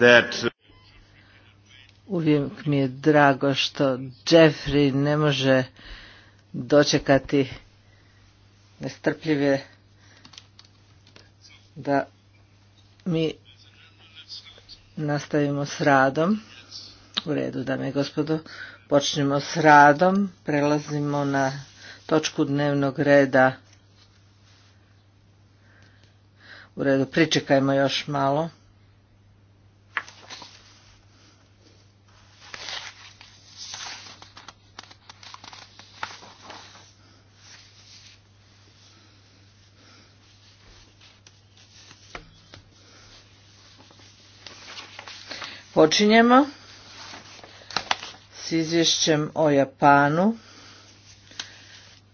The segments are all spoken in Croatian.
Uh, Uvijek mi je drago što Jeffrey ne može dočekati nestrpljive da mi nastavimo s radom. U redu, dame i gospodo, počnemo s radom. Prelazimo na točku dnevnog reda. U redu, pričekajmo još malo. Počinjemo s izvješćem o Japanu,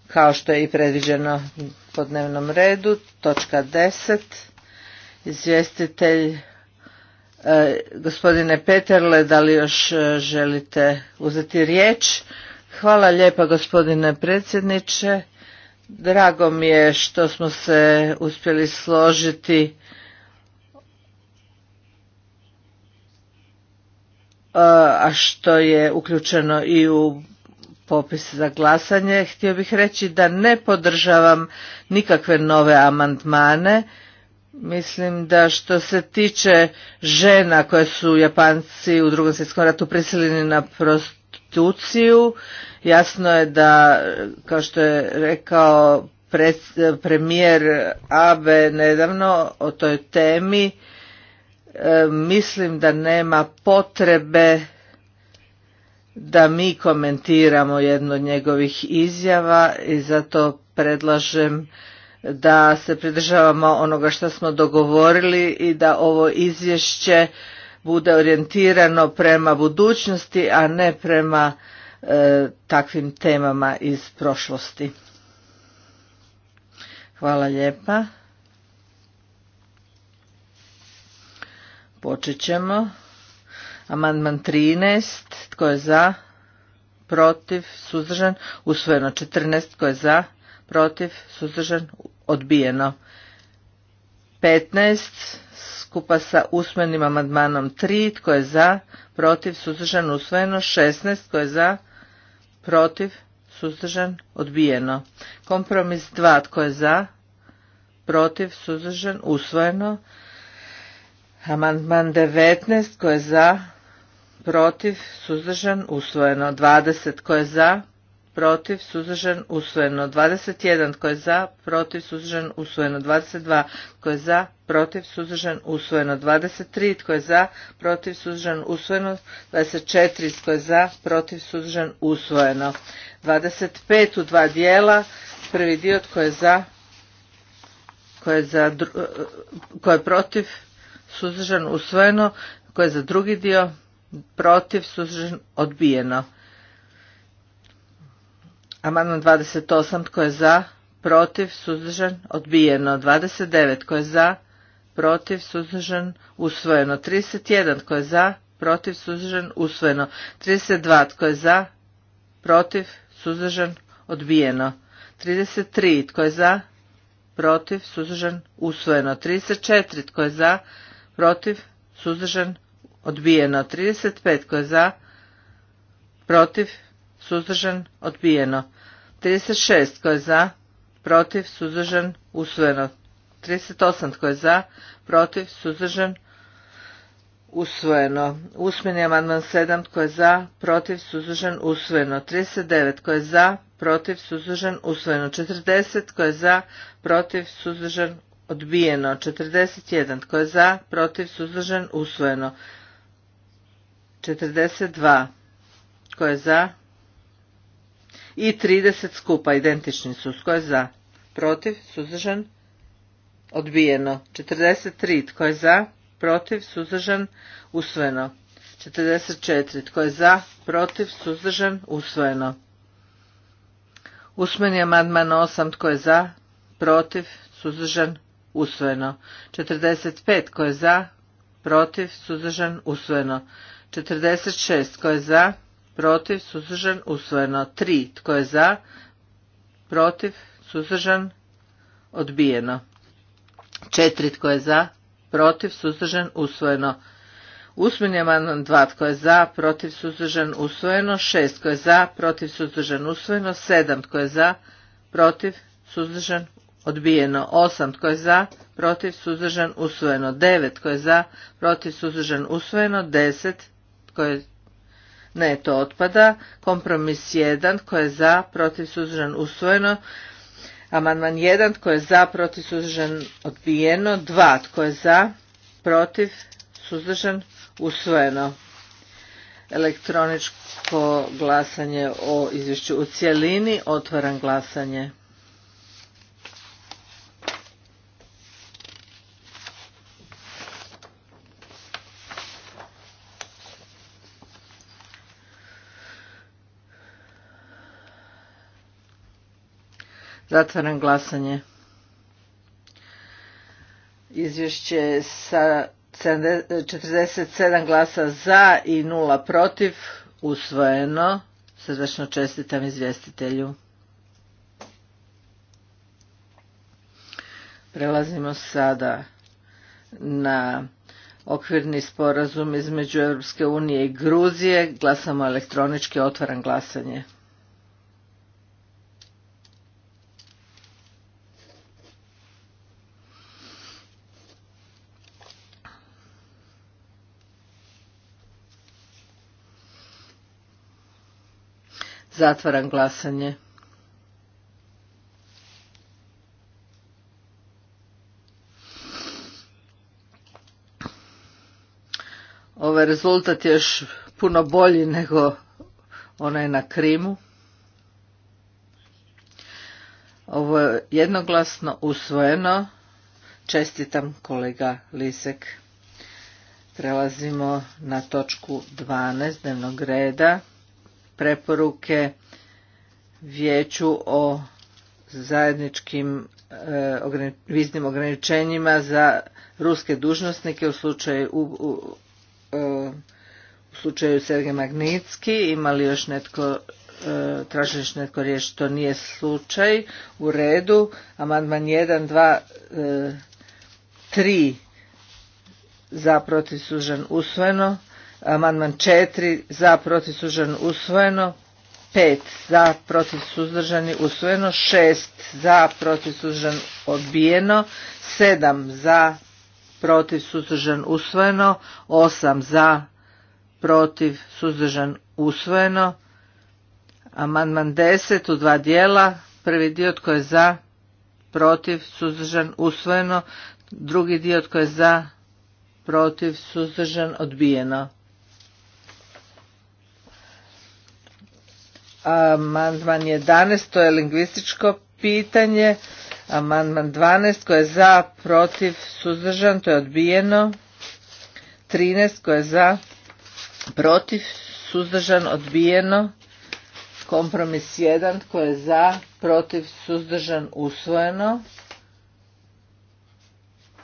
kao što je i predviđeno po dnevnom redu, točka 10, izvjestitelj e, gospodine Peterle, da li još e, želite uzeti riječ? Hvala lijepa gospodine predsjedniče, drago mi je što smo se uspjeli složiti a što je uključeno i u popis za glasanje, htio bih reći da ne podržavam nikakve nove amandmane. Mislim da što se tiče žena koje su Japanci u drugom svjetskom ratu prisiljeni na prostituciju, jasno je da, kao što je rekao premijer Abe nedavno o toj temi, E, mislim da nema potrebe da mi komentiramo jednu od njegovih izjava i zato predlažem da se pridržavamo onoga što smo dogovorili i da ovo izvješće bude orijentirano prema budućnosti, a ne prema e, takvim temama iz prošlosti. Hvala lijepa. Počet ćemo. Amandman 13. Tko je za? Protiv? Suzdržan? Usvojeno. 14. Tko je za? Protiv? Suzdržan? Odbijeno. 15. Skupa sa usmenim amandmanom 3. Tko je za? Protiv? Suzdržan? Usvojeno. 16. Tko je za? Protiv? Suzdržan? Odbijeno. Kompromis 2. Tko je za? Protiv? Suzdržan? Usvojeno. Amandman 19 tko je za, protiv, suzdržan, usvojeno. 20 tko je za, protiv, suzdržan, usvojeno. 21 tko je za, protiv, suzdržan, usvojeno. 22 tko je za, protiv, suzdržan, usvojeno. 23 tko je za, protiv, suzdržan, usvojeno. 24 tko je za, protiv, suzdržan, usvojeno. 25 u dva dijela, prvi dio tko je za, tko je, za, eh, tko je protiv, suzdržan, usvojeno. koje je za drugi dio? Protiv, suzdržan, odbijeno. Amandman 28. Tko je za? Protiv, suzdržan, odbijeno. 29. Tko je za? Protiv, suzdržan, usvojeno. 31. Tko je za? Protiv, suzdržan, usvojeno. 32. Tko je za? Protiv, suzdržan, odbijeno. 33. Tko je za? Protiv, suzdržan, usvojeno. 34. Tko je za? protiv, suzdržan, odbijeno. 35 tko je za, protiv, suzdržan, odbijeno. 36 tko je za, protiv, suzdržan, usvojeno. 38 tko je za, protiv, suzdržan, usvojeno. Usmeni amandman 7 tko je za, protiv, suzdržan, usvojeno. 39 tko je za, protiv, suzdržan, usvojeno. 40 tko je za, protiv, suzdržan, odbijeno 41 tko je za protiv suzdržan usvojeno 42 tko je za i 30 skupa identični su tko je za protiv suzdržan odbijeno 43 tko je za protiv suzdržan usvojeno 44 tko je za protiv suzdržan usvojeno usmeni amandman 8 tko je za protiv suzdržan usvojeno. 45 tko je za, protiv, suzdržan, usvojeno. 46 tko je za, protiv, suzdržan, usvojeno. 3 tko je za, protiv, suzdržan, odbijeno. 4 tko je za, protiv, suzdržan, usvojeno. Usmeni amandman 2 tko je za, protiv, suzdržan, usvojeno. 6 tko je za, protiv, suzdržan, usvojeno. 7 tko je za, protiv, suzdržan, odbijeno 8 tko je za, protiv suzdržan usvojeno 9 tko je za, protiv suzdržan usvojeno 10 tko je ne to otpada, kompromis 1 tko je za, protiv suzdržan usvojeno Amandman 1 tko je za, protiv suzdržan odbijeno 2 tko je za, protiv suzdržan usvojeno elektroničko glasanje o izvješću u cjelini otvaram glasanje Zatvaram glasanje. Izvješće sa 47 glasa za i 0 protiv usvojeno. Srdečno čestitam izvjestitelju. Prelazimo sada na okvirni sporazum između Europske unije i Gruzije. Glasamo elektronički, otvaram glasanje. Zatvaram glasanje. Ovaj rezultat je još puno bolji nego onaj na Krimu. Ovo je jednoglasno usvojeno. Čestitam kolega Lisek. Prelazimo na točku 12 dnevnog reda preporuke vijeću o zajedničkim eh, viznim ograničenjima za ruske dužnosnike u slučaju u, eh, slučaju Sergej Magnitski imali još netko eh, tražiš netko riječ to nije slučaj u redu amandman 1 2 3 za protiv usvojeno Amandman 4 za protiv suzdržan usvojeno. 5 za protiv suzdržani usvojeno. 6 za protiv suzdržan odbijeno. 7 za protiv suzdržan usvojeno. 8 za protiv suzdržan usvojeno. Amandman 10 u dva dijela. Prvi dio tko je za, protiv, suzdržan, usvojeno. Drugi dio tko je za, protiv, suzdržan, odbijeno. Amandman 11, to je lingvističko pitanje. Amandman 12, koje je za, protiv, suzdržan, to je odbijeno. 13, koje je za, protiv, suzdržan, odbijeno. Kompromis 1, koje je za, protiv, suzdržan, usvojeno.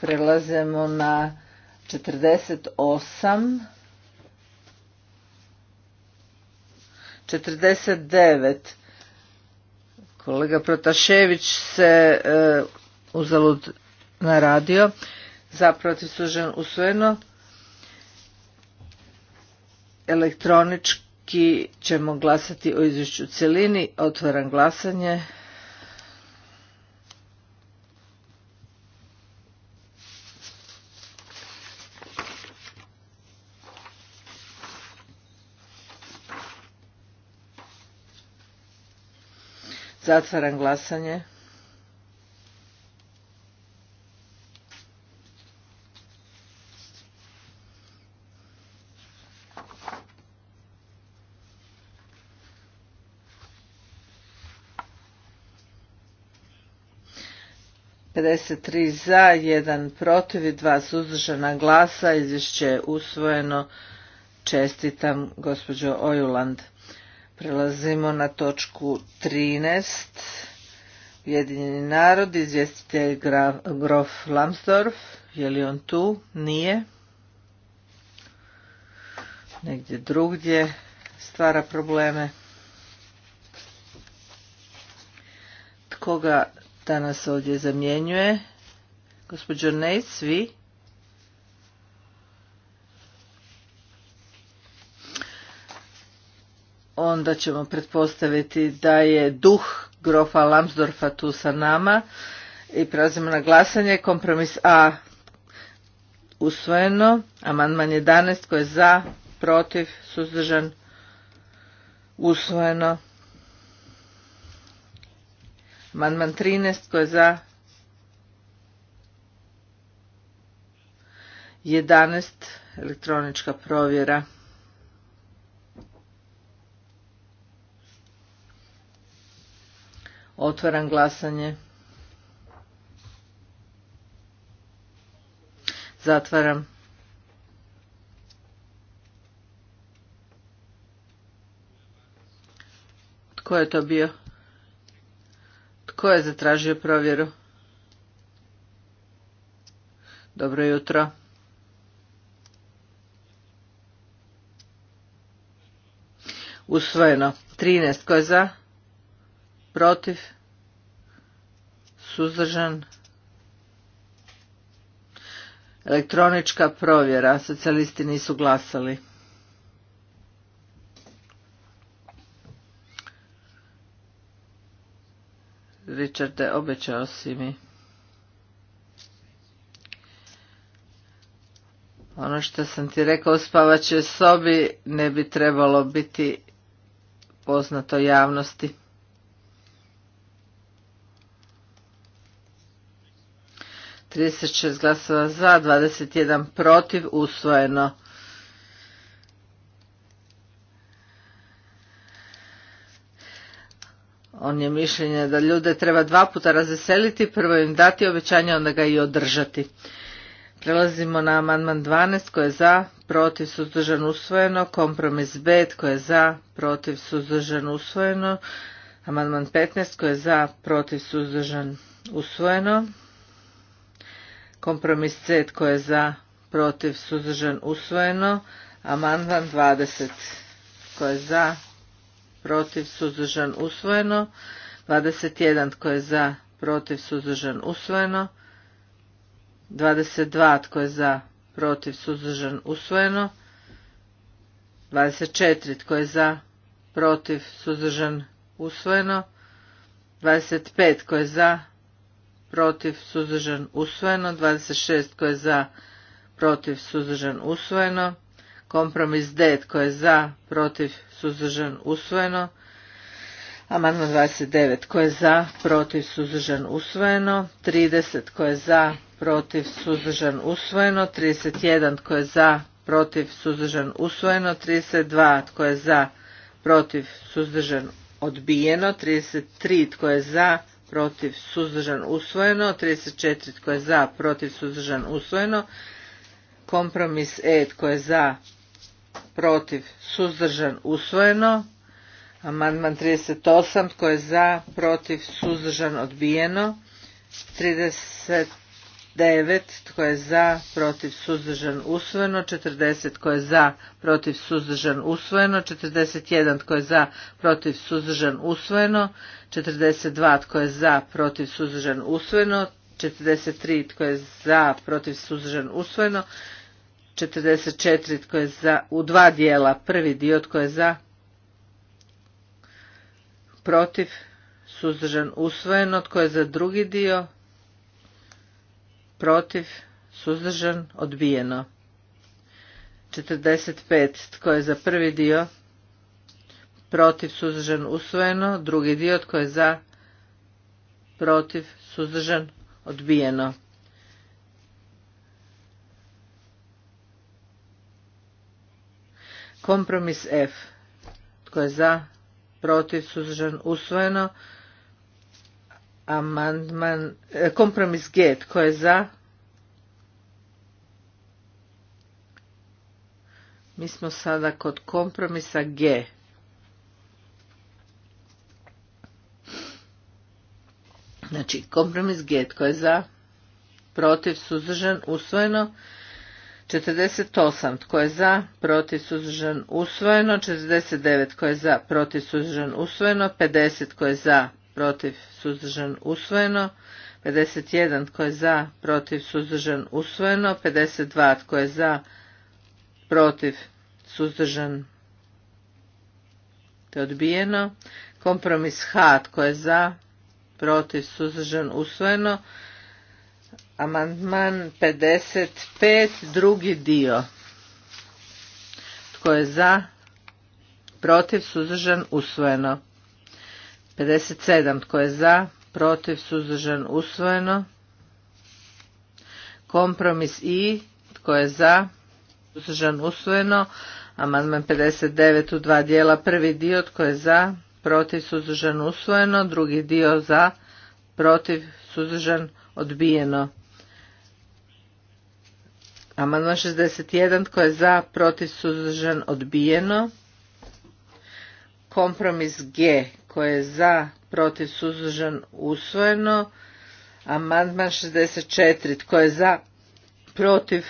Prelazimo na 48. 49. Kolega Protašević se e, uzalud naradio. Za protiv sužen usvojeno. Elektronički ćemo glasati o izvješću cjelini. Otvaram glasanje. Zatvaram glasanje. pedeset za jedan protiv i dva suzdržana glasa izvješće je usvojeno čestitam gospođo ojuland Prelazimo na točku 13. Ujedinjeni narod, izvjestitelj Grof Lambsdorff. Je li on tu? Nije. Negdje drugdje stvara probleme. Tko ga danas ovdje zamjenjuje? Gospođo Nejc, vi? onda ćemo pretpostaviti da je duh grofa Lambsdorfa tu sa nama i prelazimo na glasanje. Kompromis A usvojeno, amandman 11 koji je za, protiv, suzdržan, usvojeno. Amandman 13 koji je za, 11 elektronička provjera. Otvaram glasanje. Zatvaram. Tko je to bio? Tko je zatražio provjeru? Dobro jutro. Usvojeno. 13. Tko je za? protiv, suzdržan, elektronička provjera, socijalisti nisu glasali. Richarde, obećao si mi. Ono što sam ti rekao u sobi ne bi trebalo biti poznato javnosti. 36 glasova za, 21 protiv, usvojeno. On je mišljenje da ljude treba dva puta razveseliti, prvo im dati obećanje, onda ga i održati. Prelazimo na amandman 12 koje je za, protiv suzdržan usvojeno, kompromis B koje je za, protiv suzdržan usvojeno, amandman 15 koje je za, protiv suzdržan usvojeno. Kompromis C tko je za, protiv, suzdržan, usvojeno. Amandman 20 tko je za, protiv, suzdržan, usvojeno. 21 tko je za, protiv, suzdržan, usvojeno. 22 tko je za, protiv, suzdržan, usvojeno. 24 tko je za, protiv, suzdržan, usvojeno. 25 tko je za, protiv, suzdržan, usvojeno. 26 tko je za, protiv, suzdržan, usvojeno. Kompromis D tko je za, protiv, suzdržan, usvojeno. Amandman 29 tko je za, protiv, suzdržan, usvojeno. 30 tko je za, protiv, suzdržan, usvojeno. 31 tko je za, protiv, suzdržan, usvojeno. 32 tko je za, protiv, suzdržan, odbijeno. 33 tko je za, protiv suzdržan usvojeno, 34 tko je za, protiv suzdržan usvojeno, kompromis E tko je za, protiv suzdržan usvojeno, amandman 38 tko je za, protiv suzdržan odbijeno, 30 9 tko je za, protiv, suzdržan, usvojeno, 40 tko je za, protiv, suzdržan, usvojeno, 41 tko je za, protiv, suzdržan, usvojeno, 42 tko je za, protiv, suzdržan, usvojeno, 43 tko je za, protiv, suzdržan, usvojeno, 44 tko je za, u dva dijela, prvi dio tko je za, protiv, suzdržan, usvojeno, tko je za drugi dio, protiv, suzdržan, odbijeno. 45. Tko je za prvi dio? Protiv, suzdržan, usvojeno. Drugi dio, tko je za? Protiv, suzdržan, odbijeno. Kompromis F. Tko je za? Protiv, suzdržan, usvojeno amandman, e, kompromis G, tko je za? Mi smo sada kod kompromisa G. Znači, kompromis G, tko je za? Protiv, suzdržan, usvojeno. 48 tko je za, protiv suzdržan usvojeno, 49 tko je za, protiv suzdržan usvojeno, 50 tko je za, protiv, suzdržan, usvojeno. 51 tko je za, protiv, suzdržan, usvojeno. 52 tko je za, protiv, suzdržan, te odbijeno. Kompromis H tko je za, protiv, suzdržan, usvojeno. Amandman 55, drugi dio. Tko je za, protiv, suzdržan, usvojeno. 57 tko je za, protiv, suzdržan, usvojeno. Kompromis I tko je za, suzdržan, usvojeno. Amandman 59 u dva dijela. Prvi dio tko je za, protiv, suzdržan, usvojeno. Drugi dio za, protiv, suzdržan, odbijeno. Amandman 61 tko je za, protiv, suzdržan, odbijeno. Kompromis G koje je za, protiv, suzdržan, usvojeno. Amandman 64. Tko je za, protiv,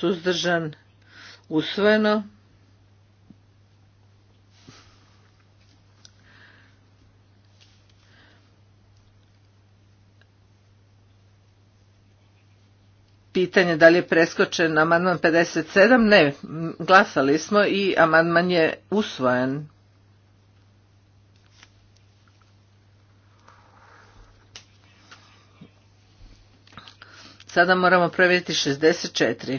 suzdržan, usvojeno. pitanje da li je preskočen amandman 57, ne, glasali smo i amandman je usvojen. Sada moramo provjeriti 64.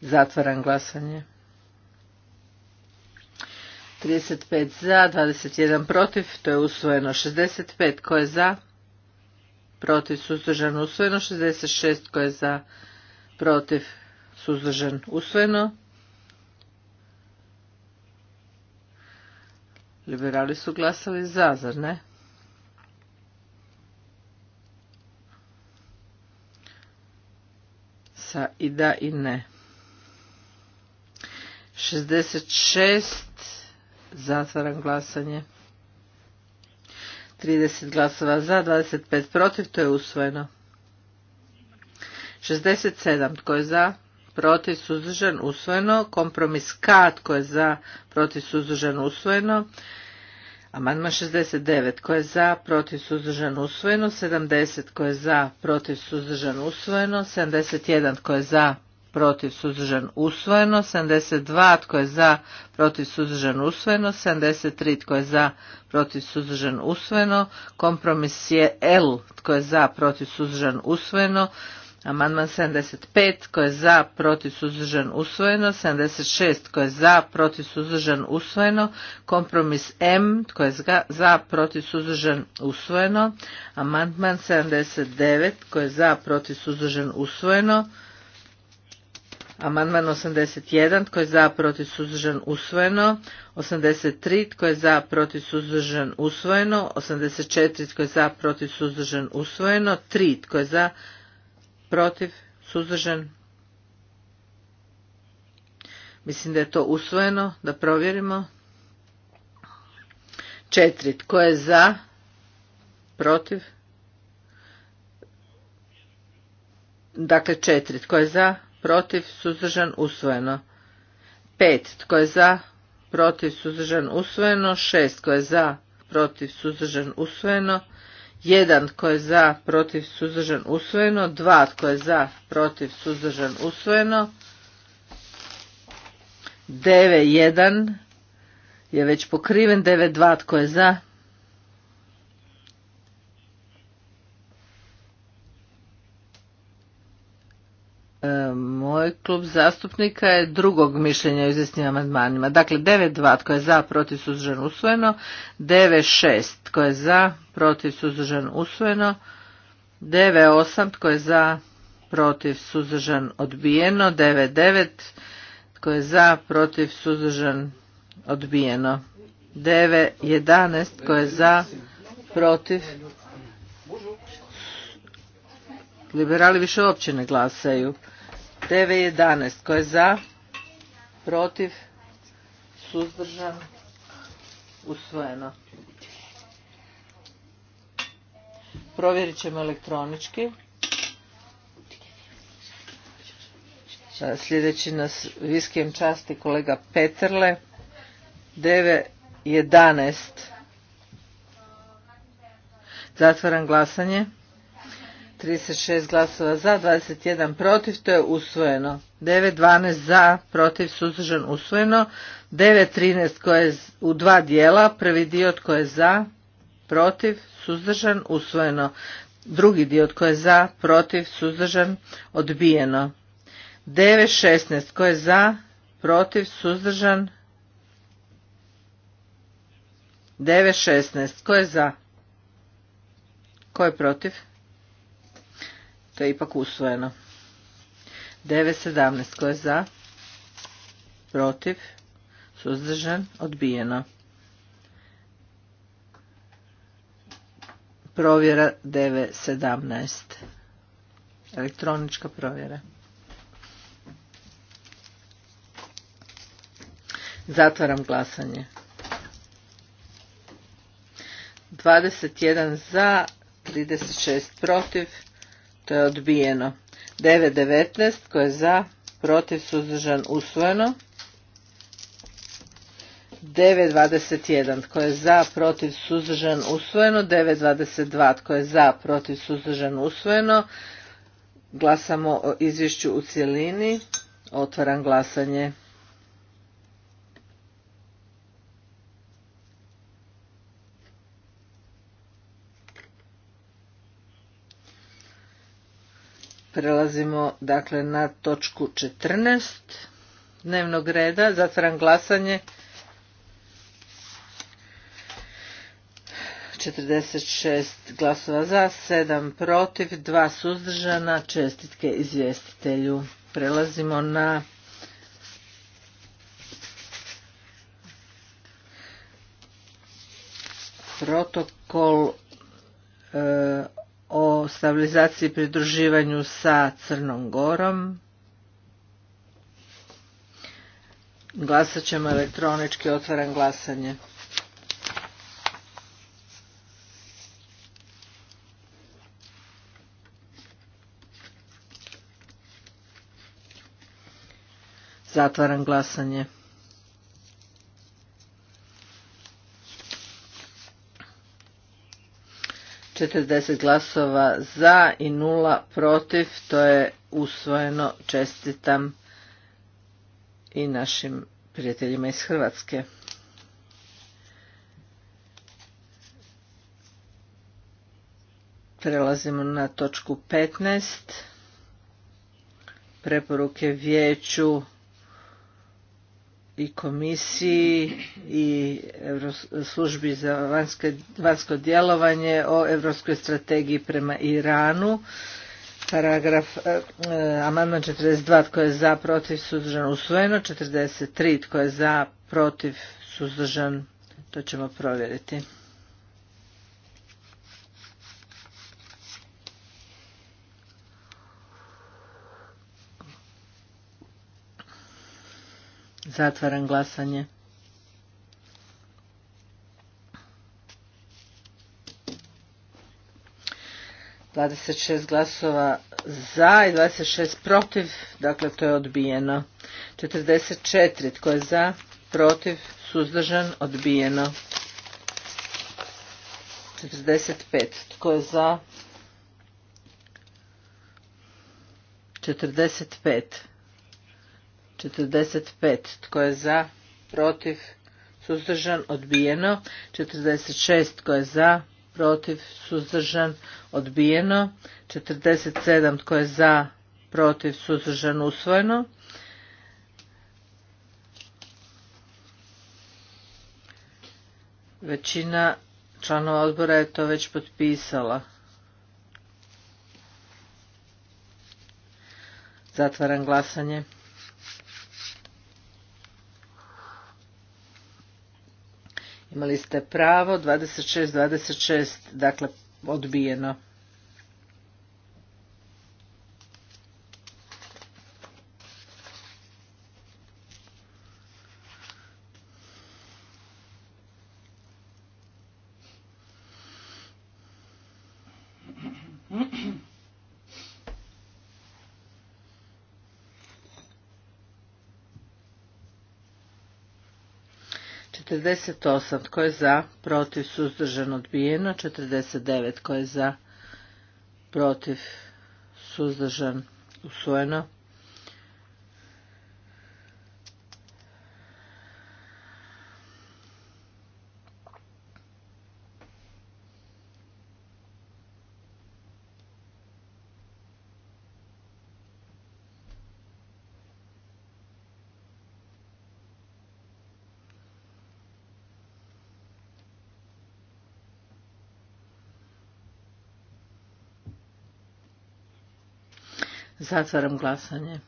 Zatvaram glasanje. 35 za, 21 protiv, to je usvojeno 65. Ko je za? protiv suzdržan usvojeno 66 koje je za protiv suzdržan usvojeno liberali su glasali za zar ne sa i da i ne 66 zatvaram glasanje 30 glasova za, 25 protiv, to je usvojeno. 67 tko je za, protiv, suzdržan, usvojeno. Kompromis K tko je za, protiv, suzdržan, usvojeno. Amandman 69 tko je za, protiv, suzdržan, usvojeno. 70 tko je za, protiv, suzdržan, usvojeno. 71 tko je za, protiv suzdržan usvojeno, 72 tko je za protiv suzdržan usvojeno, 73 tko je za protiv suzdržan usvojeno, kompromis je L tko je za protiv suzdržan usvojeno, amandman 75 tko je za protiv suzdržan usvojeno, 76 tko je za protiv suzdržan usvojeno, kompromis M tko je za protiv suzdržan usvojeno, amandman 79 tko je za protiv suzdržan usvojeno, Amandman 81, tko je za, protiv, suzdržan, usvojeno. 83, tko je za, protiv, suzdržan, usvojeno. 84, tko je za, protiv, suzdržan, usvojeno. 3, tko je za, protiv, suzdržan. Mislim da je to usvojeno, da provjerimo. 4, tko je za, protiv. Dakle, 4, tko je za, protiv, suzdržan, usvojeno. 5. Tko je za, protiv, suzdržan, usvojeno. 6. Tko je za, protiv, suzdržan, usvojeno. 1. Tko je za, protiv, suzdržan, usvojeno. 2. Tko je za, protiv, suzdržan, usvojeno. 9. 1 je već pokriven. 9. 2 tko je za, E, moj klub zastupnika je drugog mišljenja o izvjesnim amandmanima. Dakle, 9.2 tko je za, protiv, suzdržan, usvojeno. 9.6 tko je za, protiv, suzdržan, usvojeno. 9.8 tko je za, protiv, suzdržan, odbijeno. 9.9 tko je za, protiv, suzdržan, odbijeno. 9.11 tko je za, protiv, liberali više uopće ne glasaju. 9.11. Ko je za? Protiv? Suzdržan? Usvojeno. Provjerit ćemo elektronički. Sljedeći nas viskijem časti kolega Peterle. 9.11. Zatvaram glasanje. 36 glasova za, 21 protiv, to je usvojeno. 9, 12 za, protiv, suzdržan, usvojeno. 9, 13 koje je u dva dijela, prvi dio tko je za, protiv, suzdržan, usvojeno. Drugi dio tko je za, protiv, suzdržan, odbijeno. 9, 16 tko je za, protiv, suzdržan, 9, 16 tko je za, tko je protiv, to je ipak usvojeno. 9.17. Ko je za? Protiv? Suzdržan? Odbijeno. Provjera 9.17. Elektronička provjera. Zatvaram glasanje. 21 za, 36 protiv, to je odbijeno. 9.19 koje je za, protiv, suzdržan, usvojeno. 9.21 tko je za, protiv, suzdržan, usvojeno. 9.22 tko je za, protiv, suzdržan, usvojeno. Glasamo o izvješću u cjelini. Otvaram glasanje. Prelazimo dakle na točku 14 dnevnog reda. Zatvaram glasanje. 46 glasova za, 7 protiv, 2 suzdržana. Čestitke izvjestitelju. Prelazimo na protokol e, o stabilizaciji i pridruživanju sa Crnom Gorom. Glasat ćemo elektronički, otvaram glasanje. Zatvaram glasanje. 40 glasova za i nula protiv, to je usvojeno čestitam i našim prijateljima iz Hrvatske. Prelazimo na točku 15. Preporuke vijeću i komisiji i službi za vanjsko djelovanje o europskoj strategiji prema Iranu. Paragraf e, amandman 42 tko je za protiv suzdržan usvojeno, 43 tko je za protiv suzdržan to ćemo provjeriti. Zatvaram glasanje. Dvadeset šest glasova za i dvadeset šest protiv, dakle to je odbijeno. četiri tko je za, protiv, suzdržan, odbijeno. Četrdeset pet tko je za, četrdeset pet 45. Tko je za? Protiv? Suzdržan? Odbijeno. 46. Tko je za? Protiv? Suzdržan? Odbijeno. 47. Tko je za? Protiv? Suzdržan? Usvojeno. Većina članova odbora je to već potpisala. Zatvaram glasanje. Imali ste pravo, 26, 26, dakle odbijeno. 48 tko je za, protiv, suzdržan, odbijeno. 49 tko je za, protiv, suzdržan, usvojeno. Zatvaram glasanje.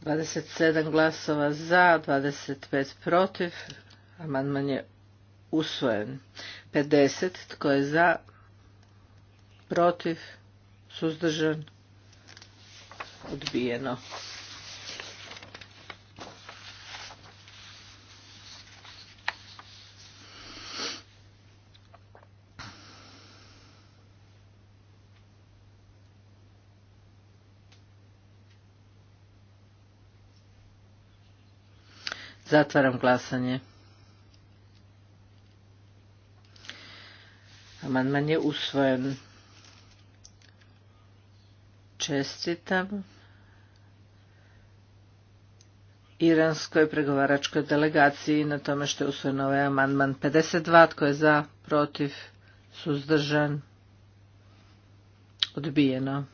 Dvadeset sedam glasova za, dvadeset pet protiv, amandman je usvojen. Pedeset tko je za, protiv, suzdržan, odbijeno. Zatvaram glasanje. Amandman je usvojen. Čestitam iranskoj pregovaračkoj delegaciji na tome što je usvojen ovaj amandman 52. Tko je za, protiv, suzdržan, odbijeno.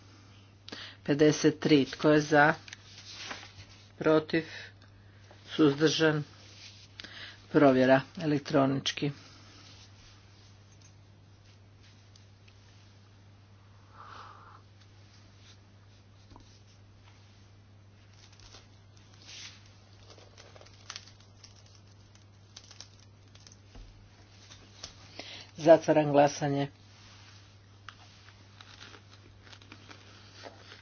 53. Tko je za, protiv, suzdržan, provjera elektronički. Zatvaram glasanje.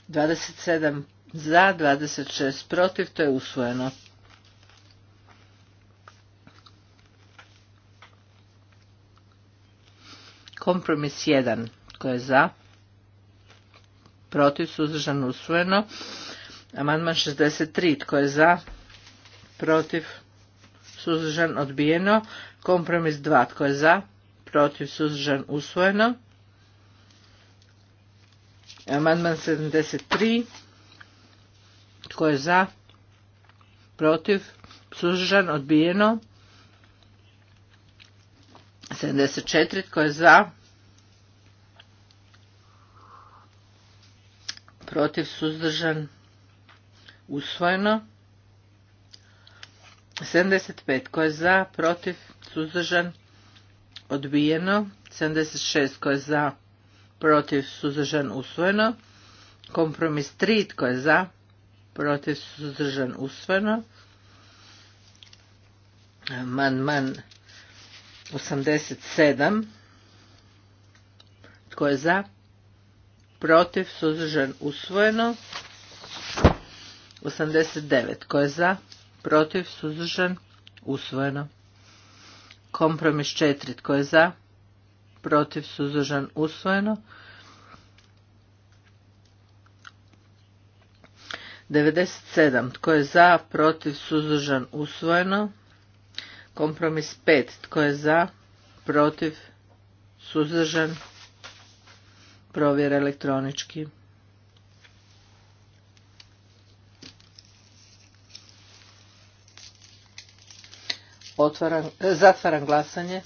27 za, 26 protiv, to je usvojeno. Kompromis 1. Tko je za? Protiv? Suzdržan? Usvojeno. Amandman 63. Tko je za? Protiv? Suzdržan? Odbijeno. Kompromis 2. Tko je za? Protiv? Suzdržan? Usvojeno. Amandman 73. Tko je za? Protiv? Suzdržan? Odbijeno. 74. Tko je za? Protiv suzdržan. Usvojeno. 75. Tko je za? Protiv suzdržan. Odbijeno. 76. Tko je za? Protiv suzdržan. Usvojeno. Kompromis 3. Tko je za? Protiv suzdržan. Usvojeno. Man man 87. Tko je za? Protiv, suzdržan, usvojeno. 89. Tko je za? Protiv, suzdržan, usvojeno. Kompromis 4. Tko je za? Protiv, suzdržan, usvojeno. 97. Tko je za? Protiv, suzdržan, usvojeno. Kompromis 5. Tko je za? Protiv? Suzdržan? Provjera elektronički. Otvaram, e, zatvaram glasanje.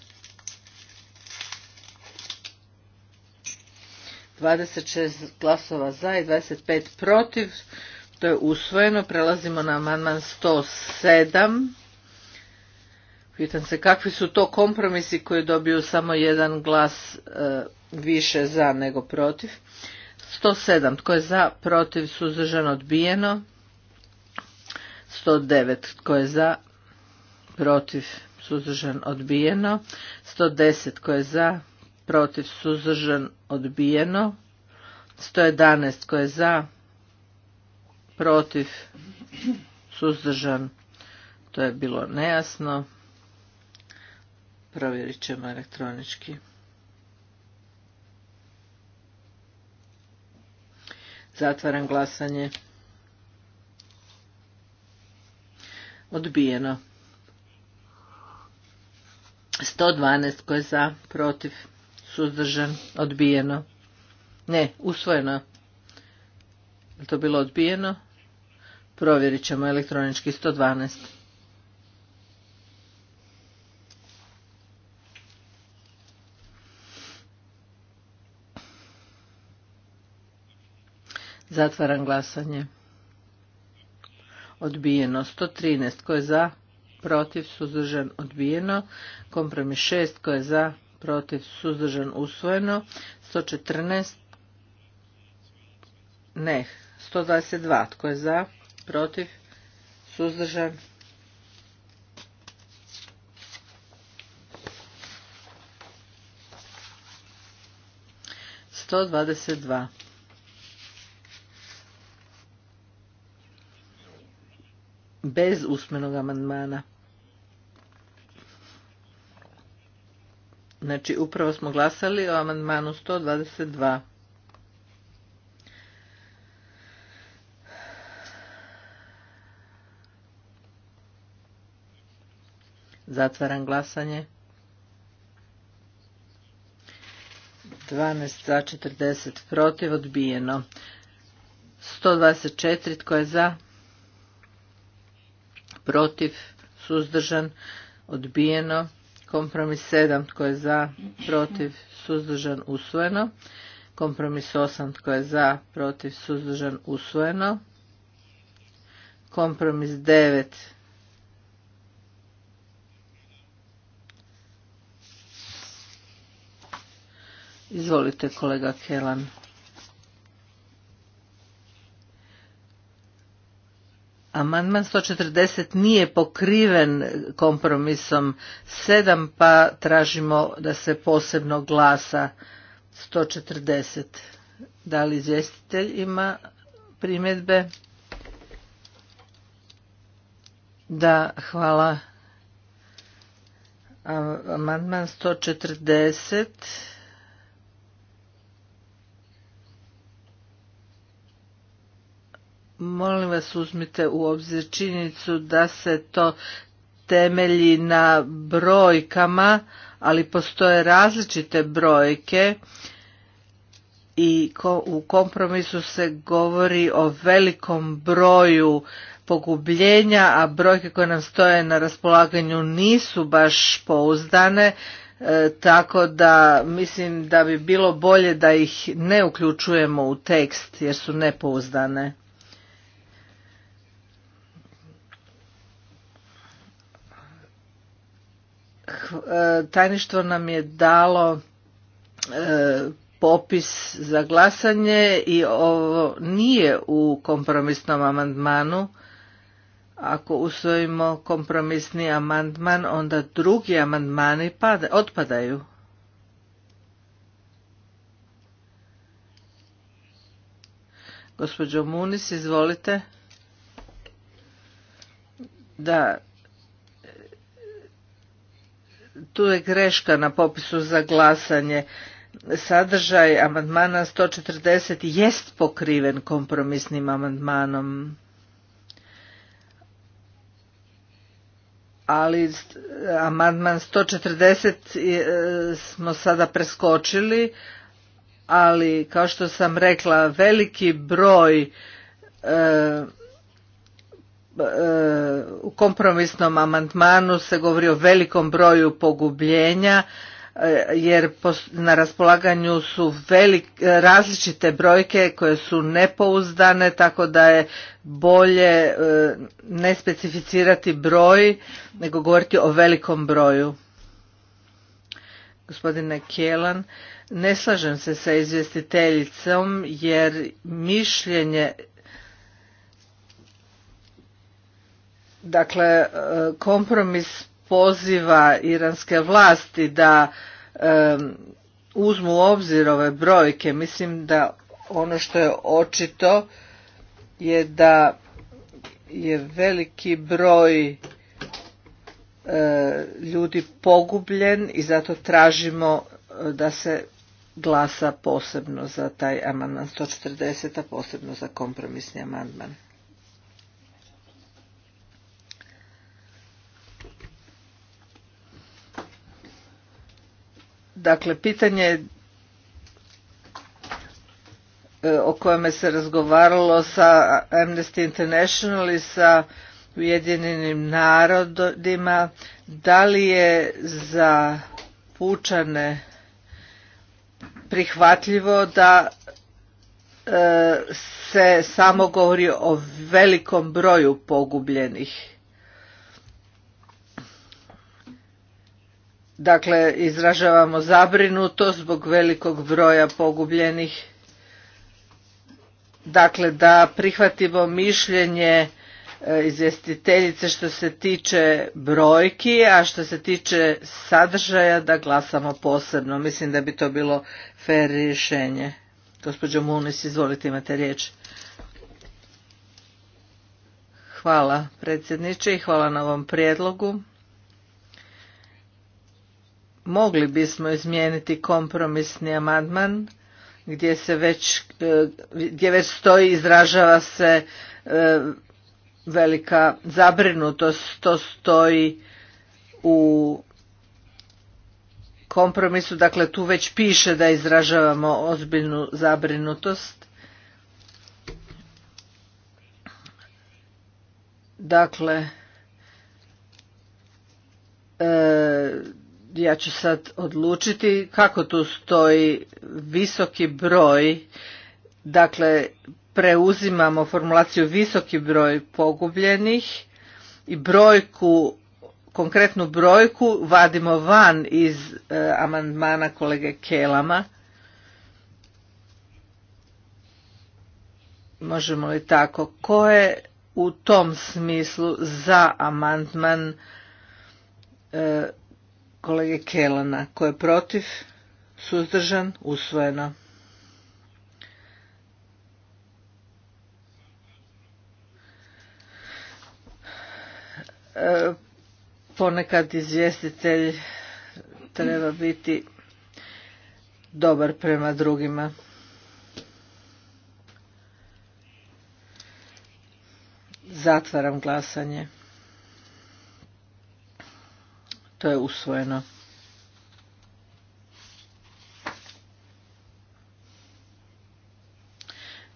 26 glasova za i 25 protiv. To je usvojeno. Prelazimo na amandman 107. Pitam se kakvi su to kompromisi koji dobiju samo jedan glas e, više za nego protiv. 107. Tko je za, protiv, suzdržan, odbijeno. 109. Tko je za, protiv, suzdržan, odbijeno. 110. Tko je za, protiv, suzdržan, odbijeno. 111. Tko je za, protiv, suzdržan, to je bilo nejasno. Provjerit ćemo elektronički. Zatvaram glasanje. Odbijeno. 112 je za, protiv, suzdržan, odbijeno. Ne, usvojeno. Je to bilo odbijeno? Provjerit ćemo elektronički 112. Zatvaram glasanje. Odbijeno. 113. Ko je za? Protiv. Suzdržan. Odbijeno. Kompromis 6. Ko je za? Protiv. Suzdržan. Usvojeno. 114. Ne. 122. Tko je za? Protiv? Suzdržan? Sto dvadeset dva. bez usmenog amandmana. Znači, upravo smo glasali o amandmanu 122. Zatvaram glasanje. 12 za 40 protiv odbijeno. 124 tko je za? protiv, suzdržan, odbijeno. Kompromis 7 tko je za, protiv, suzdržan, usvojeno. Kompromis 8 tko je za, protiv, suzdržan, usvojeno. Kompromis 9 Izvolite kolega Kelan. Amandman 140 nije pokriven kompromisom 7 pa tražimo da se posebno glasa 140. Da li izvjestitelj ima primjedbe? Da, hvala. Amandman 140 molim vas uzmite u obzir činjenicu da se to temelji na brojkama, ali postoje različite brojke i u kompromisu se govori o velikom broju pogubljenja, a brojke koje nam stoje na raspolaganju nisu baš pouzdane, e, tako da mislim da bi bilo bolje da ih ne uključujemo u tekst jer su nepouzdane. E, tajništvo nam je dalo e, popis za glasanje i ovo nije u kompromisnom amandmanu. Ako usvojimo kompromisni amandman, onda drugi amandmani odpadaju. otpadaju. Gospođo Munis, izvolite. Da, tu je greška na popisu za glasanje. Sadržaj amandmana 140 jest pokriven kompromisnim amandmanom. ali amandman 140 e, smo sada preskočili, ali kao što sam rekla veliki broj e, u kompromisnom amandmanu se govori o velikom broju pogubljenja e, jer na raspolaganju su različite brojke koje su nepouzdane tako da je bolje e, ne specificirati broj nego govoriti o velikom broju. Gospodine Kjelan, ne slažem se sa izvjestiteljicom jer mišljenje Dakle, e, kompromis poziva iranske vlasti da e, uzmu u obzir ove brojke. Mislim da ono što je očito je da je veliki broj e, ljudi pogubljen i zato tražimo da se glasa posebno za taj amandman 140, a posebno za kompromisni amandman. Dakle, pitanje e, o kojeme se razgovaralo sa Amnesty International i sa Ujedinjenim narodima, da li je za pučane prihvatljivo da e, se samo govori o velikom broju pogubljenih Dakle, izražavamo zabrinutost zbog velikog broja pogubljenih. Dakle, da prihvatimo mišljenje e, izvjestiteljice što se tiče brojki, a što se tiče sadržaja da glasamo posebno. Mislim da bi to bilo fer rješenje. Gospođo Munis, izvolite imate riječ. Hvala predsjedniče i hvala na ovom prijedlogu mogli bismo izmijeniti kompromisni amandman gdje se već, e, gdje već stoji izražava se e, velika zabrinutost, to stoji u kompromisu, dakle tu već piše da izražavamo ozbiljnu zabrinutost. Dakle, e, ja ću sad odlučiti kako tu stoji visoki broj, dakle preuzimamo formulaciju visoki broj pogubljenih i brojku, konkretnu brojku vadimo van iz e, amandmana kolege Kelama. Možemo li tako? Ko je u tom smislu za amandman e, kolege Kelana. Ko je protiv? Suzdržan? Usvojeno. E, ponekad izvjestitelj treba biti dobar prema drugima. Zatvaram glasanje. To je usvojeno.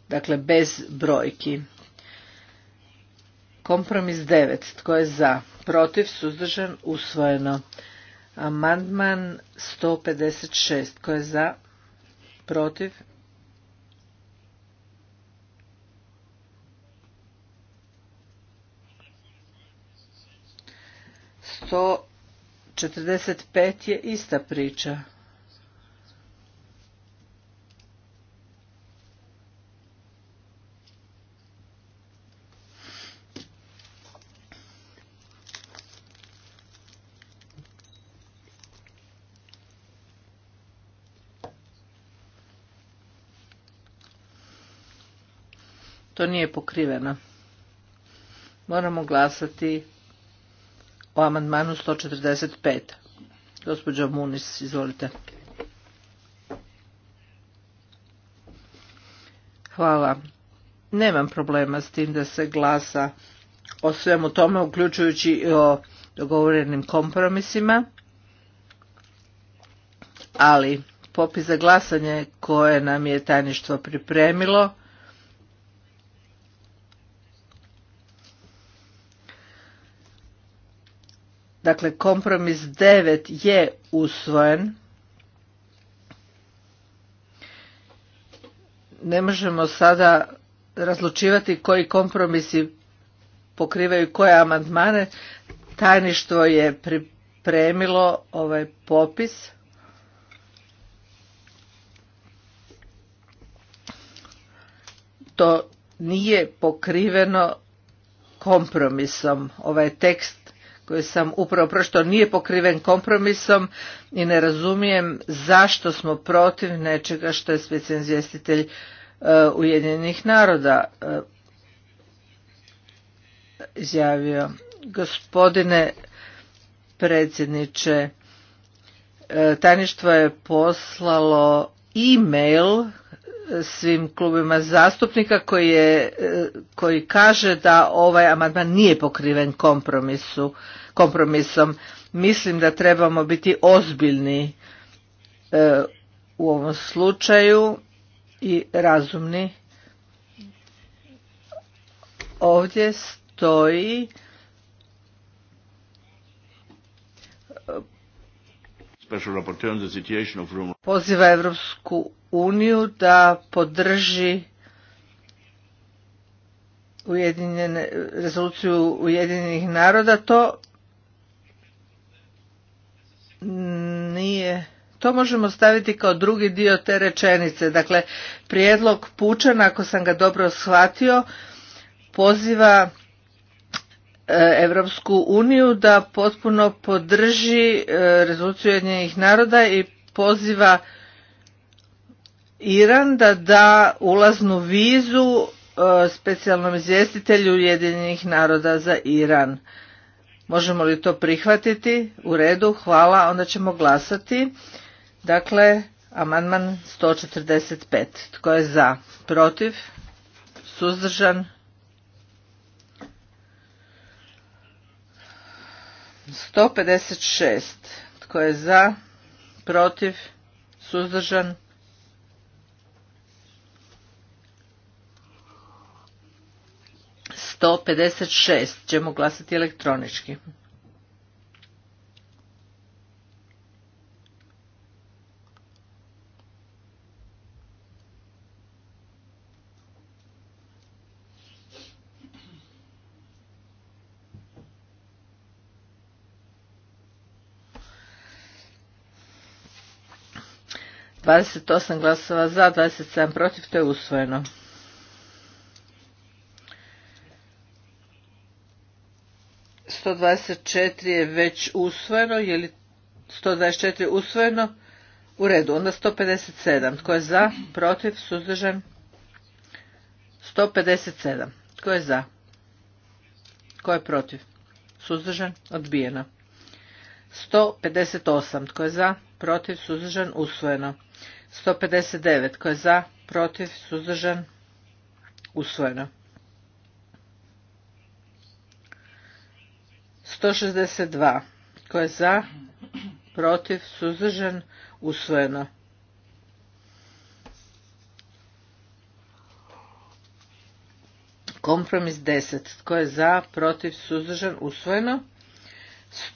Dakle, bez brojki. Kompromis 9. Tko je za? Protiv, suzdržan, usvojeno. Amandman 156. Tko je za? Protiv, sto 45 je ista priča. To nije pokriveno. Moramo glasati o amandmanu 145. Gospođo Munis, izvolite. Hvala. Nemam problema s tim da se glasa o svemu tome, uključujući i o dogovorenim kompromisima, ali popis za glasanje koje nam je tajništvo pripremilo Dakle, kompromis 9 je usvojen. Ne možemo sada razlučivati koji kompromisi pokrivaju koje amandmane. Tajništvo je pripremilo ovaj popis. To nije pokriveno kompromisom. Ovaj tekst koji sam upravo prošto nije pokriven kompromisom i ne razumijem zašto smo protiv nečega što je specijalni izvjestitelj e, Ujedinjenih naroda e, izjavio. Gospodine predsjedniče, e, tajništvo je poslalo e-mail svim klubima zastupnika e, koji, kaže da ovaj amandman nije pokriven kompromisom. Mislim da trebamo biti ozbiljni e, u ovom slučaju i razumni. Ovdje stoji Poziva Europsku uniju da podrži Ujedinjene, rezoluciju Ujedinjenih naroda, to nije... To možemo staviti kao drugi dio te rečenice. Dakle, prijedlog pučana, ako sam ga dobro shvatio, poziva Europsku uniju da potpuno podrži e, rezoluciju Ujedinjenih naroda i poziva Iran da da ulaznu vizu e, specijalnom izvjestitelju Ujedinjenih naroda za Iran. Možemo li to prihvatiti? U redu, hvala, onda ćemo glasati. Dakle, amandman 145. Tko je za? Protiv? Suzdržan? 156. Tko je za? Protiv? Suzdržan? Sto pedeset šest ćemo glasati elektronički. 28 glasova za, 27 protiv, to je usvojeno. Sto dvadeset četiri je već usvojeno, je li sto dvadeset četiri usvojeno? U redu, onda sto pedeset sedam. Tko je za? Protiv? Suzdržan? Sto pedeset sedam. Tko je za? Tko je protiv? Suzdržan? Odbijeno. Sto pedeset osam. Tko je za? Protiv? Suzdržan? Usvojeno. 159 tko je za, protiv, suzdržan, usvojeno. 162 tko je za, protiv, suzdržan, usvojeno. Kompromis 10. Tko je za, protiv, suzdržan, usvojeno.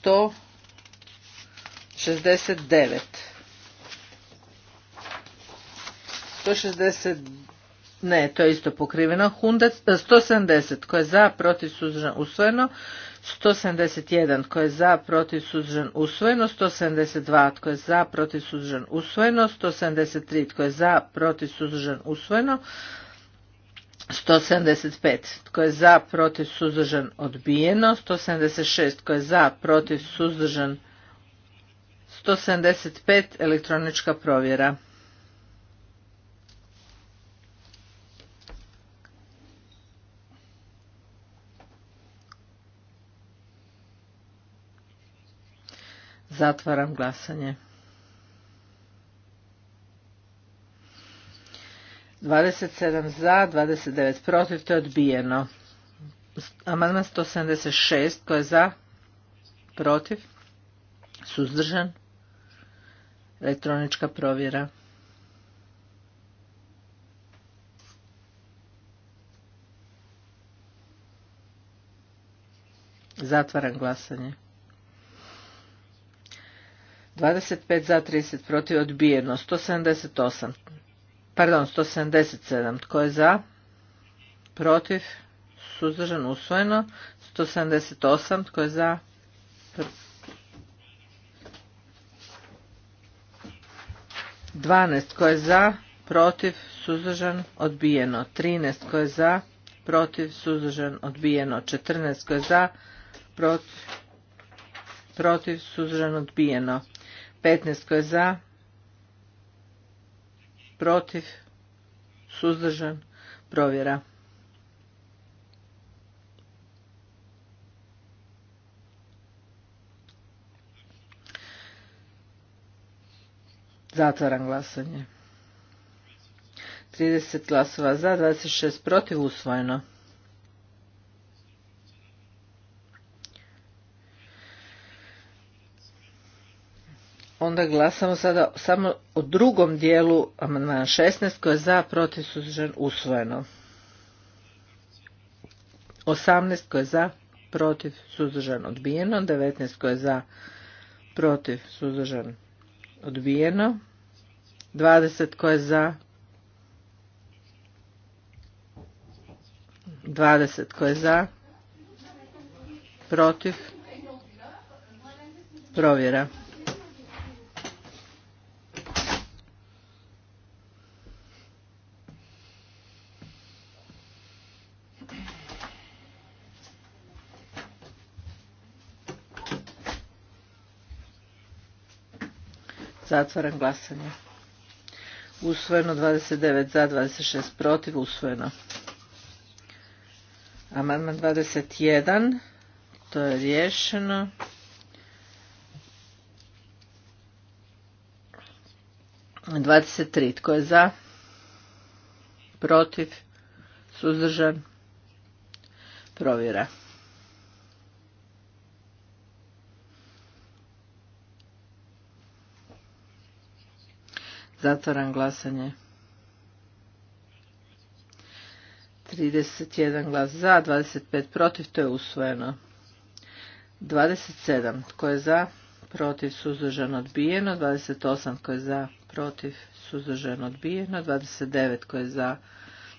169. 160, ne, to je isto pokriveno, 170 e, koje je za, protiv, suzdržan, usvojeno, 171 koje je za, protiv, suzdržan, usvojeno, 172 koje je za, protiv, suzdržan, usvojeno, 173 koje je za, protiv, suzdržan, usvojeno, 175 koje je za, protiv, suzdržan, odbijeno, 176 koje je za, protiv, suzdržan, 175 elektronička provjera. Zatvaram glasanje. 27 za, 29 protiv, to je odbijeno. Amandman 176, ko je za, protiv, suzdržan, elektronička provjera. Zatvaram glasanje. 25 za, 30 protiv, odbijeno. 178, pardon, 177. Tko je za? Protiv? Suzdržan, usvojeno. 178. Tko je za? 12. Tko je za? Protiv? Suzdržan, odbijeno. 13. Tko je za? Protiv? Suzdržan, odbijeno. 14. Tko je za? Protiv? Protiv? Suzdržan, odbijeno. 15 koje za? Protiv? Suzdržan? Provjera. Zatvaram glasanje. 30 glasova za, 26 protiv, usvojeno. Onda glasamo sada samo o drugom dijelu amandmana 16 koje je za protiv suzdržan usvojeno. 18 koje je za protiv suzdržan odbijeno, 19 koje je za protiv suzdržan odbijeno, 20 koje je za 20 koje je za protiv provjera. Zatvaram glasanje. Usvojeno 29 za, 26 protiv, usvojeno. Amandman 21, to je rješeno. Dvadeset tri, tko je za? Protiv? Suzdržan? Provjera. Zatvaram glasanje. 31 glas za, 25 protiv, to je usvojeno. 27 tko je za, protiv, suzdržan, odbijeno. 28 tko je za, protiv, suzdržan, odbijeno. 29 tko je za,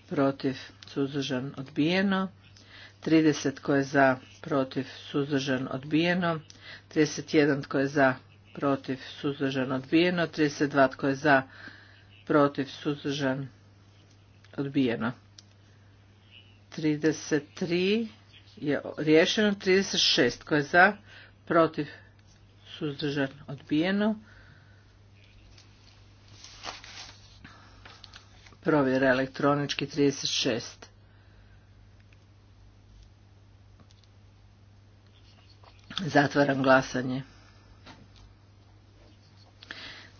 protiv, suzdržan, odbijeno. 30 tko je za, protiv, suzdržan, odbijeno. 31 tko je za, protiv, suzdržan, odbijeno. 32 tko je za, protiv, suzdržan, odbijeno. 33 je riješeno. 36 tko je za, protiv, suzdržan, odbijeno. Provjera elektronički 36. Zatvaram glasanje.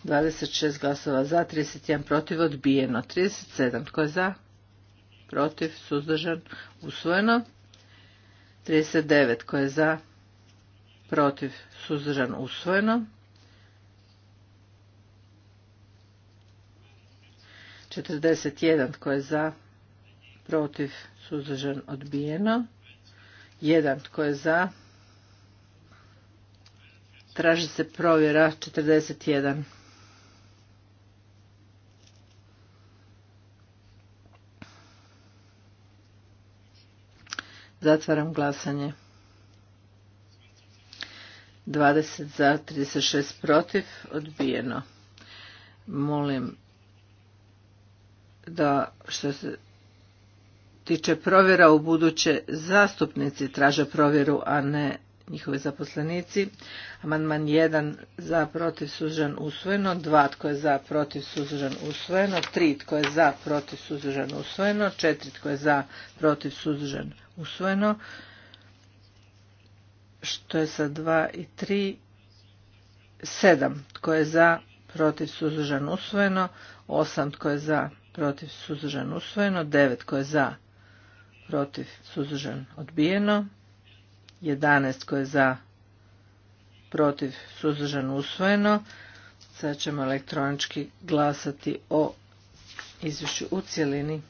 26 glasova za, 31 protiv, odbijeno. 37, tko je za? Protiv, suzdržan, usvojeno. 39, tko je za? Protiv, suzdržan, usvojeno. 41, tko je za? Protiv, suzdržan, odbijeno. 1, tko je za? Traži se provjera 41. Zatvaram glasanje. 20 za, 36 protiv, odbijeno. Molim da što se tiče provjera u buduće zastupnici traže provjeru, a ne njihovi zaposlenici. Amandman 1 za protiv suzdržan usvojeno, 2 tko je za protiv suzdržan usvojeno, 3 tko je za protiv suzdržan usvojeno, 4 tko je za protiv suzdržan usvojeno, što je sa 2 i 3, 7 tko je za protiv suzdržan usvojeno, 8 tko je za protiv suzdržan usvojeno, 9 tko je za protiv suzdržan odbijeno, 11 koje je za protiv suzdržano usvojeno. Sad ćemo elektronički glasati o izvješću u cjelini.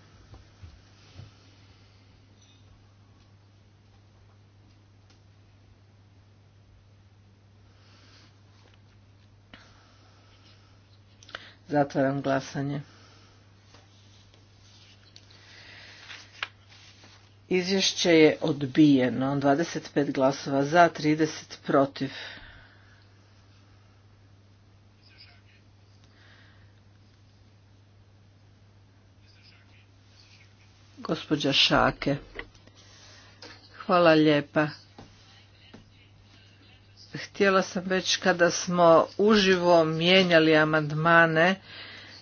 Zatvaram glasanje. Izvješće je odbijeno. 25 glasova za, 30 protiv. Gospodja Šake. Hvala lijepa. Htjela sam već kada smo uživo mijenjali amandmane,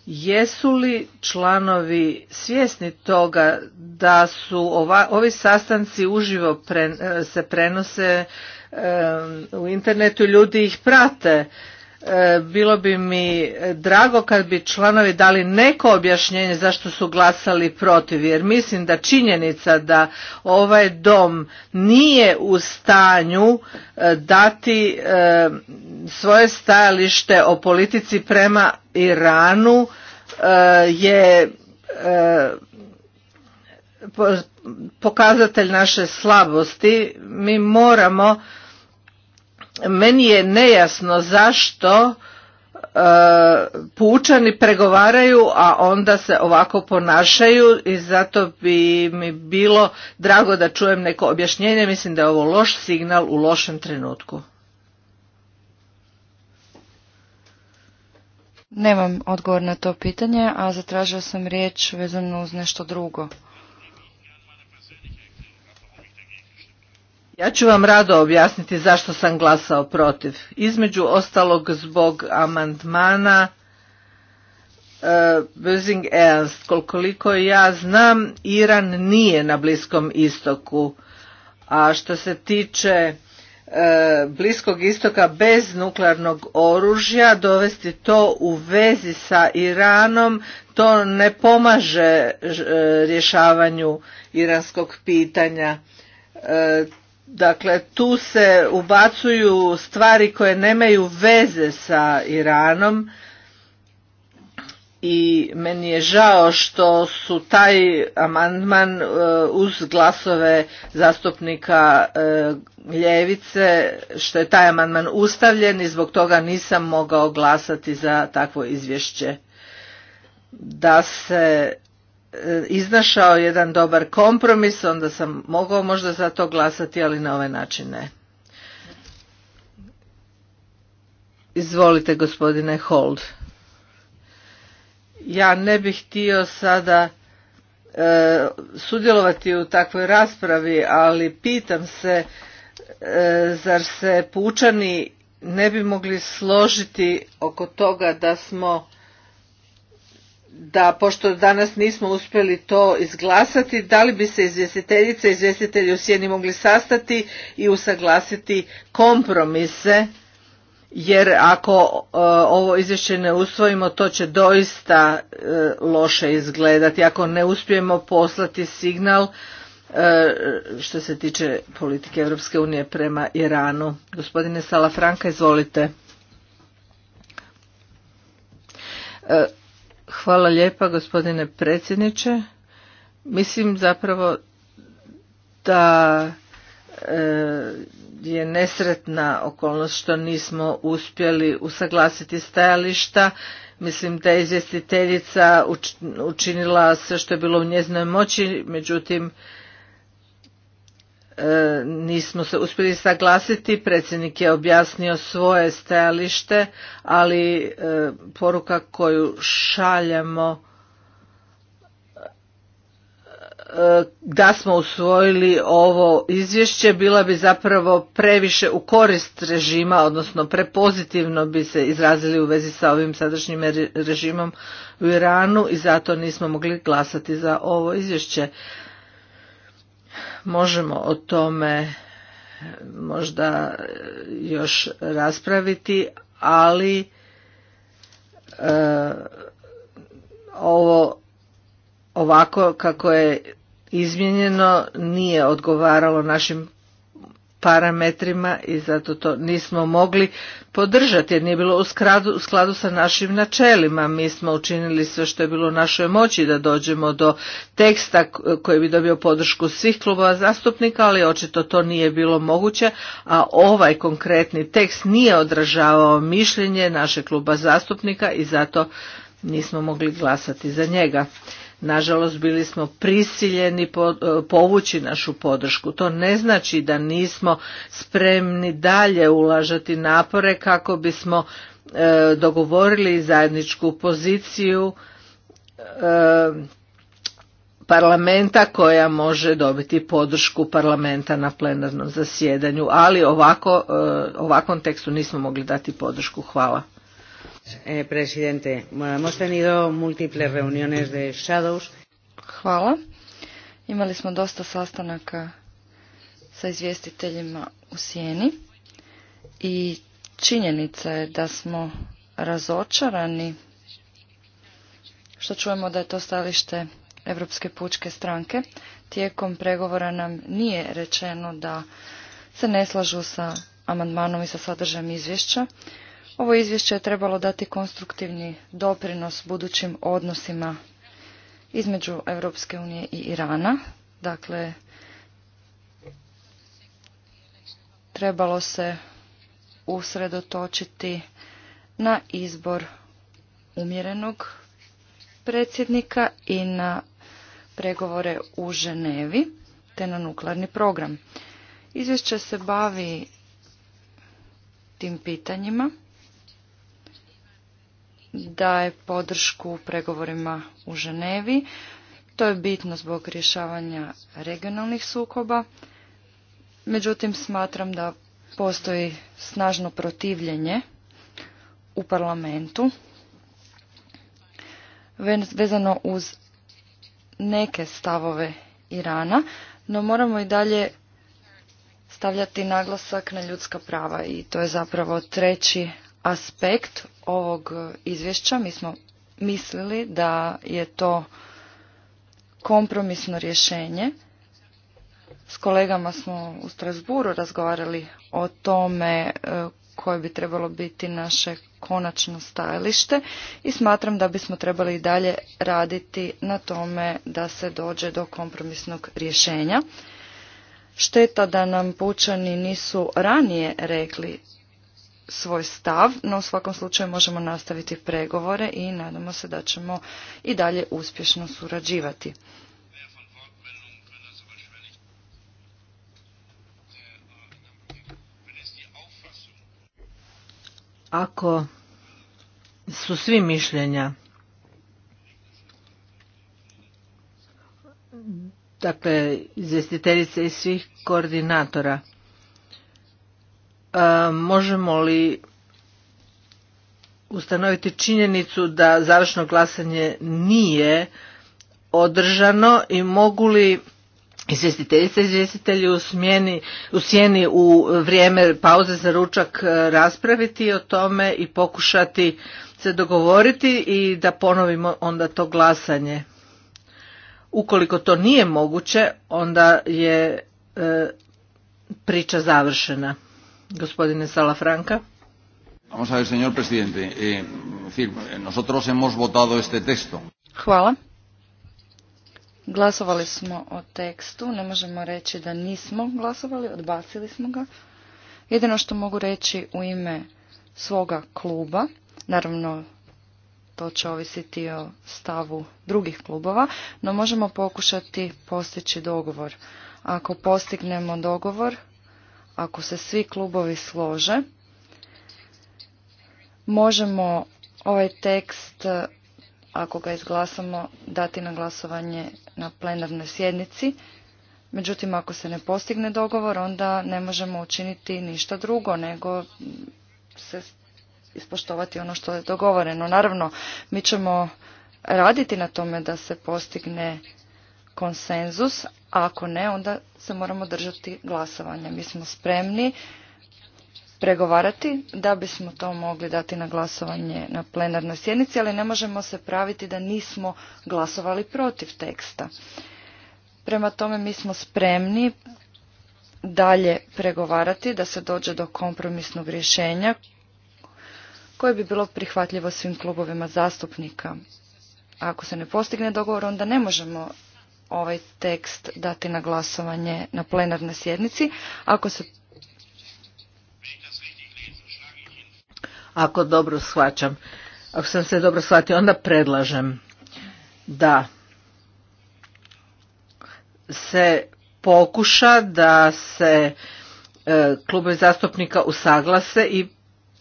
Jesu li članovi svjesni toga da su ova, ovi sastanci uživo pre, e, se prenose e, u internetu, ljudi ih prate? E, bilo bi mi e, drago kad bi članovi dali neko objašnjenje zašto su glasali protiv jer mislim da činjenica da ovaj dom nije u stanju e, dati svoje stajalište o politici prema Iranu je pokazatelj naše slabosti mi moramo meni je nejasno zašto e, pučani pregovaraju, a onda se ovako ponašaju i zato bi mi bilo drago da čujem neko objašnjenje. Mislim da je ovo loš signal u lošem trenutku. Nemam odgovor na to pitanje, a zatražio sam riječ vezano uz nešto drugo. Ja ću vam rado objasniti zašto sam glasao protiv. Između ostalog zbog amandmana e, Buzing Ernst. Koliko ja znam, Iran nije na Bliskom istoku. A što se tiče e, Bliskog istoka bez nuklearnog oružja, dovesti to u vezi sa Iranom, to ne pomaže e, rješavanju iranskog pitanja. Dakle, tu se ubacuju stvari koje nemaju veze sa Iranom i meni je žao što su taj amandman e, uz glasove zastupnika e, ljevice, što je taj amandman ustavljen i zbog toga nisam mogao glasati za takvo izvješće. Da se iznašao jedan dobar kompromis, onda sam mogao možda za to glasati, ali na ovaj način ne. Izvolite gospodine Hold. Ja ne bih htio sada e, sudjelovati u takvoj raspravi, ali pitam se e, zar se pučani ne bi mogli složiti oko toga da smo da pošto danas nismo uspjeli to izglasati, da li bi se izvjestiteljice i izvjestitelji u sjeni mogli sastati i usaglasiti kompromise, jer ako e, ovo izvješće ne usvojimo, to će doista e, loše izgledati. Ako ne uspijemo poslati signal e, što se tiče politike Europske unije prema Iranu. Gospodine Salafranka, izvolite. Hvala lijepa gospodine predsjedniče. Mislim zapravo da e, je nesretna okolnost što nismo uspjeli usaglasiti stajališta. Mislim da je izvjestiteljica učinila sve što je bilo u njezinoj moći, međutim E, nismo se uspjeli saglasiti, predsjednik je objasnio svoje stajalište, ali e, poruka koju šaljemo e, da smo usvojili ovo izvješće bila bi zapravo previše u korist režima, odnosno prepozitivno bi se izrazili u vezi sa ovim sadašnjim režimom u Iranu i zato nismo mogli glasati za ovo izvješće možemo o tome možda još raspraviti, ali e, ovo ovako kako je izmijenjeno nije odgovaralo našim parametrima i zato to nismo mogli podržati jer nije bilo u skladu, u skladu sa našim načelima. Mi smo učinili sve što je bilo u našoj moći da dođemo do teksta koji bi dobio podršku svih klubova zastupnika, ali očito to nije bilo moguće, a ovaj konkretni tekst nije odražavao mišljenje naše kluba zastupnika i zato nismo mogli glasati za njega nažalost bili smo prisiljeni e, povući našu podršku to ne znači da nismo spremni dalje ulažati napore kako bismo e, dogovorili zajedničku poziciju e, parlamenta koja može dobiti podršku parlamenta na plenarnom zasjedanju ali ovako, ovakvom tekstu nismo mogli dati podršku hvala gospodine eh, presidente, hemos tenido múltiples reuniones de shadows. Hvala. Imali smo dosta sastanaka sa izvjestiteljima u sjeni i činjenica je da smo razočarani što čujemo da je to stajalište Europske pučke stranke. Tijekom pregovora nam nije rečeno da se ne slažu sa amandmanom i sa sadržajem izvješća. Ovo izvješće je trebalo dati konstruktivni doprinos budućim odnosima između Europske unije i Irana. Dakle, trebalo se usredotočiti na izbor umjerenog predsjednika i na pregovore u Ženevi te na nuklearni program. Izvješće se bavi tim pitanjima daje podršku pregovorima u Ženevi. To je bitno zbog rješavanja regionalnih sukoba. Međutim, smatram da postoji snažno protivljenje u parlamentu vezano uz neke stavove Irana, no moramo i dalje stavljati naglasak na ljudska prava i to je zapravo treći aspekt ovog izvješća mi smo mislili da je to kompromisno rješenje. S kolegama smo u Strasburu razgovarali o tome e, koje bi trebalo biti naše konačno stajalište i smatram da bismo trebali i dalje raditi na tome da se dođe do kompromisnog rješenja. Šteta da nam pučani nisu ranije rekli svoj stav, no u svakom slučaju možemo nastaviti pregovore i nadamo se da ćemo i dalje uspješno surađivati. Ako su svi mišljenja dakle izvjestiteljice i svih koordinatora E, možemo li ustanoviti činjenicu da završno glasanje nije održano i mogu li i izvjestitelji u, smjeni, u sjeni u vrijeme pauze za ručak e, raspraviti o tome i pokušati se dogovoriti i da ponovimo onda to glasanje. Ukoliko to nije moguće, onda je e, priča završena. Gospodine Salafranka. Vamos a ver, señor presidente. Eh, decir, nosotros hemos votado este texto. Hvala. Glasovali smo o tekstu, ne možemo reći da nismo glasovali, odbacili smo ga. Jedino što mogu reći u ime svoga kluba, naravno to će ovisiti o stavu drugih klubova, no možemo pokušati postići dogovor. Ako postignemo dogovor, ako se svi klubovi slože, možemo ovaj tekst, ako ga izglasamo, dati na glasovanje na plenarnoj sjednici. Međutim, ako se ne postigne dogovor, onda ne možemo učiniti ništa drugo, nego se ispoštovati ono što je dogovoreno. Naravno, mi ćemo raditi na tome da se postigne konsenzus, a ako ne, onda se moramo držati glasovanja. Mi smo spremni pregovarati da bismo to mogli dati na glasovanje na plenarnoj sjednici, ali ne možemo se praviti da nismo glasovali protiv teksta. Prema tome mi smo spremni dalje pregovarati da se dođe do kompromisnog rješenja koje bi bilo prihvatljivo svim klubovima zastupnika. Ako se ne postigne dogovor, onda ne možemo ovaj tekst dati na glasovanje na plenarnoj sjednici. Ako se Ako dobro shvaćam, ako sam se dobro shvatio, onda predlažem da se pokuša da se e, klubovi zastupnika usaglase i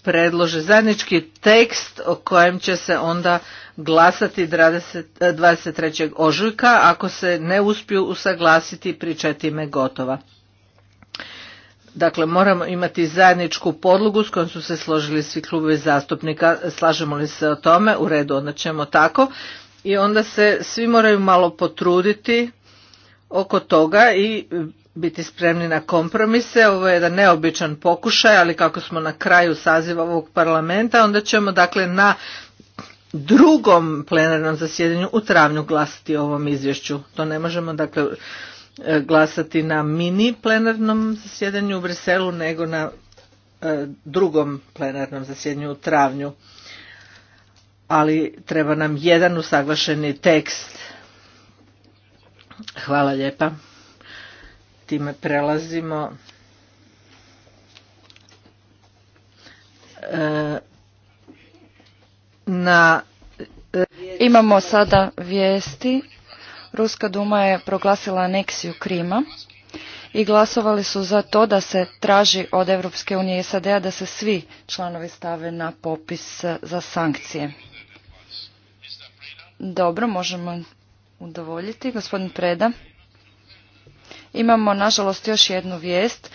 predlože zajednički tekst o kojem će se onda glasati 20, 23. Eh, ožujka ako se ne uspiju usaglasiti priča time gotova. Dakle, moramo imati zajedničku podlogu s kojom su se složili svi klubovi zastupnika. Slažemo li se o tome? U redu, onda ćemo tako. I onda se svi moraju malo potruditi oko toga i biti spremni na kompromise. Ovo je jedan neobičan pokušaj, ali kako smo na kraju saziva ovog parlamenta, onda ćemo dakle na drugom plenarnom zasjedanju u travnju glasati o ovom izvješću. To ne možemo dakle e, glasati na mini plenarnom zasjedanju u Briselu, nego na e, drugom plenarnom zasjedanju u travnju. Ali treba nam jedan usaglašeni tekst. Hvala lijepa. Time prelazimo e, na... E, Imamo sada vijesti. Ruska duma je proglasila aneksiju Krima i glasovali su za to da se traži od Europske unije i SAD-a da se svi članovi stave na popis e, za sankcije. Dobro, možemo udovoljiti. Gospodin Preda. Imamo nažalost još jednu vijest.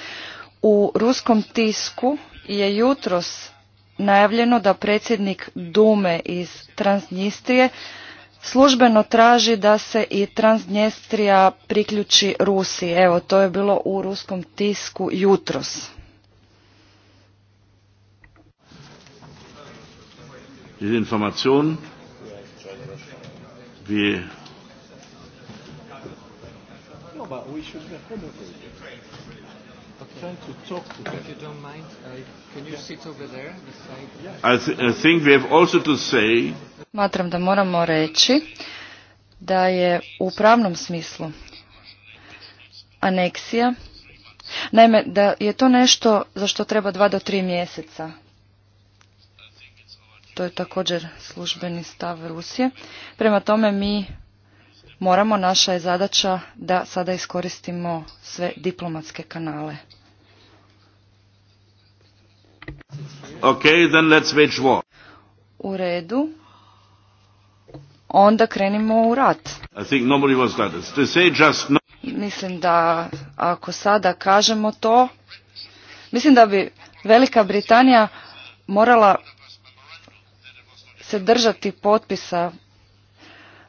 U ruskom tisku je jutros najavljeno da predsjednik Dume iz Transnistrije službeno traži da se i Transnistrija priključi Rusiji. Evo, to je bilo u ruskom tisku jutros. Diese Information, but we should accommodate them. Okay. Trying to talk to them. If you don't mind, uh, can you yeah. sit over there? The side? Yes. I, th I think we have also to say... Matram da moramo reći da je u pravnom smislu aneksija, naime da je to nešto za što treba dva do tri mjeseca. To je također službeni stav Rusije. Prema tome mi moramo, naša je zadaća da sada iskoristimo sve diplomatske kanale. U redu. Onda krenimo u rat. Mislim da ako sada kažemo to, mislim da bi Velika Britanija morala se držati potpisa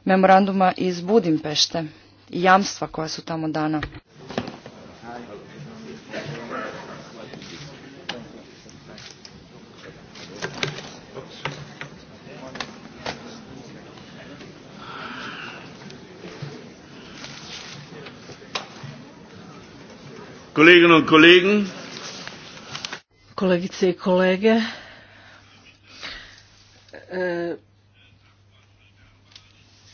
memoranduma iz Budimpešte i jamstva koja su tamo dana. kolegice i kolege, e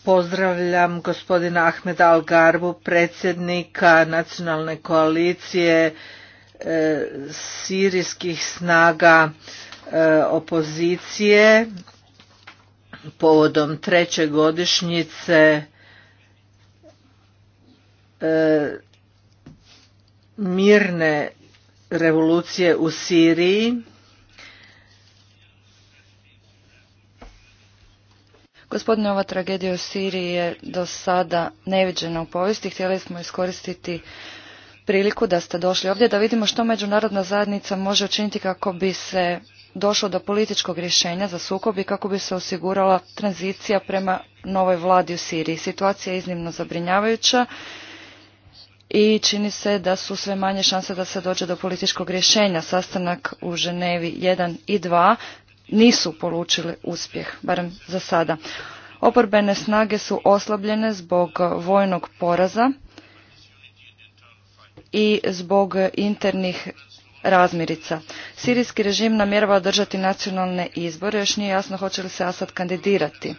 Pozdravljam gospodina Ahmeda Algarbu, predsjednika nacionalne koalicije e, sirijskih snaga e, opozicije povodom treće godišnjice e, mirne revolucije u Siriji. Gospodine, ova tragedija u Siriji je do sada neviđena u povijesti. Htjeli smo iskoristiti priliku da ste došli ovdje da vidimo što međunarodna zajednica može učiniti kako bi se došlo do političkog rješenja za sukob i kako bi se osigurala tranzicija prema novoj vladi u Siriji. Situacija je iznimno zabrinjavajuća i čini se da su sve manje šanse da se dođe do političkog rješenja. Sastanak u Ženevi 1 i 2 nisu polučile uspjeh, barem za sada. Oporbene snage su oslabljene zbog vojnog poraza i zbog internih razmirica. Sirijski režim namjerava održati nacionalne izbore, još nije jasno hoće li se Asad kandidirati.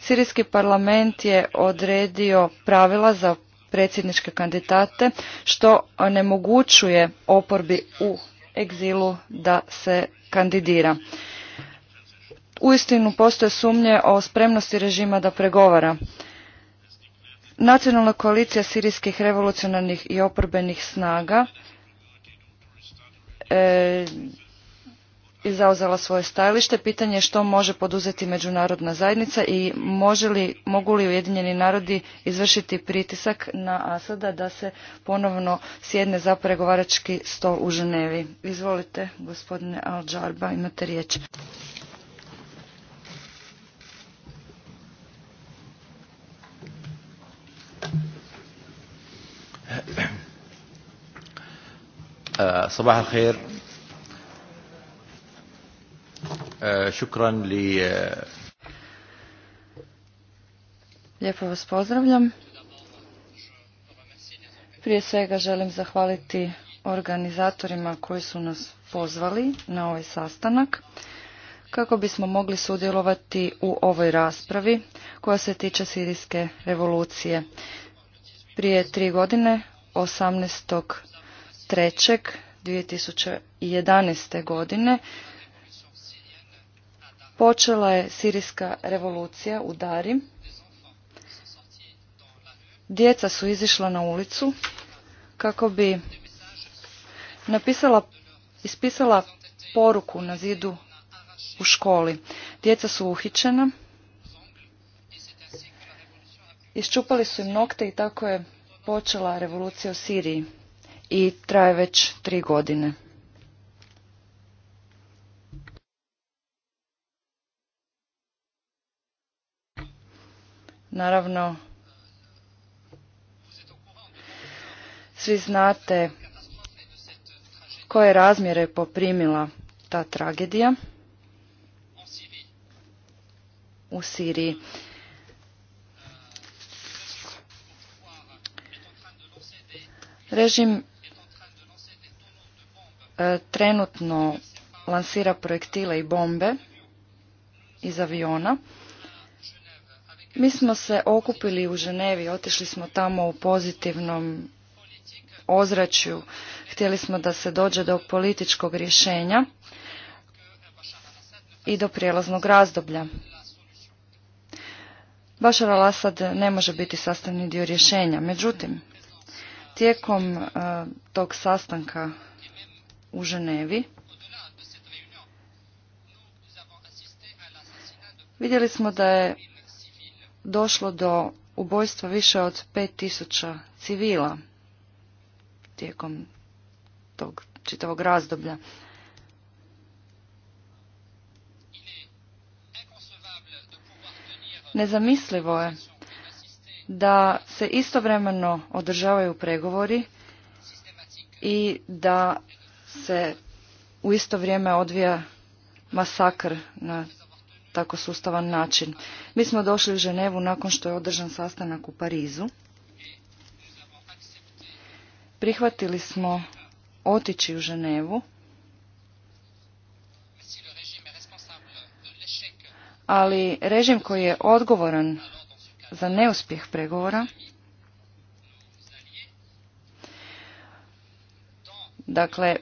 Sirijski parlament je odredio pravila za predsjedničke kandidate što onemogućuje oporbi u egzilu da se kandidira uistinu postoje sumnje o spremnosti režima da pregovara. Nacionalna koalicija sirijskih revolucionarnih i oporbenih snaga e, i zauzela svoje stajalište. Pitanje je što može poduzeti međunarodna zajednica i može li, mogu li Ujedinjeni narodi izvršiti pritisak na Asada da se ponovno sjedne za pregovarački stol u Ženevi. Izvolite, gospodine Al-Džarba, imate riječ. صباح الخير شكرا Lijepo vas pozdravljam. Prije svega želim zahvaliti organizatorima koji su nas pozvali na ovaj sastanak kako bismo mogli sudjelovati u ovoj raspravi koja se tiče sirijske revolucije prije tri godine, 18.3.2011. godine, počela je sirijska revolucija u Dari. Djeca su izišla na ulicu kako bi napisala, ispisala poruku na zidu u školi. Djeca su uhićena. Iščupali su im nokte i tako je počela revolucija u Siriji i traje već tri godine. Naravno, svi znate koje razmjere je poprimila ta tragedija u Siriji. Režim e, trenutno lansira projektile i bombe iz aviona. Mi smo se okupili u Ženevi, otišli smo tamo u pozitivnom ozračju. Htjeli smo da se dođe do političkog rješenja i do prijelaznog razdoblja. Bašar al ne može biti sastavni dio rješenja. Međutim, Tijekom e, tog sastanka u Ženevi vidjeli smo da je došlo do ubojstva više od 5000 civila tijekom tog čitavog razdoblja. Nezamislivo je da se istovremeno održavaju pregovori i da se u isto vrijeme odvija masakr na tako sustavan način. Mi smo došli u Ženevu nakon što je održan sastanak u Parizu. Prihvatili smo otići u Ženevu, ali režim koji je odgovoran za neuspjeh pregovora Dakle,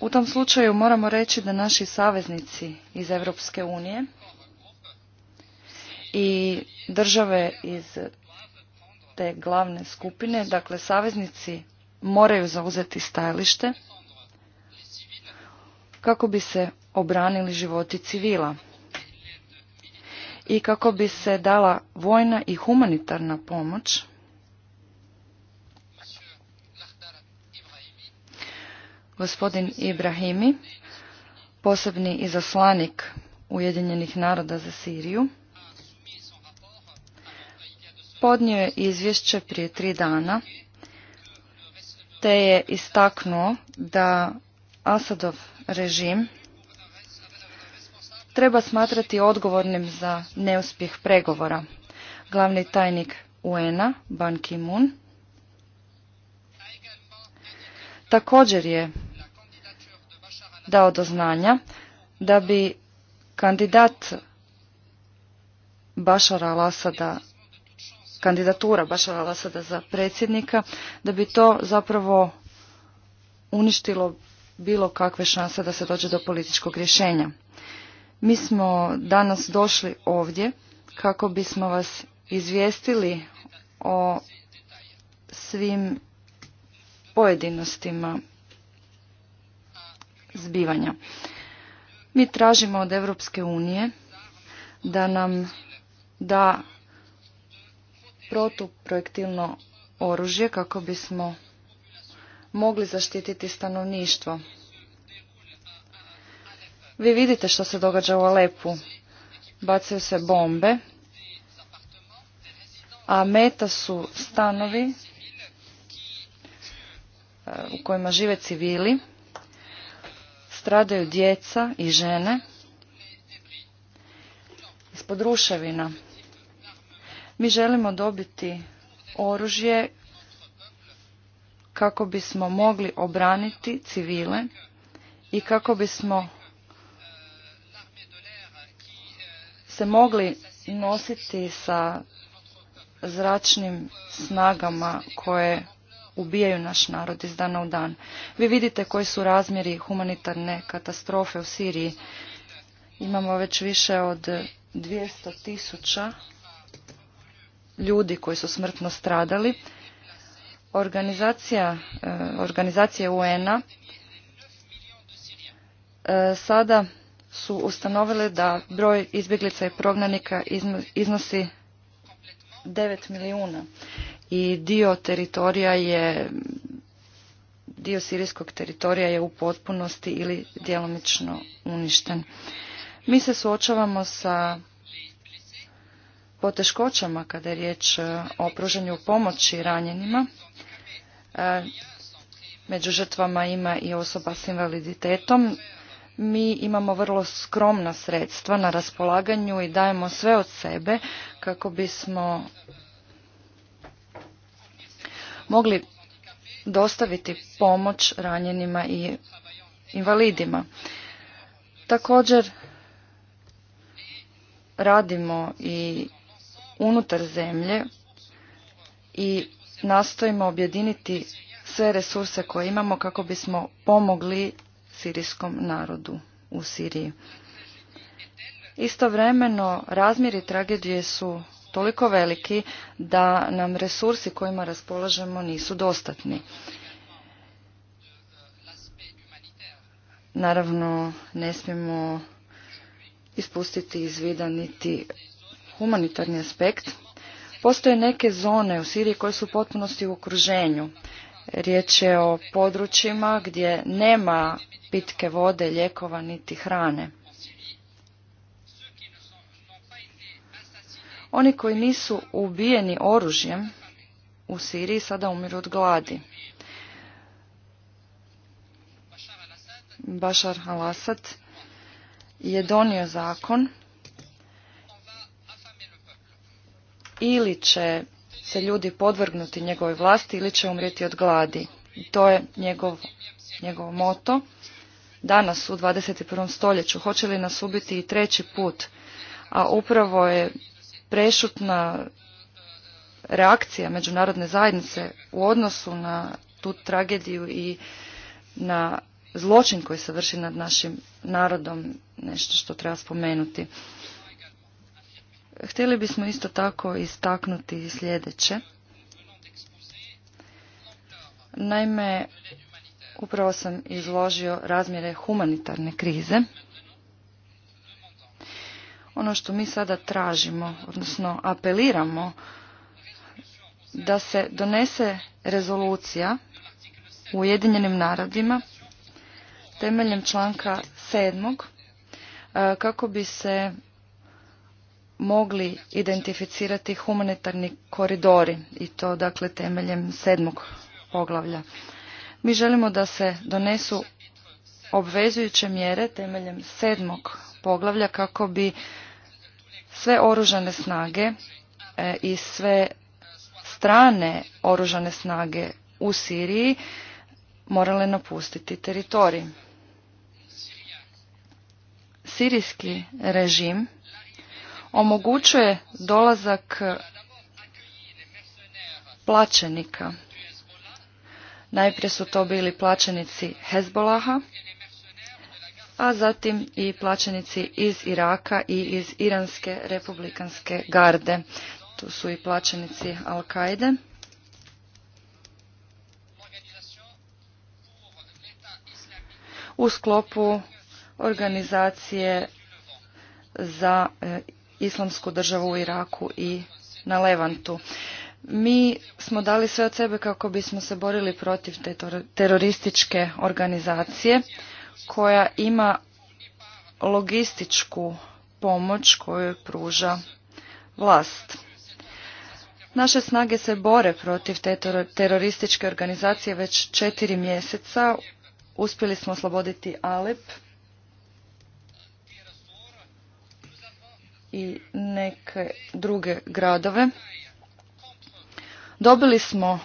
u tom slučaju moramo reći da naši saveznici iz Europske unije i države iz te glavne skupine, dakle saveznici moraju zauzeti stajalište kako bi se obranili životi civila i kako bi se dala vojna i humanitarna pomoć gospodin Ibrahimi, posebni izaslanik Ujedinjenih naroda za Siriju, podnio je izvješće prije tri dana, te je istaknuo da Asadov režim treba smatrati odgovornim za neuspjeh pregovora. Glavni tajnik UN-a, Ban Ki-moon, također je dao do znanja da bi kandidat Bašara al kandidatura Bašara al za predsjednika, da bi to zapravo uništilo bilo kakve šanse da se dođe do političkog rješenja. Mi smo danas došli ovdje kako bismo vas izvijestili o svim pojedinostima zbivanja. Mi tražimo od Europske unije da nam da protuprojektilno oružje kako bismo mogli zaštititi stanovništvo vi vidite što se događa u Alepu. Bacaju se bombe, a meta su stanovi e, u kojima žive civili, stradaju djeca i žene ispod ruševina. Mi želimo dobiti oružje kako bismo mogli obraniti civile i kako bismo se mogli nositi sa zračnim snagama koje ubijaju naš narod iz dana u dan. Vi vidite koji su razmjeri humanitarne katastrofe u Siriji. Imamo već više od 200 tisuća ljudi koji su smrtno stradali. Organizacija, e, organizacija UN-a e, sada su ustanovile da broj izbjeglica i prognanika iznosi 9 milijuna i dio teritorija je dio sirijskog teritorija je u potpunosti ili djelomično uništen. Mi se suočavamo sa poteškoćama kada je riječ e, o pruženju pomoći ranjenima. E, među žrtvama ima i osoba s invaliditetom mi imamo vrlo skromna sredstva na raspolaganju i dajemo sve od sebe kako bismo mogli dostaviti pomoć ranjenima i invalidima. Također radimo i unutar zemlje i nastojimo objediniti sve resurse koje imamo kako bismo pomogli sirijskom narodu u Siriji. Istovremeno razmjeri tragedije su toliko veliki da nam resursi kojima raspolažemo nisu dostatni. Naravno, ne smijemo ispustiti iz vida niti humanitarni aspekt. Postoje neke zone u Siriji koje su u potpunosti u okruženju. Riječ je o područjima gdje nema pitke vode, ljekova niti hrane. Oni koji nisu ubijeni oružjem u Siriji sada umiru od gladi. al-Assad je donio zakon ili će se ljudi podvrgnuti njegovoj vlasti ili će umrijeti od gladi. I to je njegov, njegov moto. Danas u 21. stoljeću hoće li nas ubiti i treći put, a upravo je prešutna reakcija međunarodne zajednice u odnosu na tu tragediju i na zločin koji se vrši nad našim narodom nešto što treba spomenuti. Htjeli bismo isto tako istaknuti sljedeće. Naime, upravo sam izložio razmjere humanitarne krize. Ono što mi sada tražimo, odnosno apeliramo da se donese rezolucija u Ujedinjenim narodima temeljem članka 7. kako bi se mogli identificirati humanitarni koridori i to dakle temeljem sedmog poglavlja. Mi želimo da se donesu obvezujuće mjere temeljem sedmog poglavlja kako bi sve oružane snage e, i sve strane oružane snage u Siriji morale napustiti teritorij. Sirijski režim omogućuje dolazak plaćenika. Najprije su to bili plaćenici Hezbolaha, a zatim i plaćenici iz Iraka i iz Iranske republikanske garde. Tu su i plaćenici Al-Kaide. U sklopu organizacije za e, islamsku državu u Iraku i na Levantu. Mi smo dali sve od sebe kako bismo se borili protiv te terorističke organizacije koja ima logističku pomoć koju pruža vlast. Naše snage se bore protiv te terorističke organizacije već četiri mjeseca. Uspjeli smo osloboditi Alep i neke druge gradove. Dobili smo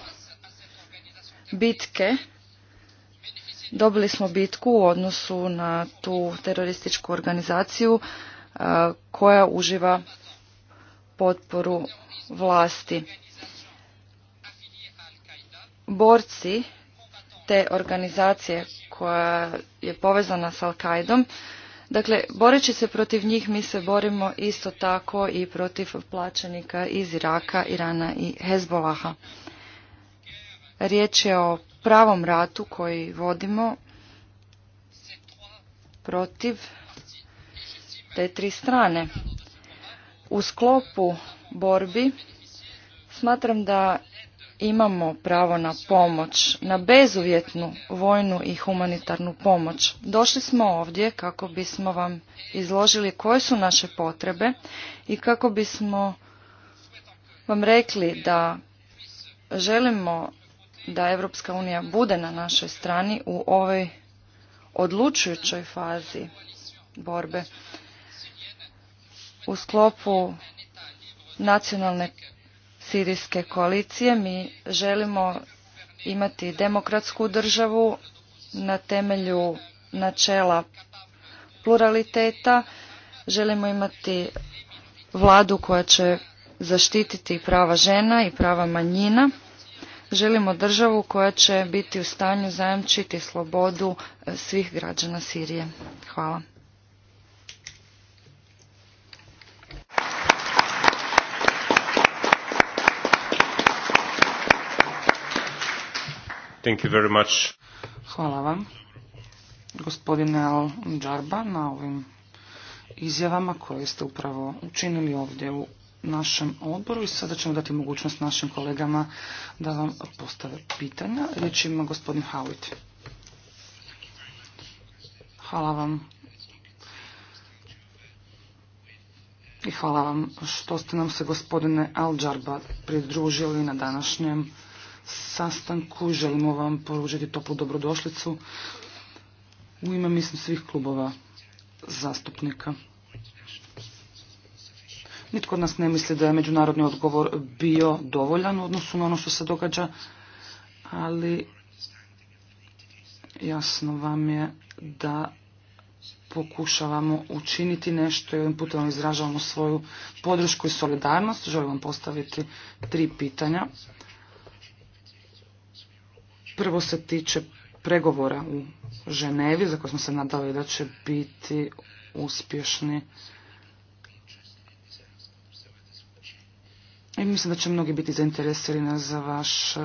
bitke, dobili smo bitku u odnosu na tu terorističku organizaciju koja uživa potporu vlasti. Borci te organizacije koja je povezana s Al-Qaidom Dakle, boreći se protiv njih mi se borimo isto tako i protiv plaćenika iz Iraka, Irana i Hezbolaha. Riječ je o pravom ratu koji vodimo protiv te tri strane. U sklopu borbi smatram da imamo pravo na pomoć, na bezuvjetnu vojnu i humanitarnu pomoć. Došli smo ovdje kako bismo vam izložili koje su naše potrebe i kako bismo vam rekli da želimo da Europska unija bude na našoj strani u ovoj odlučujućoj fazi borbe u sklopu nacionalne sirijske koalicije. Mi želimo imati demokratsku državu na temelju načela pluraliteta. Želimo imati vladu koja će zaštititi prava žena i prava manjina. Želimo državu koja će biti u stanju zajamčiti slobodu eh, svih građana Sirije. Hvala. Thank you very much. Hvala vam, gospodine Al Džarba, na ovim izjavama koje ste upravo učinili ovdje u našem odboru i sada ćemo dati mogućnost našim kolegama da vam postave pitanja. Riječ ima gospodin Howitt. Hvala vam. I hvala vam što ste nam se gospodine al Džarba pridružili na današnjem sastanku. Želimo vam poružiti toplu dobrodošlicu u ime, mislim, svih klubova zastupnika. Nitko od nas ne misli da je međunarodni odgovor bio dovoljan u odnosu na ono što se događa, ali jasno vam je da pokušavamo učiniti nešto i ovim putem vam izražavamo svoju podršku i solidarnost. Želim vam postaviti tri pitanja. Prvo se tiče pregovora u Ženevi, za koje smo se nadali da će biti uspješni. I mislim da će mnogi biti zainteresirani za vaš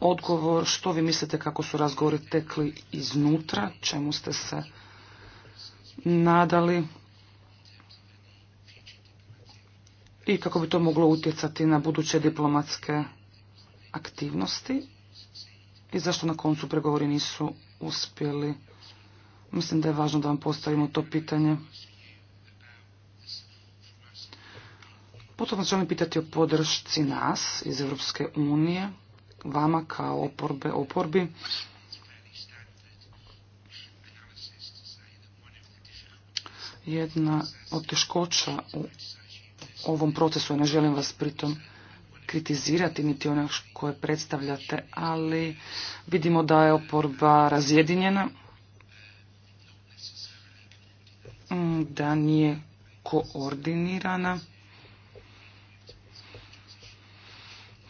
odgovor. Što vi mislite kako su razgovori tekli iznutra? Čemu ste se nadali? I kako bi to moglo utjecati na buduće diplomatske aktivnosti? i zašto na koncu pregovori nisu uspjeli. Mislim da je važno da vam postavimo to pitanje. Potom vas želim pitati o podršci nas iz Europske unije, vama kao oporbe, oporbi. Jedna od teškoća u ovom procesu, ne želim vas pritom kritizirati niti one koje predstavljate, ali vidimo da je oporba razjedinjena, mm, da nije koordinirana,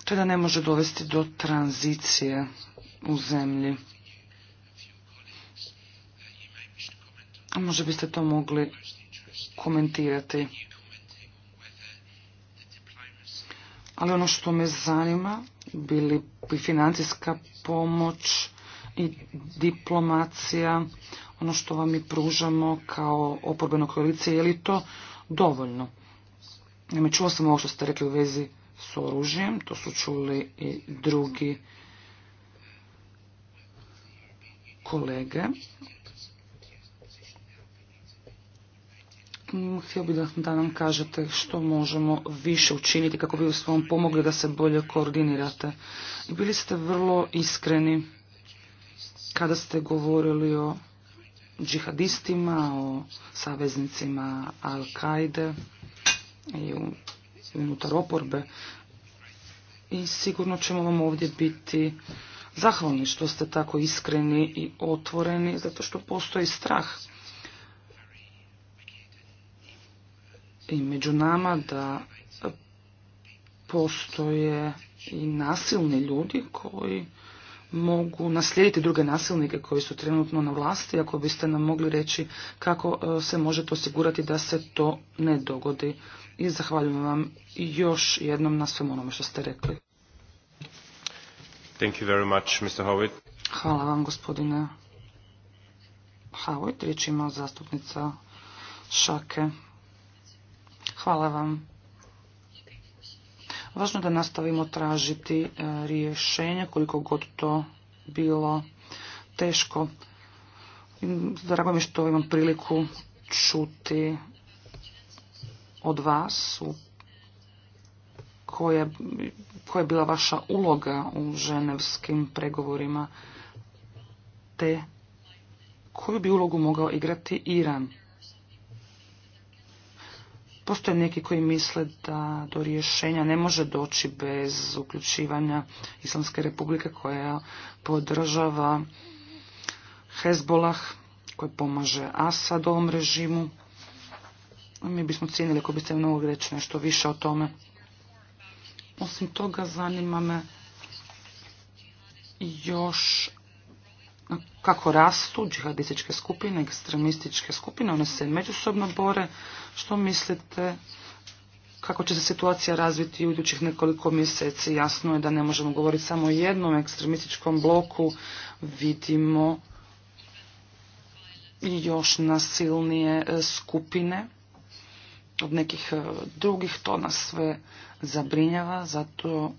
te da ne može dovesti do tranzicije u zemlji. Možda biste to mogli komentirati. ali ono što me zanima bili bi financijska pomoć i diplomacija, ono što vam mi pružamo kao oporbeno koalicije, je li to dovoljno? Naime, čuo sam ovo što ste rekli u vezi s oružjem, to su čuli i drugi kolege. Htio bih da nam kažete što možemo više učiniti kako bi u svom pomogli da se bolje koordinirate. I bili ste vrlo iskreni kada ste govorili o džihadistima, o saveznicima Al-Kaide i unutar oporbe. I sigurno ćemo vam ovdje biti zahvalni što ste tako iskreni i otvoreni, zato što postoji strah i među nama da postoje i nasilni ljudi koji mogu naslijediti druge nasilnike koji su trenutno na vlasti, ako biste nam mogli reći kako e, se možete osigurati da se to ne dogodi. I zahvaljujem vam još jednom na svem onome što ste rekli. Thank you very much, Mr. Hvala vam, gospodine Howitt. Riječ ima zastupnica Šake. Hvala vam. Važno je da nastavimo tražiti e, rješenja koliko god to bilo teško. Drago mi što imam priliku čuti od vas koja je bila vaša uloga u ženevskim pregovorima te koju bi ulogu mogao igrati Iran. Postoje neki koji misle da do rješenja ne može doći bez uključivanja Islamske republike koja podržava Hezbolah, koji pomaže ovom režimu. Mi bismo cijenili ako biste mnogo reći nešto više o tome. Osim toga zanima me još kako rastu džihadističke skupine, ekstremističke skupine, one se međusobno bore. Što mislite kako će se situacija razviti u idućih nekoliko mjeseci? Jasno je da ne možemo govoriti samo o jednom ekstremističkom bloku. Vidimo još nasilnije e, skupine od nekih e, drugih. To nas sve zabrinjava, zato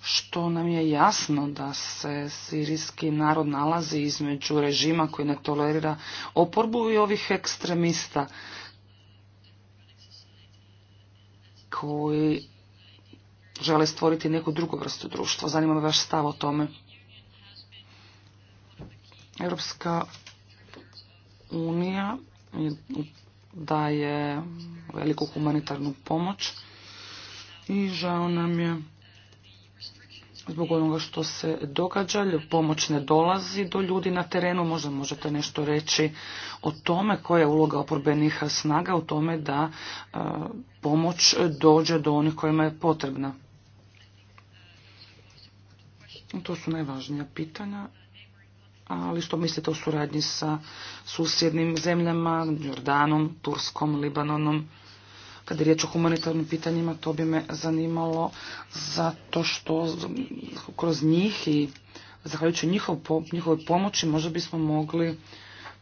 što nam je jasno da se sirijski narod nalazi između režima koji ne tolerira oporbu i ovih ekstremista koji žele stvoriti neku drugu vrstu društva. Zanima me vaš stav o tome. Europska unija daje veliku humanitarnu pomoć i žao nam je zbog onoga što se događa, pomoć ne dolazi do ljudi na terenu, možda možete nešto reći o tome koja je uloga oporbenih snaga u tome da e, pomoć dođe do onih kojima je potrebna. To su najvažnija pitanja. Ali što mislite o suradnji sa susjednim zemljama, Jordanom, Turskom, Libanonom? Kad je riječ o humanitarnim pitanjima, to bi me zanimalo zato što kroz njih i zahvaljujući njihov, njihovoj pomoći možda bismo mogli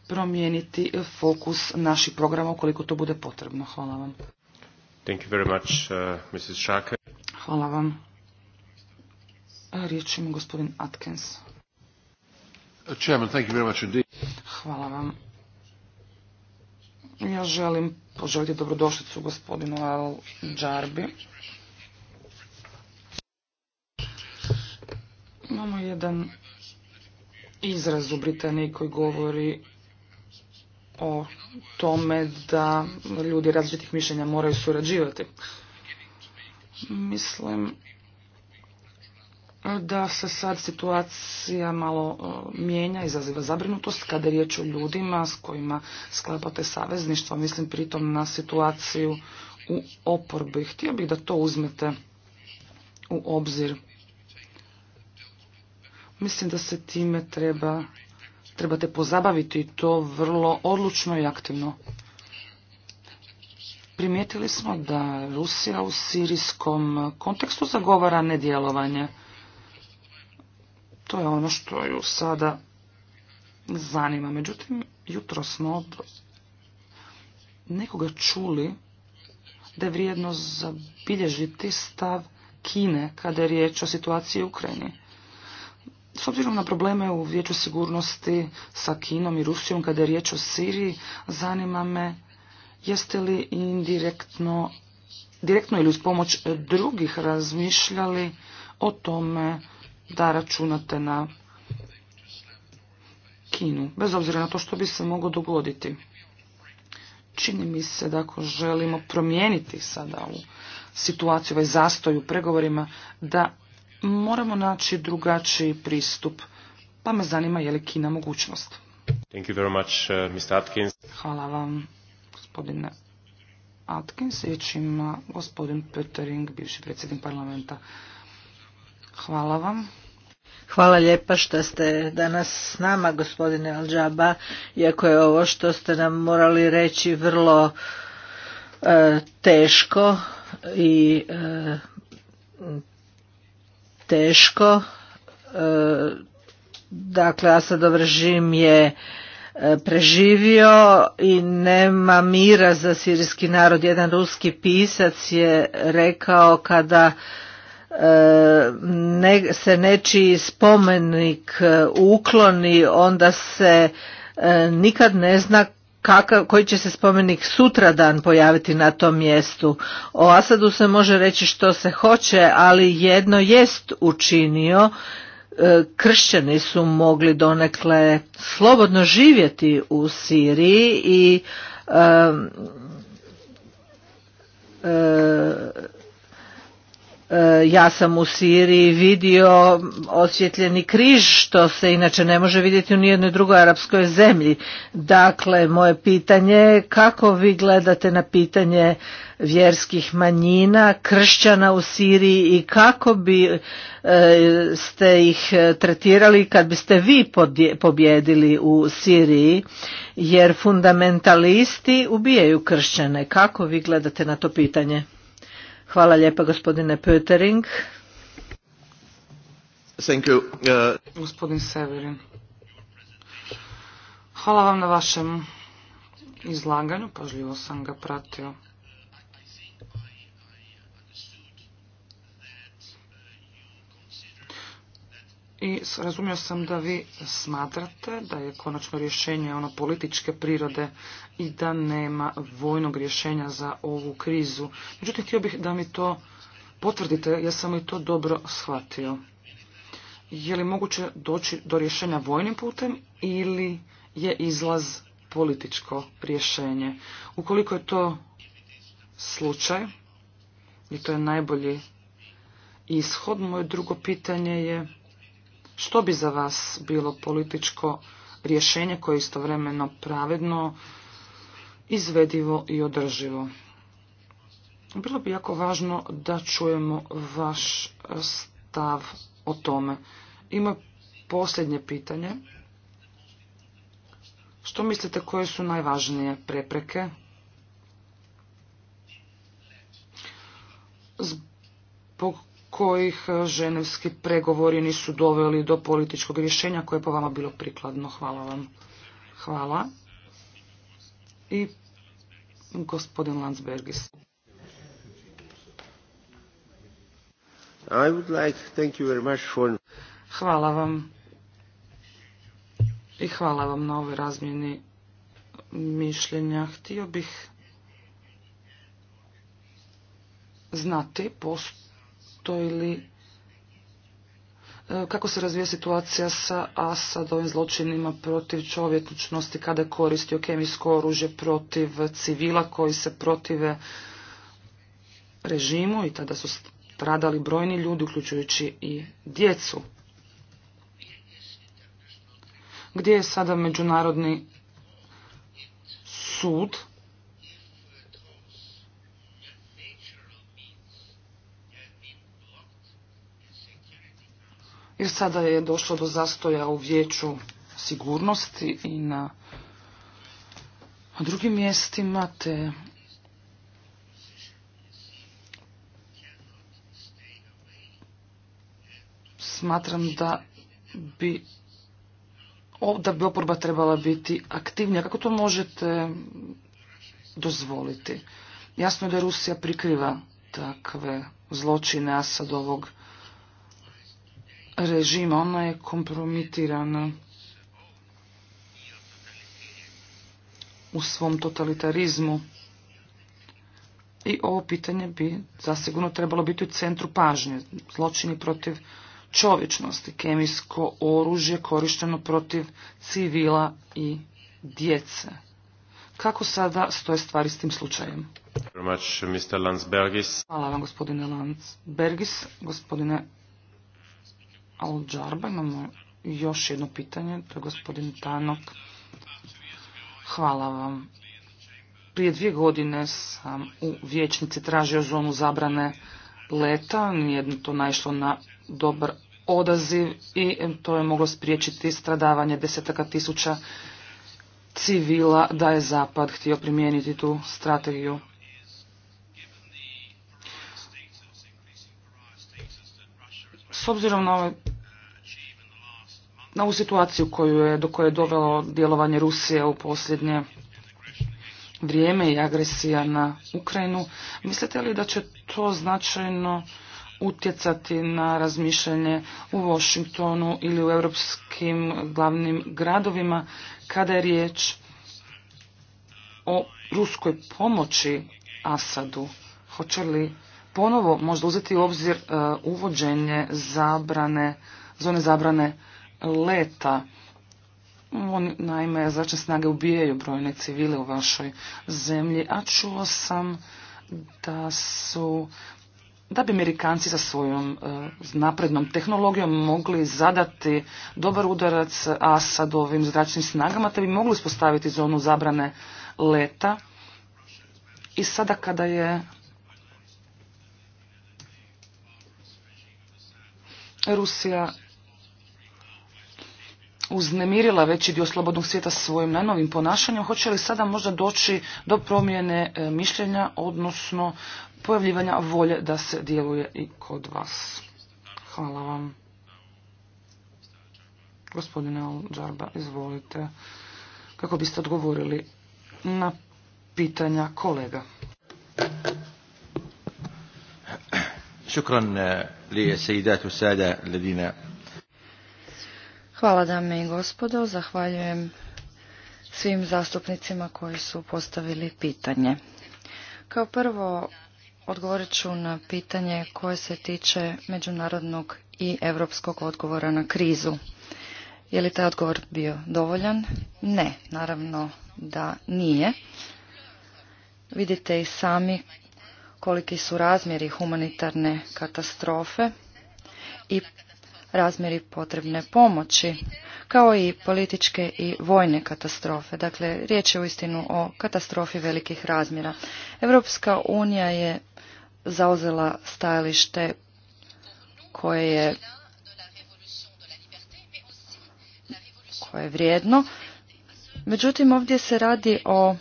promijeniti fokus naših programa ukoliko to bude potrebno. Hvala vam. Thank you very much, uh, Mrs. Hvala vam. Riječ ima gospodin Atkins. Uh, Chairman, thank you very much indeed. Hvala vam. Ja želim poželiti dobrodošlicu gospodinu Al Džarbi. Imamo jedan izraz u Britaniji koji govori o tome da ljudi različitih mišljenja moraju surađivati. Mislim da se sad situacija malo e, mijenja, izaziva zabrinutost kada je riječ o ljudima s kojima sklapate savezništvo, mislim pritom na situaciju u oporbi. Htio bih da to uzmete u obzir. Mislim da se time treba, trebate pozabaviti to vrlo odlučno i aktivno. Primijetili smo da Rusija u sirijskom kontekstu zagovara nedjelovanje. To je ono što ju sada zanima. Međutim, jutro smo od nekoga čuli da je vrijedno zabilježiti stav Kine kada je riječ o situaciji u Ukrajini. S obzirom na probleme u vijeću sigurnosti sa Kinom i Rusijom kada je riječ o Siriji, zanima me jeste li indirektno, direktno ili uz pomoć drugih razmišljali o tome da računate na Kinu, bez obzira na to što bi se moglo dogoditi. Čini mi se da ako želimo promijeniti sada u situaciju, ovaj zastoj u pregovorima, da moramo naći drugačiji pristup, pa me zanima je li Kina mogućnost. Thank you very much, uh, Mr. Atkins. Hvala vam, gospodine Atkins. Riječ ima gospodin Petering, bivši predsjednik parlamenta. Hvala vam. Hvala lijepa što ste danas s nama, gospodine Alđaba, iako je ovo što ste nam morali reći vrlo e, teško i e, teško. E, dakle, Asadov režim je e, preživio i nema mira za sirijski narod. Jedan ruski pisac je rekao kada ne, se nečiji spomenik e, ukloni onda se e, nikad ne zna kakav, koji će se spomenik sutradan pojaviti na tom mjestu. O Asadu se može reći što se hoće, ali jedno jest učinio, e, kršćani su mogli donekle slobodno živjeti u Siriji i E, ja sam u Siriji vidio osvjetljeni križ što se inače ne može vidjeti u nijednoj drugoj arapskoj zemlji. Dakle, moje pitanje je kako vi gledate na pitanje vjerskih manjina, kršćana u Siriji i kako bi e, ste ih e, tretirali kad biste vi pobjedili u Siriji jer fundamentalisti ubijaju kršćane. Kako vi gledate na to pitanje? Hvala lijepa gospodine Pötering. Uh, Gospodin Severin. Hvala vam na vašem izlaganju, pažljivo sam ga pratio. I razumio sam da vi smatrate da je konačno rješenje ono političke prirode, i da nema vojnog rješenja za ovu krizu. Međutim, htio bih da mi to potvrdite, ja sam i to dobro shvatio. Je li moguće doći do rješenja vojnim putem ili je izlaz političko rješenje? Ukoliko je to slučaj, i to je najbolji ishod, moje drugo pitanje je što bi za vas bilo političko rješenje koje je istovremeno pravedno izvedivo i održivo. Bilo bi jako važno da čujemo vaš stav o tome. Ima posljednje pitanje. Što mislite koje su najvažnije prepreke? Zbog kojih ženevski pregovori nisu doveli do političkog rješenja koje je po vama bilo prikladno. Hvala vam. Hvala i gospodin Landsbergis. I would like, thank you very much for... Hvala vam i hvala vam na ovoj razmjeni mišljenja. Htio bih znati postoji li E, kako se razvija situacija sa Asad ovim zločinima protiv čovječnosti kada je koristio kemijsko oružje protiv civila koji se protive režimu i tada su stradali brojni ljudi, uključujući i djecu. Gdje je sada Međunarodni sud jer sada je došlo do zastoja u vijeću sigurnosti i na drugim mjestima, te smatram da bi da bi oporba trebala biti aktivnija. Kako to možete dozvoliti? Jasno je da Rusija prikriva takve zločine Asadovog režim, ona je kompromitirana u svom totalitarizmu. I ovo pitanje bi zasigurno trebalo biti u centru pažnje. Zločini protiv čovječnosti, kemijsko oružje korišteno protiv civila i djece. Kako sada stoje stvari s tim slučajem? Hvala vam gospodine Lanz. Bergis, gospodine Al Džarba, imamo još jedno pitanje, to je gospodin Tanok. Hvala vam. Prije dvije godine sam u vječnici tražio zonu zabrane leta, nijedno to naišlo na dobar odaziv i to je moglo spriječiti stradavanje desetaka tisuća civila da je Zapad htio primijeniti tu strategiju. obzirom ovaj- na ovu situaciju koju je, do koje je dovelo djelovanje Rusije u posljednje vrijeme i agresija na Ukrajinu, mislite li da će to značajno utjecati na razmišljanje u Washingtonu ili u europskim glavnim gradovima kada je riječ o ruskoj pomoći Asadu? Hoće li ponovo možda uzeti u obzir e, uvođenje zabrane, zone zabrane leta. oni naime, zračne snage ubijaju brojne civile u vašoj zemlji, a čuo sam da su da bi Amerikanci sa svojom e, naprednom tehnologijom mogli zadati dobar udarac ovim zračnim snagama, te bi mogli uspostaviti zonu zabrane leta. I sada kada je Rusija uznemirila veći dio slobodnog svijeta svojim najnovim ponašanjem, hoće li sada možda doći do promjene e, mišljenja, odnosno pojavljivanja volje da se djeluje i kod vas? Hvala vam. Gospodine al izvolite. Kako biste odgovorili na pitanja kolega? شكرا Hvala dame i gospodo, zahvaljujem svim zastupnicima koji su postavili pitanje. Kao prvo odgovorit ću na pitanje koje se tiče međunarodnog i europskog odgovora na krizu. Je li taj odgovor bio dovoljan? Ne, naravno da nije. Vidite i sami koliki su razmjeri humanitarne katastrofe i razmjeri potrebne pomoći, kao i političke i vojne katastrofe. Dakle, riječ je uistinu o katastrofi velikih razmjera. Europska unija je zauzela stajalište koje je koje je vrijedno. Međutim, ovdje se radi o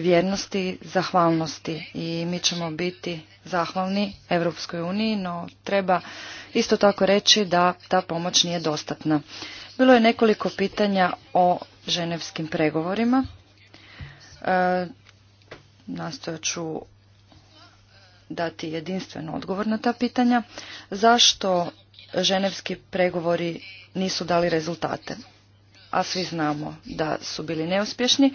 vjernosti, zahvalnosti i mi ćemo biti zahvalni Europskoj uniji, no treba isto tako reći da ta pomoć nije dostatna. Bilo je nekoliko pitanja o ženevskim pregovorima. E, nastojat ću dati jedinstven odgovor na ta pitanja. Zašto ženevski pregovori nisu dali rezultate? A svi znamo da su bili neuspješni.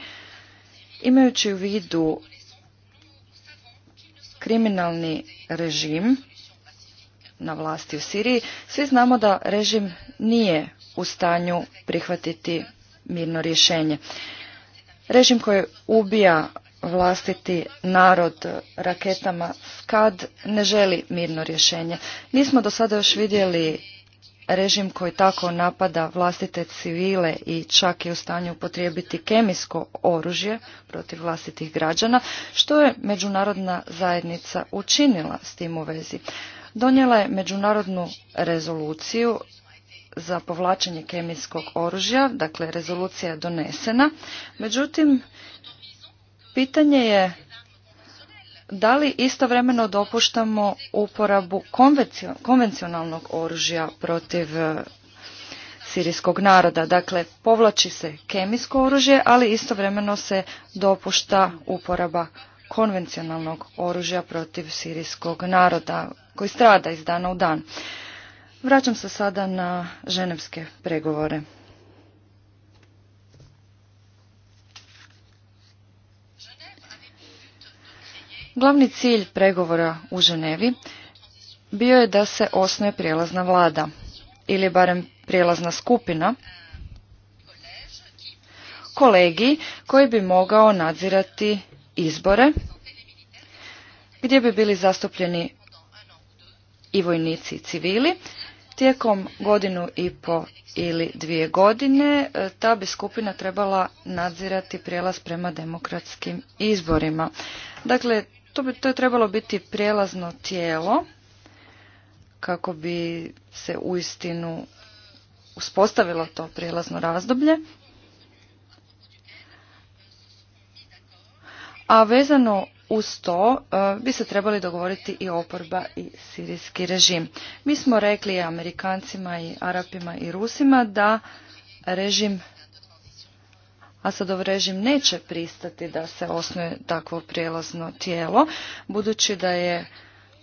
Imajući u vidu kriminalni režim na vlasti u Siriji, svi znamo da režim nije u stanju prihvatiti mirno rješenje. Režim koji ubija vlastiti narod raketama kad ne želi mirno rješenje. Nismo do sada još vidjeli režim koji tako napada vlastite civile i čak je u stanju upotrijebiti kemijsko oružje protiv vlastitih građana, što je međunarodna zajednica učinila s tim u vezi. Donijela je međunarodnu rezoluciju za povlačenje kemijskog oružja, dakle rezolucija je donesena, međutim pitanje je da li istovremeno dopuštamo uporabu konvencionalnog oružja protiv e, sirijskog naroda. Dakle, povlači se kemijsko oružje, ali istovremeno se dopušta uporaba konvencionalnog oružja protiv sirijskog naroda koji strada iz dana u dan. Vraćam se sada na ženevske pregovore. Glavni cilj pregovora u Ženevi bio je da se osnuje prijelazna vlada ili barem prijelazna skupina kolegi koji bi mogao nadzirati izbore gdje bi bili zastupljeni i vojnici i civili. Tijekom godinu i po ili dvije godine e, ta bi skupina trebala nadzirati prijelaz prema demokratskim izborima. Dakle, to bi to je trebalo biti prijelazno tijelo kako bi se uistinu uspostavilo to prijelazno razdoblje. A vezano uz to e, bi se trebali dogovoriti i oporba i sirijski režim. Mi smo rekli Amerikancima i Arapima i Rusima da režim Asadov režim neće pristati da se osnuje takvo prijelazno tijelo, budući da je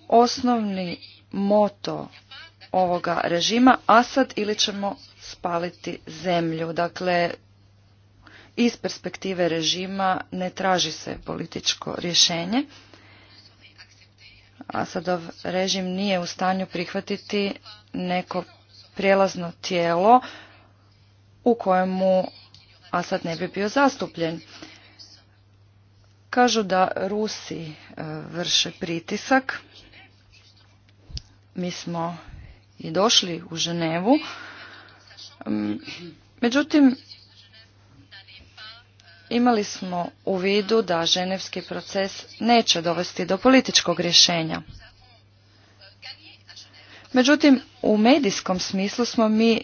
osnovni moto ovoga režima Asad ili ćemo spaliti zemlju. Dakle, iz perspektive režima ne traži se političko rješenje. Asadov režim nije u stanju prihvatiti neko prijelazno tijelo u kojemu sad ne bi bio zastupljen. Kažu da Rusi e, vrše pritisak. Mi smo i došli u Ženevu. Mm, međutim, imali smo u vidu da ženevski proces neće dovesti do političkog rješenja. Međutim, u medijskom smislu smo mi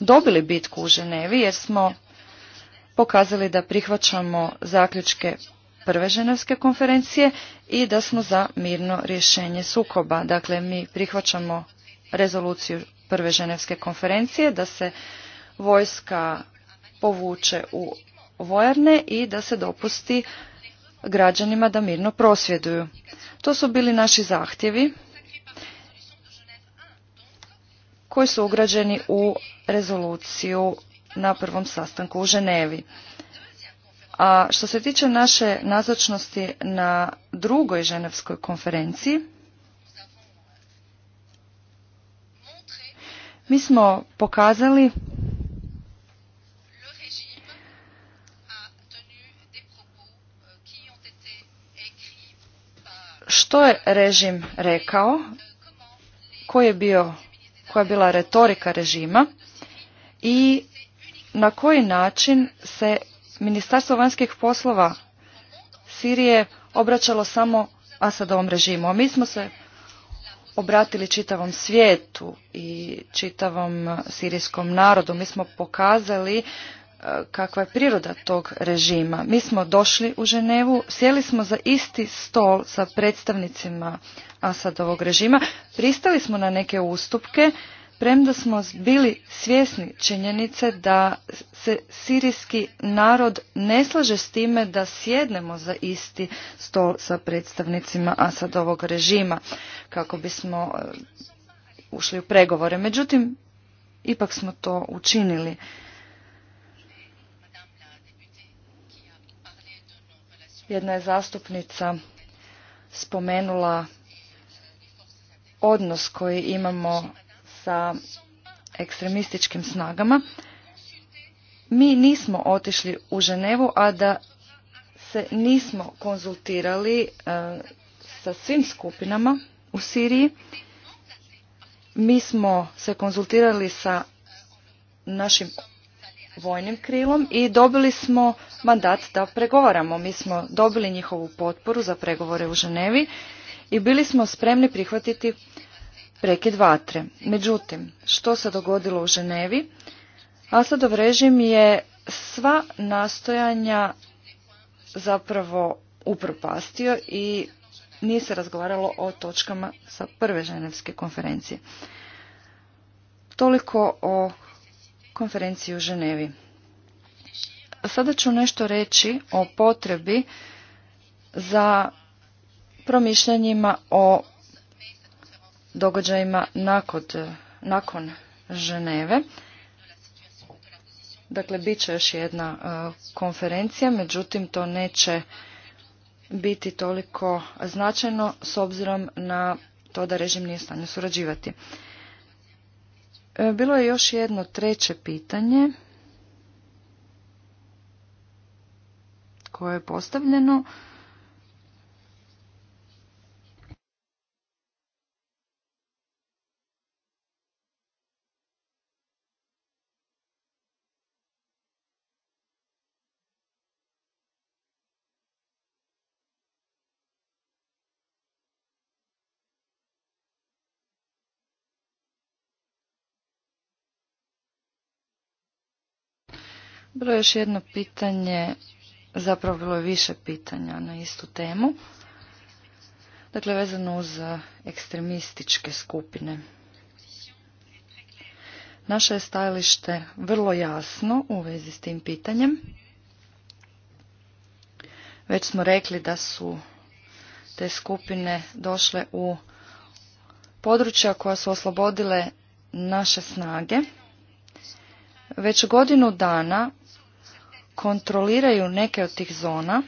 dobili bitku u Ženevi jer smo pokazali da prihvaćamo zaključke prve ženevske konferencije i da smo za mirno rješenje sukoba. Dakle, mi prihvaćamo rezoluciju prve ženevske konferencije da se vojska povuče u vojarne i da se dopusti građanima da mirno prosvjeduju. To su bili naši zahtjevi koji su ugrađeni u rezoluciju na prvom sastanku u Ženevi. A što se tiče naše nazočnosti na drugoj ženevskoj konferenciji, mi smo pokazali što je režim rekao, koji je bio, koja je bila retorika režima i na koji način se Ministarstvo vanjskih poslova Sirije obraćalo samo Asadovom režimu. A mi smo se obratili čitavom svijetu i čitavom sirijskom narodu. Mi smo pokazali e, kakva je priroda tog režima. Mi smo došli u Ženevu, sjeli smo za isti stol sa predstavnicima Asadovog režima, pristali smo na neke ustupke premda smo bili svjesni činjenice da se sirijski narod ne slaže s time da sjednemo za isti stol sa predstavnicima Asadovog režima kako bismo e, ušli u pregovore. Međutim, ipak smo to učinili. Jedna je zastupnica spomenula odnos koji imamo sa ekstremističkim snagama. Mi nismo otišli u Ženevu, a da se nismo konzultirali e, sa svim skupinama u Siriji. Mi smo se konzultirali sa našim vojnim krilom i dobili smo mandat da pregovaramo. Mi smo dobili njihovu potporu za pregovore u Ženevi i bili smo spremni prihvatiti prekid vatre. Međutim, što se dogodilo u Ženevi? Asadov režim je sva nastojanja zapravo upropastio i nije se razgovaralo o točkama sa prve ženevske konferencije. Toliko o konferenciji u Ženevi. Sada ću nešto reći o potrebi za promišljanjima o događajima nakon, nakon Ženeve. Dakle, bit će još jedna e, konferencija, međutim to neće biti toliko značajno s obzirom na to da režim nije stanju surađivati. E, bilo je još jedno treće pitanje koje je postavljeno. Bilo je još jedno pitanje, zapravo bilo je više pitanja na istu temu. Dakle, vezano uz ekstremističke skupine. Naše je stajalište vrlo jasno u vezi s tim pitanjem. Već smo rekli da su te skupine došle u područja koja su oslobodile naše snage. Već godinu dana kontroliraju neke od tih zona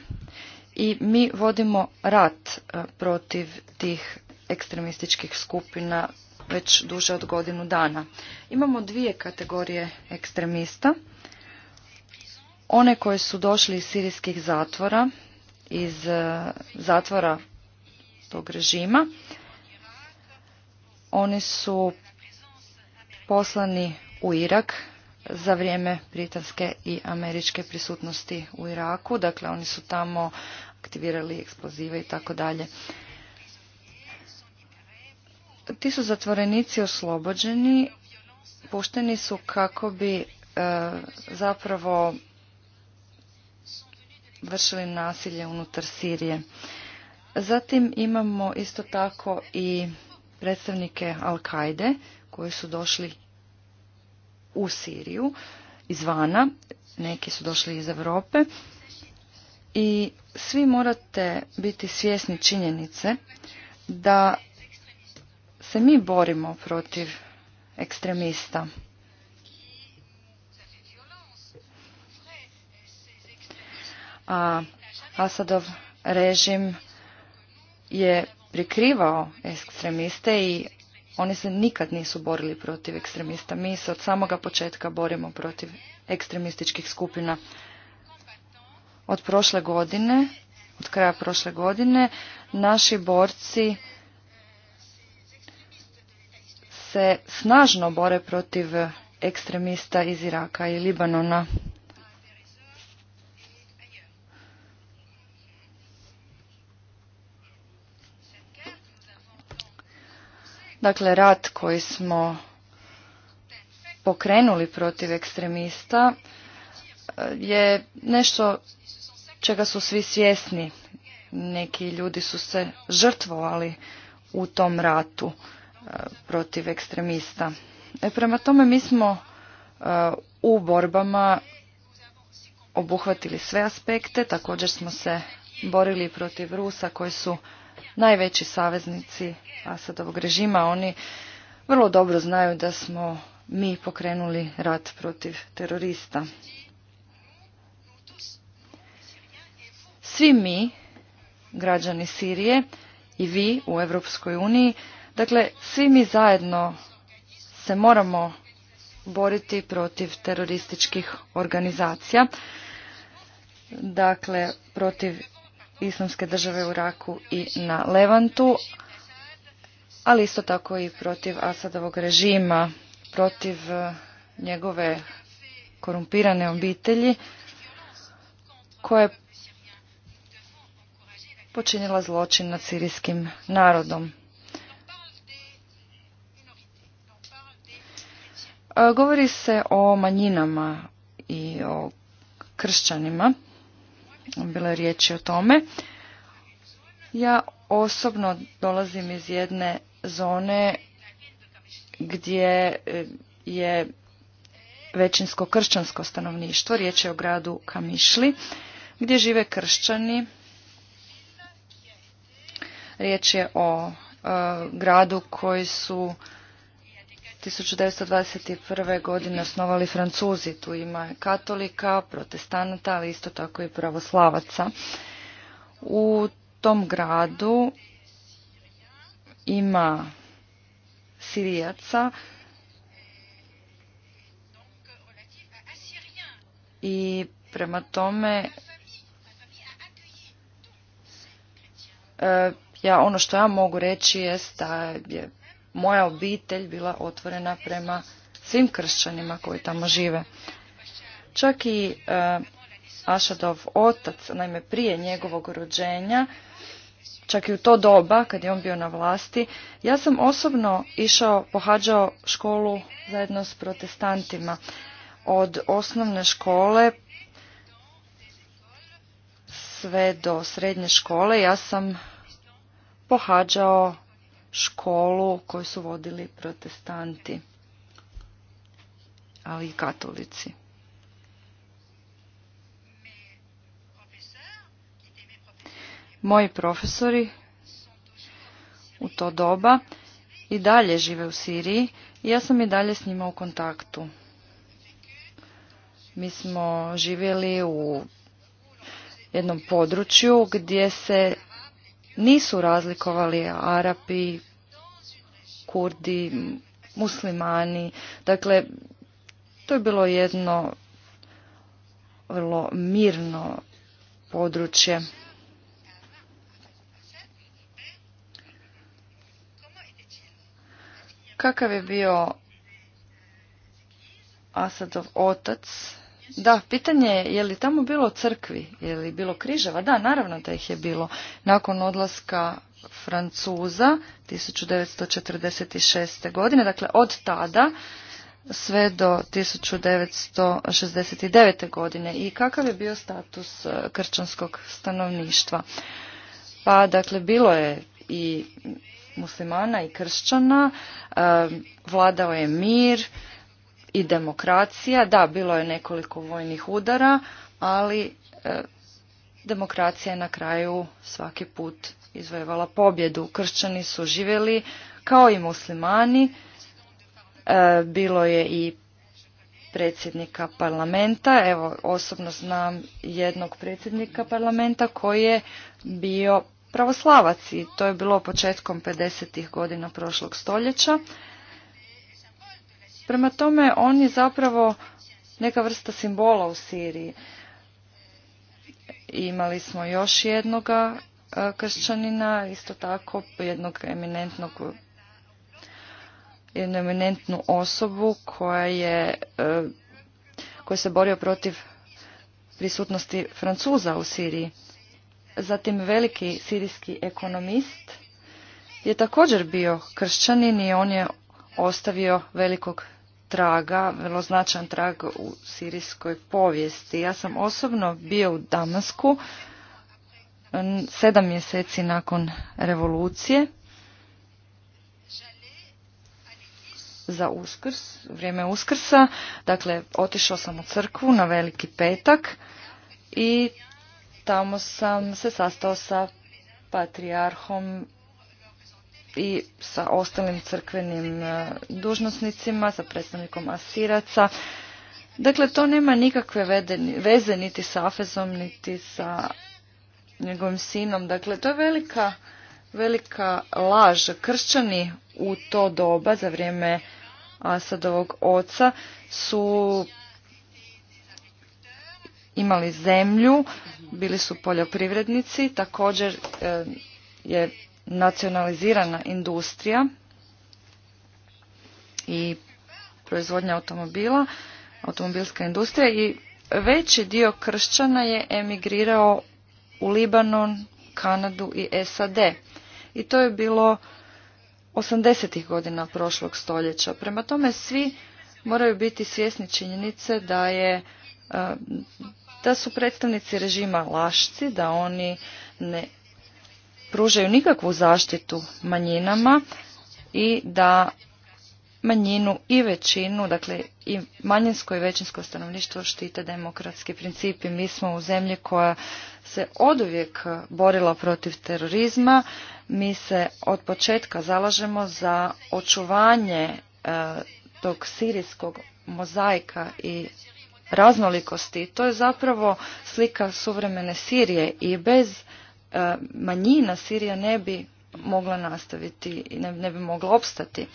i mi vodimo rat e, protiv tih ekstremističkih skupina već duže od godinu dana. Imamo dvije kategorije ekstremista. One koje su došli iz sirijskih zatvora, iz e, zatvora tog režima, oni su poslani u Irak za vrijeme britanske i američke prisutnosti u Iraku. Dakle, oni su tamo aktivirali eksplozive i tako dalje. Ti su zatvorenici oslobođeni, pušteni su kako bi e, zapravo vršili nasilje unutar Sirije. Zatim imamo isto tako i predstavnike Al-Kaide koji su došli u Siriju izvana, neki su došli iz Europe i svi morate biti svjesni činjenice da se mi borimo protiv ekstremista. A Asadov režim je prikrivao ekstremiste i oni se nikad nisu borili protiv ekstremista. Mi se od samoga početka borimo protiv ekstremističkih skupina. Od prošle godine, od kraja prošle godine, naši borci se snažno bore protiv ekstremista iz Iraka i Libanona. Dakle, rat koji smo pokrenuli protiv ekstremista e, je nešto čega su svi svjesni. Neki ljudi su se žrtvovali u tom ratu e, protiv ekstremista. E, prema tome mi smo u borbama obuhvatili sve aspekte, također smo se borili protiv Rusa koji su najveći saveznici Asadovog režima. Oni vrlo dobro znaju da smo mi pokrenuli rat protiv terorista. Svi mi, građani Sirije i vi u Europskoj uniji, dakle svi mi zajedno se moramo boriti protiv terorističkih organizacija, dakle protiv islamske države u Raku i na Levantu, ali isto tako i protiv Asadovog režima, protiv e, njegove korumpirane obitelji koja je počinila zločin nad sirijskim narodom. E, govori se o manjinama i o kršćanima. Bilo je riječi o tome. Ja osobno dolazim iz jedne zone gdje e, je većinsko kršćansko stanovništvo. Riječ je o gradu Kamišli gdje žive kršćani. Riječ je o e, gradu koji su 1921. godine osnovali Francuzi. Tu ima katolika, protestanata, ali isto tako i pravoslavaca. U tom gradu ima Sirijaca i prema tome e, ja ono što ja mogu reći jest da je moja obitelj bila otvorena prema svim kršćanima koji tamo žive. Čak i uh, Ašadov otac, naime prije njegovog rođenja, čak i u to doba kad je on bio na vlasti, ja sam osobno išao, pohađao školu zajedno s protestantima od osnovne škole sve do srednje škole. Ja sam pohađao školu koju su vodili protestanti, ali i katolici. Moji profesori u to doba i dalje žive u Siriji i ja sam i dalje s njima u kontaktu. Mi smo živjeli u jednom području gdje se nisu razlikovali Arapi, Kurdi, muslimani. Dakle, to je bilo jedno vrlo mirno područje. Kakav je bio Asadov otac? Da, pitanje je je li tamo bilo crkvi, je li bilo križeva? Da, naravno da ih je bilo. Nakon odlaska Francuza 1946. godine, dakle od tada sve do 1969. godine i kakav je bio status e, krčanskog stanovništva. Pa dakle bilo je i muslimana i kršćana, e, vladao je mir, i demokracija. Da, bilo je nekoliko vojnih udara, ali e, demokracija je na kraju svaki put izvojevala pobjedu. Kršćani su živjeli kao i muslimani. E, bilo je i predsjednika parlamenta. Evo, osobno znam jednog predsjednika parlamenta koji je bio pravoslavac i to je bilo početkom 50. godina prošlog stoljeća. Prema tome, on je zapravo neka vrsta simbola u Siriji. Imali smo još jednoga e, kršćanina, isto tako jednog eminentnog jednu eminentnu osobu koja je e, koja se borio protiv prisutnosti Francuza u Siriji. Zatim veliki sirijski ekonomist je također bio kršćanin i on je ostavio velikog traga, vrlo značajan trag u sirijskoj povijesti. Ja sam osobno bio u Damasku sedam mjeseci nakon revolucije za uskrs, vrijeme uskrsa. Dakle, otišao sam u crkvu na veliki petak i tamo sam se sastao sa patrijarhom i sa ostalim crkvenim e, dužnosnicima, sa predstavnikom Asiraca. Dakle, to nema nikakve veze niti sa Afezom, niti sa njegovim sinom. Dakle, to je velika, velika laž. Kršćani u to doba, za vrijeme Asadovog oca, su imali zemlju, bili su poljoprivrednici, također e, je nacionalizirana industrija i proizvodnja automobila, automobilska industrija i veći dio kršćana je emigrirao u Libanon, Kanadu i SAD. I to je bilo 80. godina prošlog stoljeća. Prema tome svi moraju biti svjesni činjenice da je eh, da su predstavnici režima lašci, da oni ne pružaju nikakvu zaštitu manjinama i da manjinu i većinu, dakle i manjinsko i većinsko stanovništvo štite demokratski principi. Mi smo u zemlji koja se oduvijek borila protiv terorizma. Mi se od početka zalažemo za očuvanje e, tog sirijskog mozaika i raznolikosti. To je zapravo slika suvremene Sirije i bez E, manjina Sirija ne bi mogla nastaviti i ne, ne bi mogla opstati.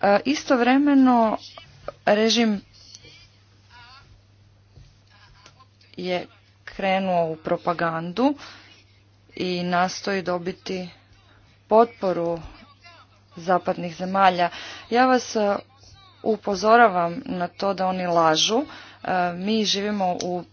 E, istovremeno režim je krenuo u propagandu i nastoji dobiti potporu zapadnih zemalja. Ja vas e, upozoravam na to da oni lažu. Mi živimo u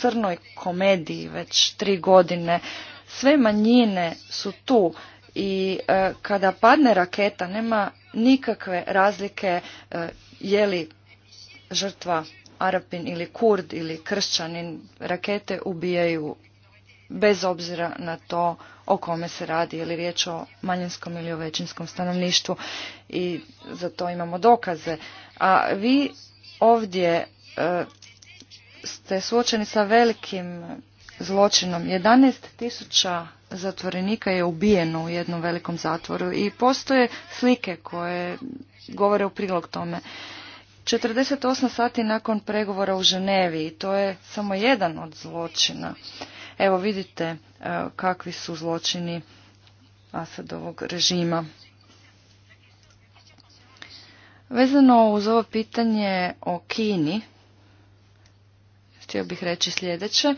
crnoj komediji već tri godine. Sve manjine su tu i e, kada padne raketa nema nikakve razlike e, je li žrtva Arapin ili Kurd ili kršćanin. Rakete ubijaju bez obzira na to o kome se radi, je li riječ o manjinskom ili o većinskom stanovništvu i za to imamo dokaze. A vi ovdje e, ste suočeni sa velikim zločinom. 11 tisuća zatvorenika je ubijeno u jednom velikom zatvoru i postoje slike koje govore u prilog tome. 48 sati nakon pregovora u Ženevi i to je samo jedan od zločina. Evo vidite e, kakvi su zločini Asadovog režima. Vezano uz ovo pitanje o Kini, htio bih reći sljedeće.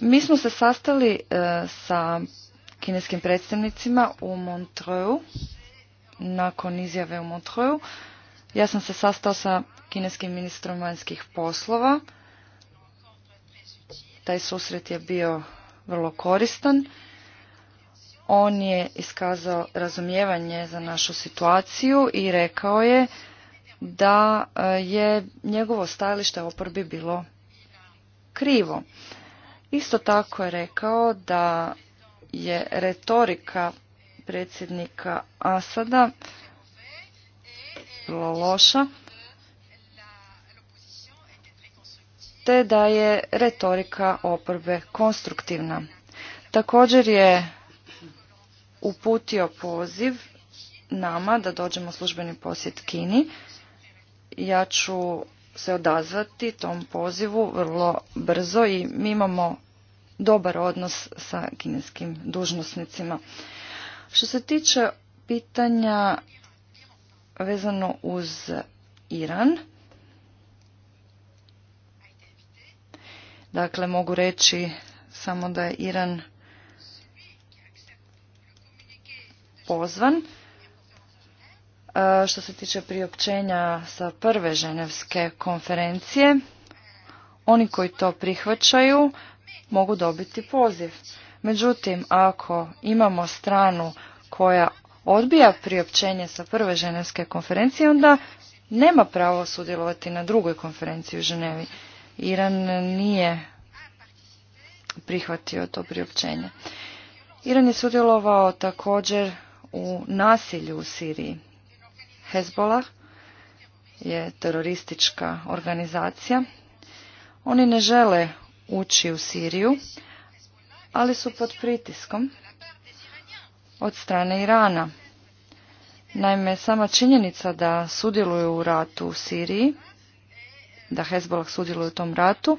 Mi smo se sastali e, sa kineskim predstavnicima u Montreux, nakon izjave u Montreux. Ja sam se sastao sa kineskim ministrom vanjskih poslova. Taj susret je bio vrlo koristan. On je iskazao razumijevanje za našu situaciju i rekao je da e, je njegovo stajalište oporbi bilo krivo. Isto tako je rekao da je retorika predsjednika Asada bilo loša, te da je retorika oporbe konstruktivna. Također je uputio poziv nama da dođemo službeni posjet Kini ja ću se odazvati tom pozivu vrlo brzo i mi imamo dobar odnos sa kineskim dužnosnicima. Što se tiče pitanja vezano uz Iran, dakle mogu reći samo da je Iran pozvan što se tiče priopćenja sa prve ženevske konferencije, oni koji to prihvaćaju mogu dobiti poziv. Međutim, ako imamo stranu koja odbija priopćenje sa prve ženevske konferencije, onda nema pravo sudjelovati na drugoj konferenciji u Ženevi. Iran nije prihvatio to priopćenje. Iran je sudjelovao također u nasilju u Siriji. Hezbollah je teroristička organizacija. Oni ne žele ući u Siriju, ali su pod pritiskom od strane Irana. Naime, sama činjenica da sudjeluju u ratu u Siriji, da Hezbollah sudjeluje u tom ratu,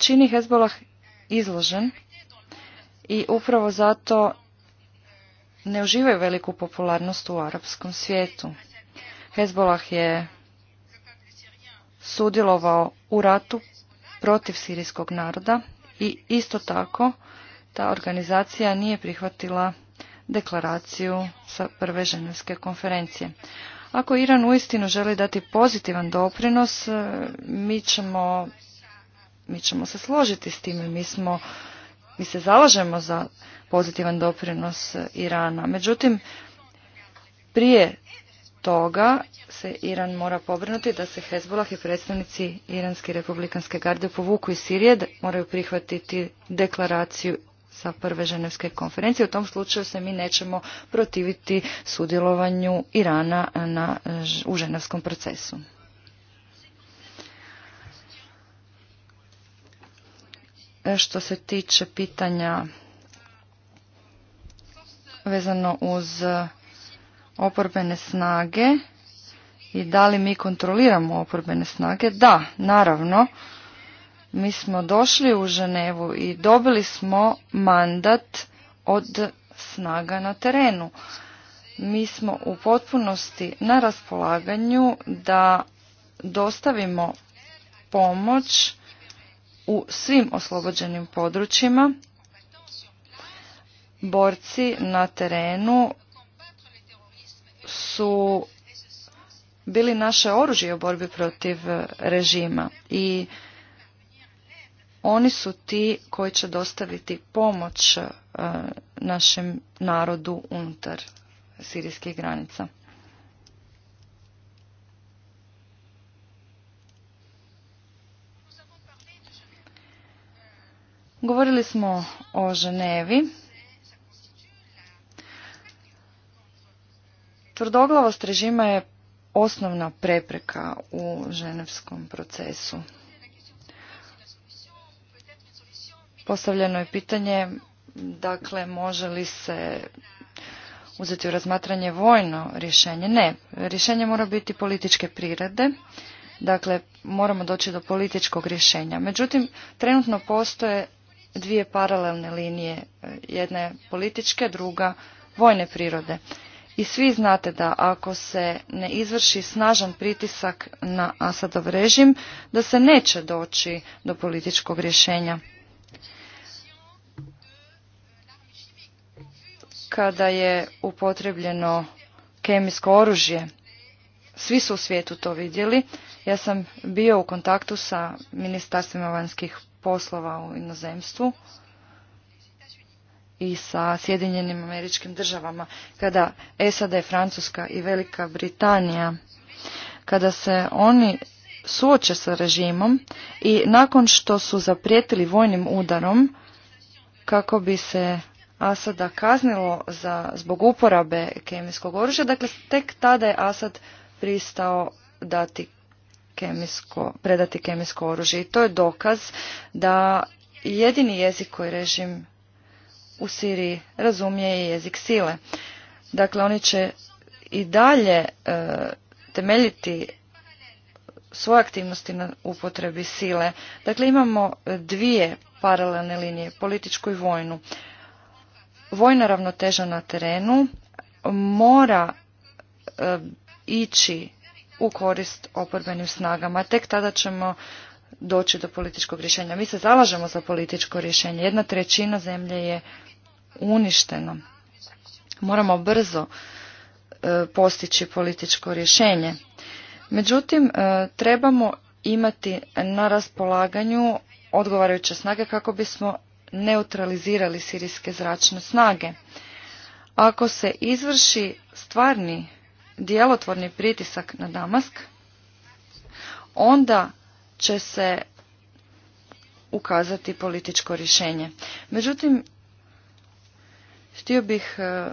čini Hezbollah izložen i upravo zato ne uživaju veliku popularnost u arapskom svijetu. Hezbolah je sudjelovao u ratu protiv sirijskog naroda i isto tako ta organizacija nije prihvatila deklaraciju sa prve ženevske konferencije. Ako Iran uistinu želi dati pozitivan doprinos, e, mi ćemo, mi ćemo se složiti s time. Mi smo mi se zalažemo za pozitivan doprinos Irana. Međutim, prije toga se Iran mora pobrinuti da se Hezbollah i predstavnici Iranske republikanske garde povuku iz Sirije, moraju prihvatiti deklaraciju sa prve ženevske konferencije. U tom slučaju se mi nećemo protiviti sudjelovanju Irana na, u ženevskom procesu. što se tiče pitanja vezano uz oporbene snage i da li mi kontroliramo oporbene snage? Da, naravno. Mi smo došli u Ženevu i dobili smo mandat od snaga na terenu. Mi smo u potpunosti na raspolaganju da dostavimo pomoć u svim oslobođenim područjima. Borci na terenu su bili naše oružje u borbi protiv režima i oni su ti koji će dostaviti pomoć e, našem narodu unutar sirijskih granica. Govorili smo o Ženevi. Tvrdoglavost režima je osnovna prepreka u ženevskom procesu. Postavljeno je pitanje, dakle, može li se uzeti u razmatranje vojno rješenje? Ne, rješenje mora biti političke prirade, dakle, moramo doći do političkog rješenja. Međutim, trenutno postoje dvije paralelne linije, e, jedna je političke, druga vojne prirode. I svi znate da ako se ne izvrši snažan pritisak na Asadov režim, da se neće doći do političkog rješenja. Kada je upotrebljeno kemijsko oružje, svi su u svijetu to vidjeli. Ja sam bio u kontaktu sa ministarstvima vanjskih poslova u inozemstvu i sa Sjedinjenim američkim državama. Kada SAD, Francuska i Velika Britanija, kada se oni suoče sa režimom i nakon što su zaprijetili vojnim udarom kako bi se Asada kaznilo za, zbog uporabe kemijskog oružja, dakle tek tada je Asad pristao dati kemijsko, predati kemijsko oružje. I to je dokaz da jedini jezik koji režim u Siriji razumije je jezik sile. Dakle, oni će i dalje e, temeljiti svoje aktivnosti na upotrebi sile. Dakle, imamo dvije paralelne linije, političku i vojnu. Vojna ravnoteža na terenu mora e, ići u korist oporbenim snagama. Tek tada ćemo doći do političkog rješenja. Mi se zalažemo za političko rješenje. Jedna trećina zemlje je uništena. Moramo brzo e, postići političko rješenje. Međutim, e, trebamo imati na raspolaganju odgovarajuće snage kako bismo neutralizirali sirijske zračne snage. Ako se izvrši stvarni djelotvorni pritisak na Damask, onda će se ukazati političko rješenje. Međutim, htio bih e,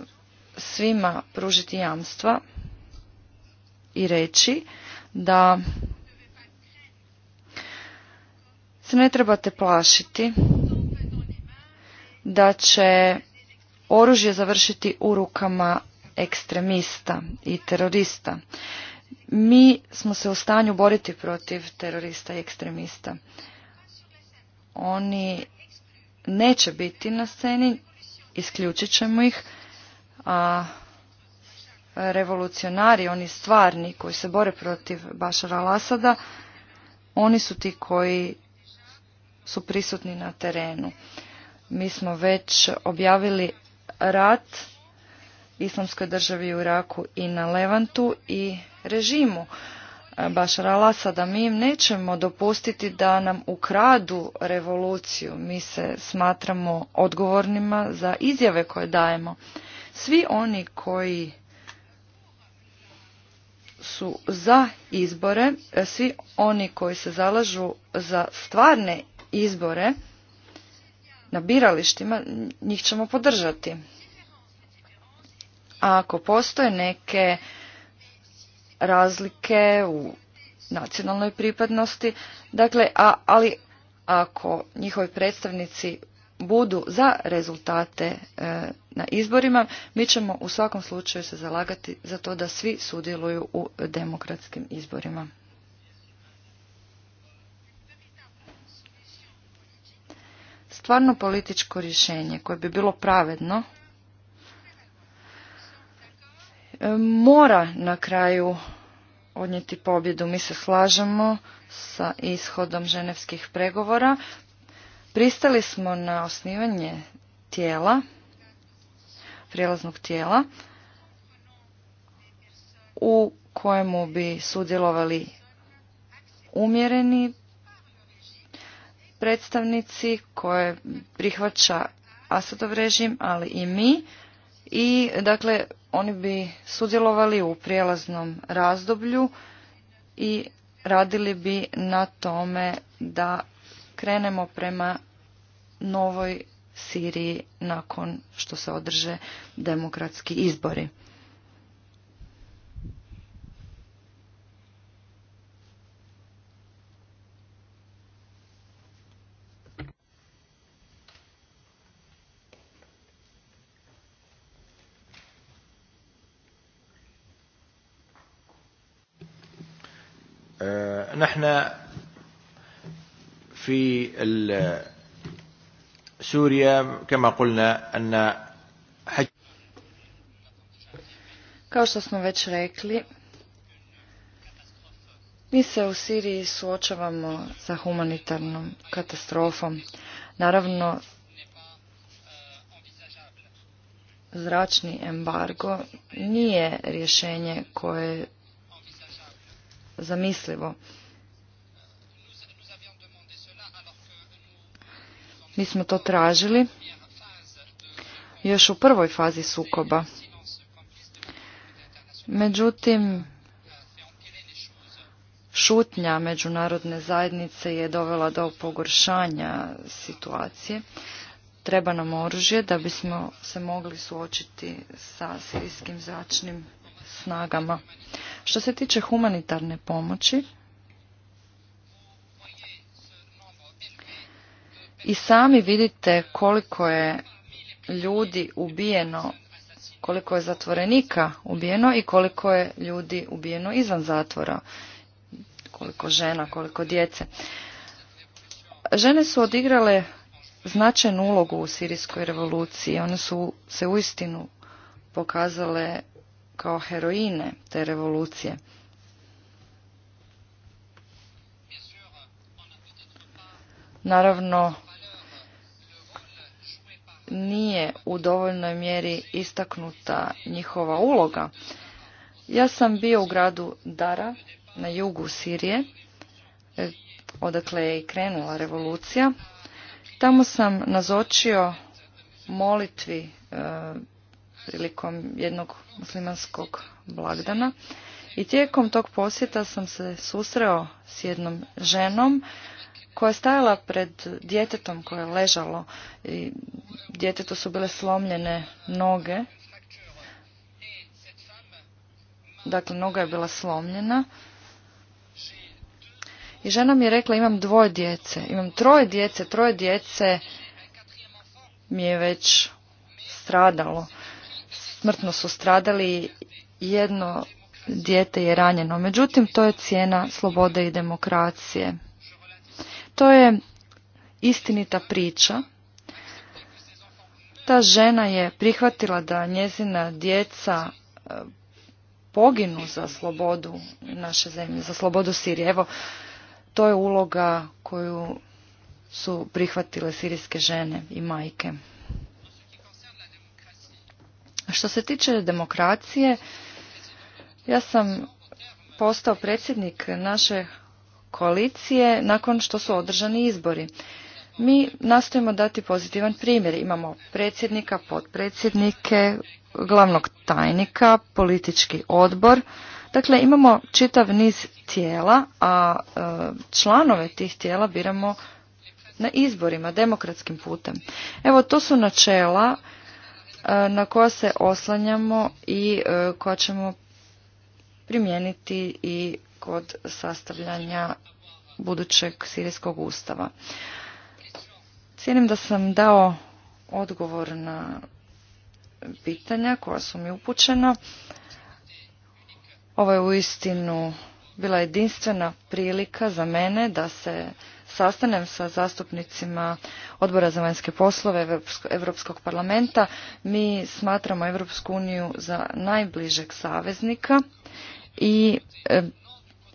svima pružiti jamstva i reći da se ne trebate plašiti da će oružje završiti u rukama ekstremista i terorista. Mi smo se u stanju boriti protiv terorista i ekstremista. Oni neće biti na sceni, isključit ćemo ih, a revolucionari, oni stvarni koji se bore protiv Bašara Lasada, oni su ti koji su prisutni na terenu. Mi smo već objavili rat islamskoj državi u Iraku i na Levantu i režimu e, Bašar al da Mi im nećemo dopustiti da nam ukradu revoluciju. Mi se smatramo odgovornima za izjave koje dajemo. Svi oni koji su za izbore, e, svi oni koji se zalažu za stvarne izbore na biralištima, njih ćemo podržati ako postoje neke razlike u nacionalnoj pripadnosti, dakle, a, ali ako njihovi predstavnici budu za rezultate e, na izborima, mi ćemo u svakom slučaju se zalagati za to da svi sudjeluju u demokratskim izborima. Stvarno političko rješenje koje bi bilo pravedno E, mora na kraju odnijeti pobjedu. Mi se slažemo sa ishodom ženevskih pregovora. Pristali smo na osnivanje tijela, prijelaznog tijela, u kojemu bi sudjelovali umjereni predstavnici koje prihvaća Asadov režim, ali i mi i dakle oni bi sudjelovali u prijelaznom razdoblju i radili bi na tome da krenemo prema novoj Siriji nakon što se održe demokratski izbori. نحن في سوريا Kao što smo već rekli, mi se u Siriji suočavamo sa humanitarnom katastrofom. Naravno, zračni embargo nije rješenje koje je zamislivo. Mi smo to tražili još u prvoj fazi sukoba. Međutim, šutnja međunarodne zajednice je dovela do pogoršanja situacije. Treba nam oružje da bismo se mogli suočiti sa sirijskim zračnim snagama. Što se tiče humanitarne pomoći, i sami vidite koliko je ljudi ubijeno, koliko je zatvorenika ubijeno i koliko je ljudi ubijeno izvan zatvora, koliko žena, koliko djece. Žene su odigrale značajnu ulogu u sirijskoj revoluciji. One su se uistinu pokazale kao heroine te revolucije. Naravno, nije u dovoljnoj mjeri istaknuta njihova uloga. Ja sam bio u gradu Dara na jugu Sirije, e, odakle je i krenula revolucija. Tamo sam nazočio molitvi e, prilikom jednog muslimanskog blagdana i tijekom tog posjeta sam se susreo s jednom ženom koja je stajala pred djetetom koje je ležalo i djetetu su bile slomljene noge. Dakle, noga je bila slomljena. I žena mi je rekla imam dvoje djece, imam troje djece, troje djece mi je već stradalo. Smrtno su stradali, jedno dijete je ranjeno. Međutim, to je cijena slobode i demokracije. To je istinita priča. Ta žena je prihvatila da njezina djeca e, poginu za slobodu naše zemlje, za slobodu Sirije. Evo, to je uloga koju su prihvatile sirijske žene i majke. Što se tiče demokracije, ja sam postao predsjednik naše koalicije nakon što su održani izbori. Mi nastojimo dati pozitivan primjer. Imamo predsjednika, potpredsjednike, glavnog tajnika, politički odbor. Dakle, imamo čitav niz tijela, a e, članove tih tijela biramo na izborima, demokratskim putem. Evo, to su načela e, na koja se oslanjamo i e, koja ćemo primijeniti i kod sastavljanja budućeg sirijskog ustava. Cijenim da sam dao odgovor na pitanja koja su mi upućena. Ovo je uistinu bila jedinstvena prilika za mene da se sastanem sa zastupnicima Odbora za vanjske poslove Europskog parlamenta. Mi smatramo Europsku uniju za najbližeg saveznika i e,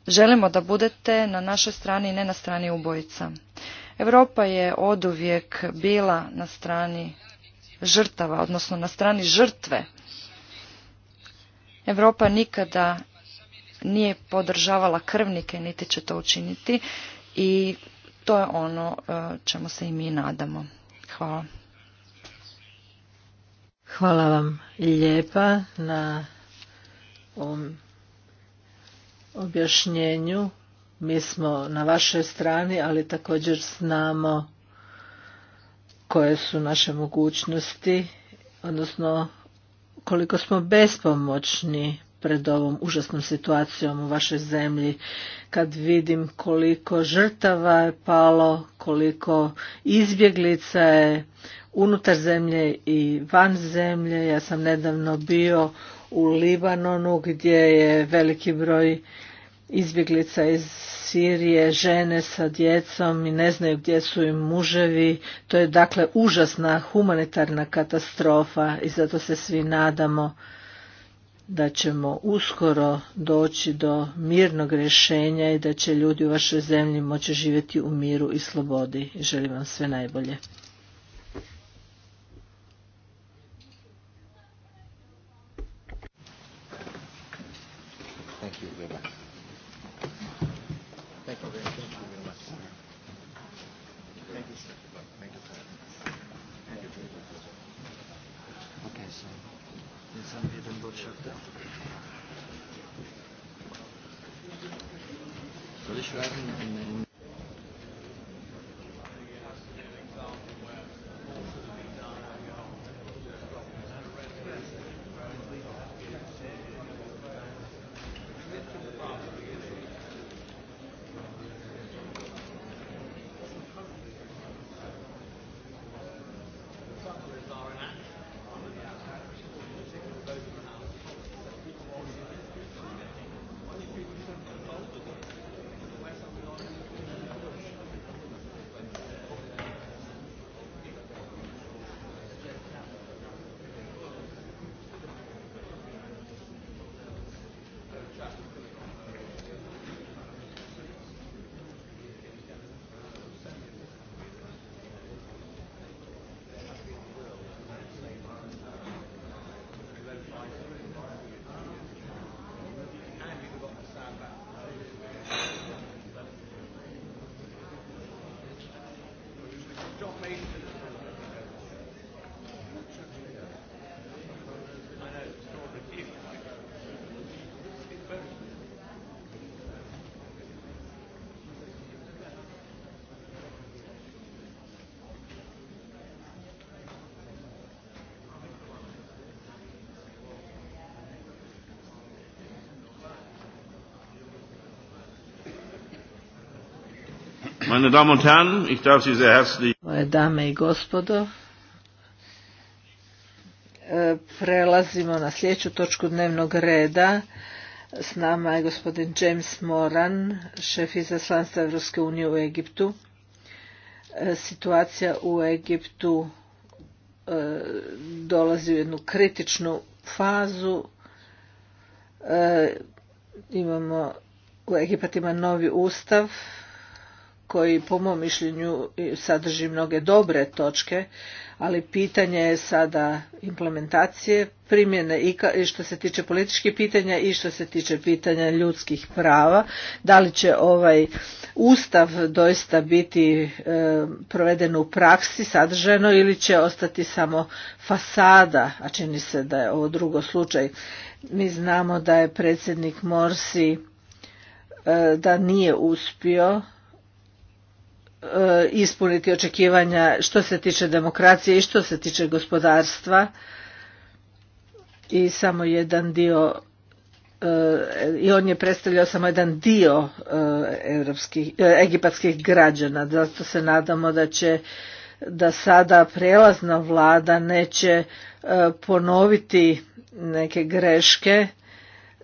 Želimo da budete na našoj strani i ne na strani ubojica. Europa je oduvijek bila na strani žrtava, odnosno na strani žrtve. Europa nikada nije podržavala krvnike, niti će to učiniti i to je ono e, čemu se i mi nadamo. Hvala. Hvala vam lijepa na ovom objašnjenju. Mi smo na vašoj strani, ali također znamo koje su naše mogućnosti, odnosno koliko smo bespomoćni pred ovom užasnom situacijom u vašoj zemlji, kad vidim koliko žrtava je palo, koliko izbjeglica je unutar zemlje i van zemlje. Ja sam nedavno bio u Libanonu gdje je veliki broj izbjeglica iz Sirije, žene sa djecom i ne znaju gdje su im muževi. To je dakle užasna humanitarna katastrofa i zato se svi nadamo da ćemo uskoro doći do mirnog rješenja i da će ljudi u vašoj zemlji moći živjeti u miru i slobodi. Želim vam sve najbolje. Meine Damen und Herren, ich darf Sie sehr herzlich. Moje dame i gospodo, e, prelazimo na sljedeću točku dnevnog reda. S nama je gospodin James Moran, šef izaslanstva Evropske unije u Egiptu. E, situacija u Egiptu e, dolazi u jednu kritičnu fazu. Imamo, u Egipat ima novi ustav, koji po mom mišljenju sadrži mnoge dobre točke, ali pitanje je sada implementacije, primjene i što se tiče političkih pitanja i što se tiče pitanja ljudskih prava. Da li će ovaj ustav doista biti e, proveden u praksi sadržajno ili će ostati samo fasada, a čini se da je ovo drugo slučaj. Mi znamo da je predsjednik Morsi e, da nije uspio E, ispuniti očekivanja što se tiče demokracije i što se tiče gospodarstva i samo jedan dio e, i on je predstavljao samo jedan dio europskih e, egipatskih građana. Zato se nadamo da će da sada prelazna vlada neće ponoviti neke greške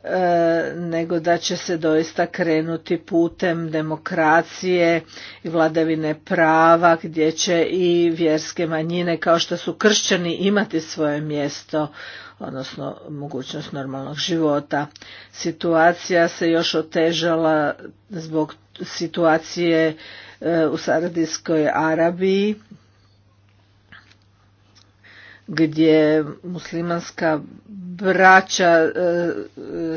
E, nego da će se doista krenuti putem demokracije i vladavine prava gdje će i vjerske manjine kao što su kršćani imati svoje mjesto odnosno mogućnost normalnog života. Situacija se još otežala zbog situacije e, u Saradijskoj Arabiji gdje muslimanska braća e,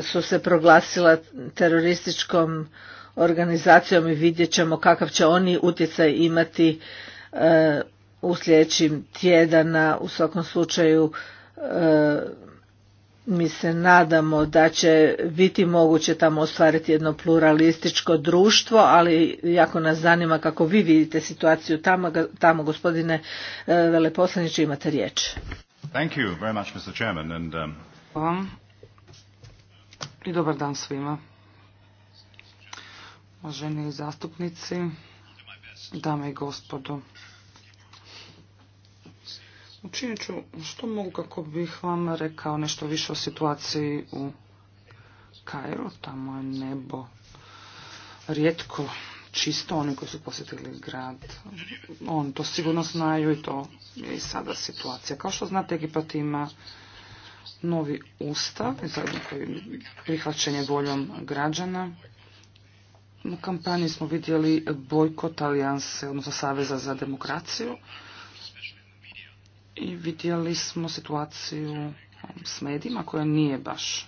su se proglasila terorističkom organizacijom i vidjet ćemo kakav će oni utjecaj imati e, u sljedećim tjedana u svakom slučaju e, mi se nadamo da će biti moguće tamo ostvariti jedno pluralističko društvo, ali jako nas zanima kako vi vidite situaciju tamo, tamo gospodine e, veleposlaniče imate riječ. Thank you very much, Mr. Chairman, and, um, I dobar dan svima. Uvaženi zastupnici, dame i gospodo. Učinit ću što mogu kako bih vam rekao nešto više o situaciji u Kairu. Tamo je nebo rijetko čisto, oni koji su posjetili grad, on to sigurno znaju i to je i sada situacija. Kao što znate, Egipat ima novi ustav, prihvaćen je voljom građana. U kampanji smo vidjeli bojkot Alijanse, odnosno Saveza za demokraciju i vidjeli smo situaciju s medijima koja nije baš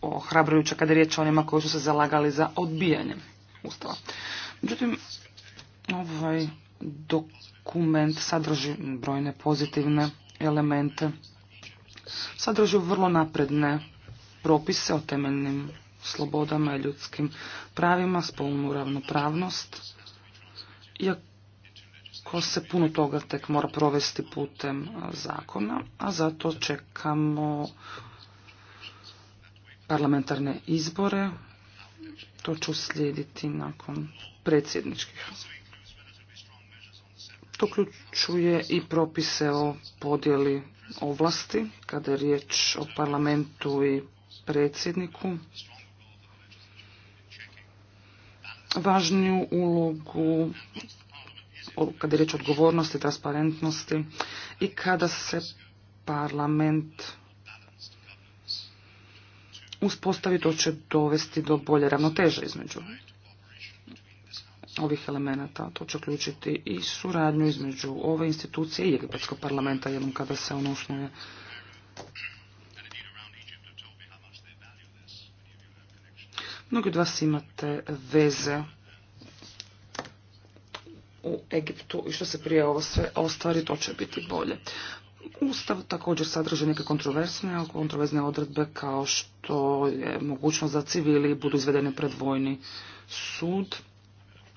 ohrabrujuća kada je riječ o onima koji su se zalagali za odbijanje ustava. Međutim, ovaj dokument sadrži brojne pozitivne elemente, sadrži vrlo napredne propise o temeljnim slobodama i ljudskim pravima, spolnu ravnopravnost, iako ko se puno toga tek mora provesti putem zakona, a zato čekamo parlamentarne izbore. To ću slijediti nakon predsjedničkih. To uključuje i propise o podjeli ovlasti, kada je riječ o parlamentu i predsjedniku. Važniju ulogu kada je riječ o odgovornosti, transparentnosti i kada se parlament uspostavi, to će dovesti do bolje ravnoteže između ovih elemenata. To će uključiti i suradnju između ove institucije i Egipatskog parlamenta jednom kada se ono osnuje. Mnogi od vas imate veze u Egiptu i što se prije ovo sve ostvari, to će biti bolje. Ustav također sadrži neke kontroversne, kontroverzne odredbe kao što je mogućnost da civili budu izvedeni pred vojni sud.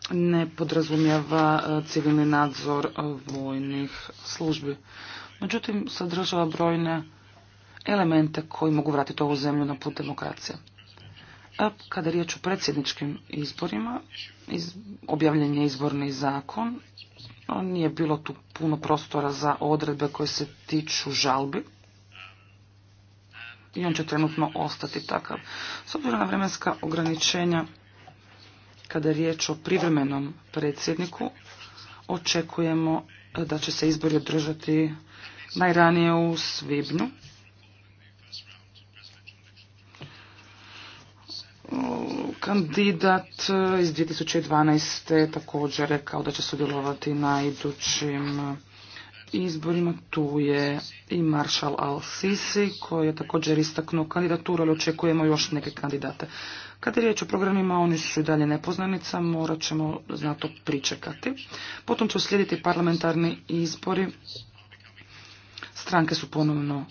Ne podrazumijeva e, civilni nadzor e, vojnih službi. Međutim, sadržava brojne elemente koji mogu vratiti ovu zemlju na put demokracije. Kada je riječ o predsjedničkim izborima, objavljen je izborni zakon, nije bilo tu puno prostora za odredbe koje se tiču žalbi i on će trenutno ostati takav. S obzirom na vremenska ograničenja, kada je riječ o privremenom predsjedniku, očekujemo da će se izbori održati najranije u svibnju. kandidat e, iz 2012. također rekao da će sudjelovati na idućim e, izborima. Tu je i maršal Al-Sisi koji je također istaknuo kandidaturu, ali očekujemo još neke kandidate. Kad je riječ o programima, oni su i dalje nepoznanica, morat ćemo znato pričekati. Potom će uslijediti parlamentarni izbori. Stranke su ponovno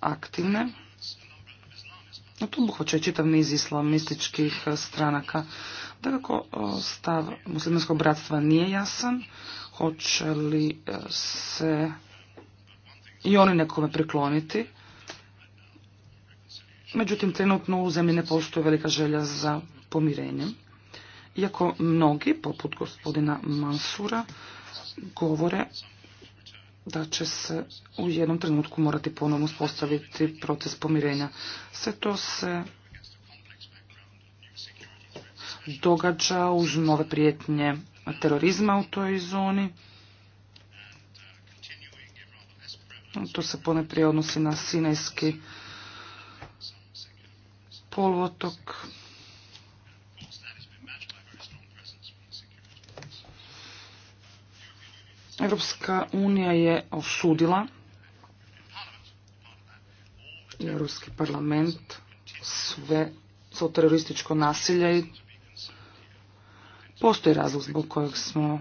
aktivne. To obuhvaća je čitav niz islamističkih e, stranaka. Dakako, e, stav muslimanskog bratstva nije jasan. Hoće li e, se i oni nekome prikloniti? Međutim, trenutno u zemlji ne postoji velika želja za pomirenjem. Iako mnogi, poput gospodina Mansura, govore da će se u jednom trenutku morati ponovno uspostaviti proces pomirenja. Sve to se događa uz nove prijetnje terorizma u toj zoni. To se prije odnosi na Sinajski poluotok. Europska unija je osudila Europski parlament sve terorističko nasilje i postoji razlog zbog kojeg smo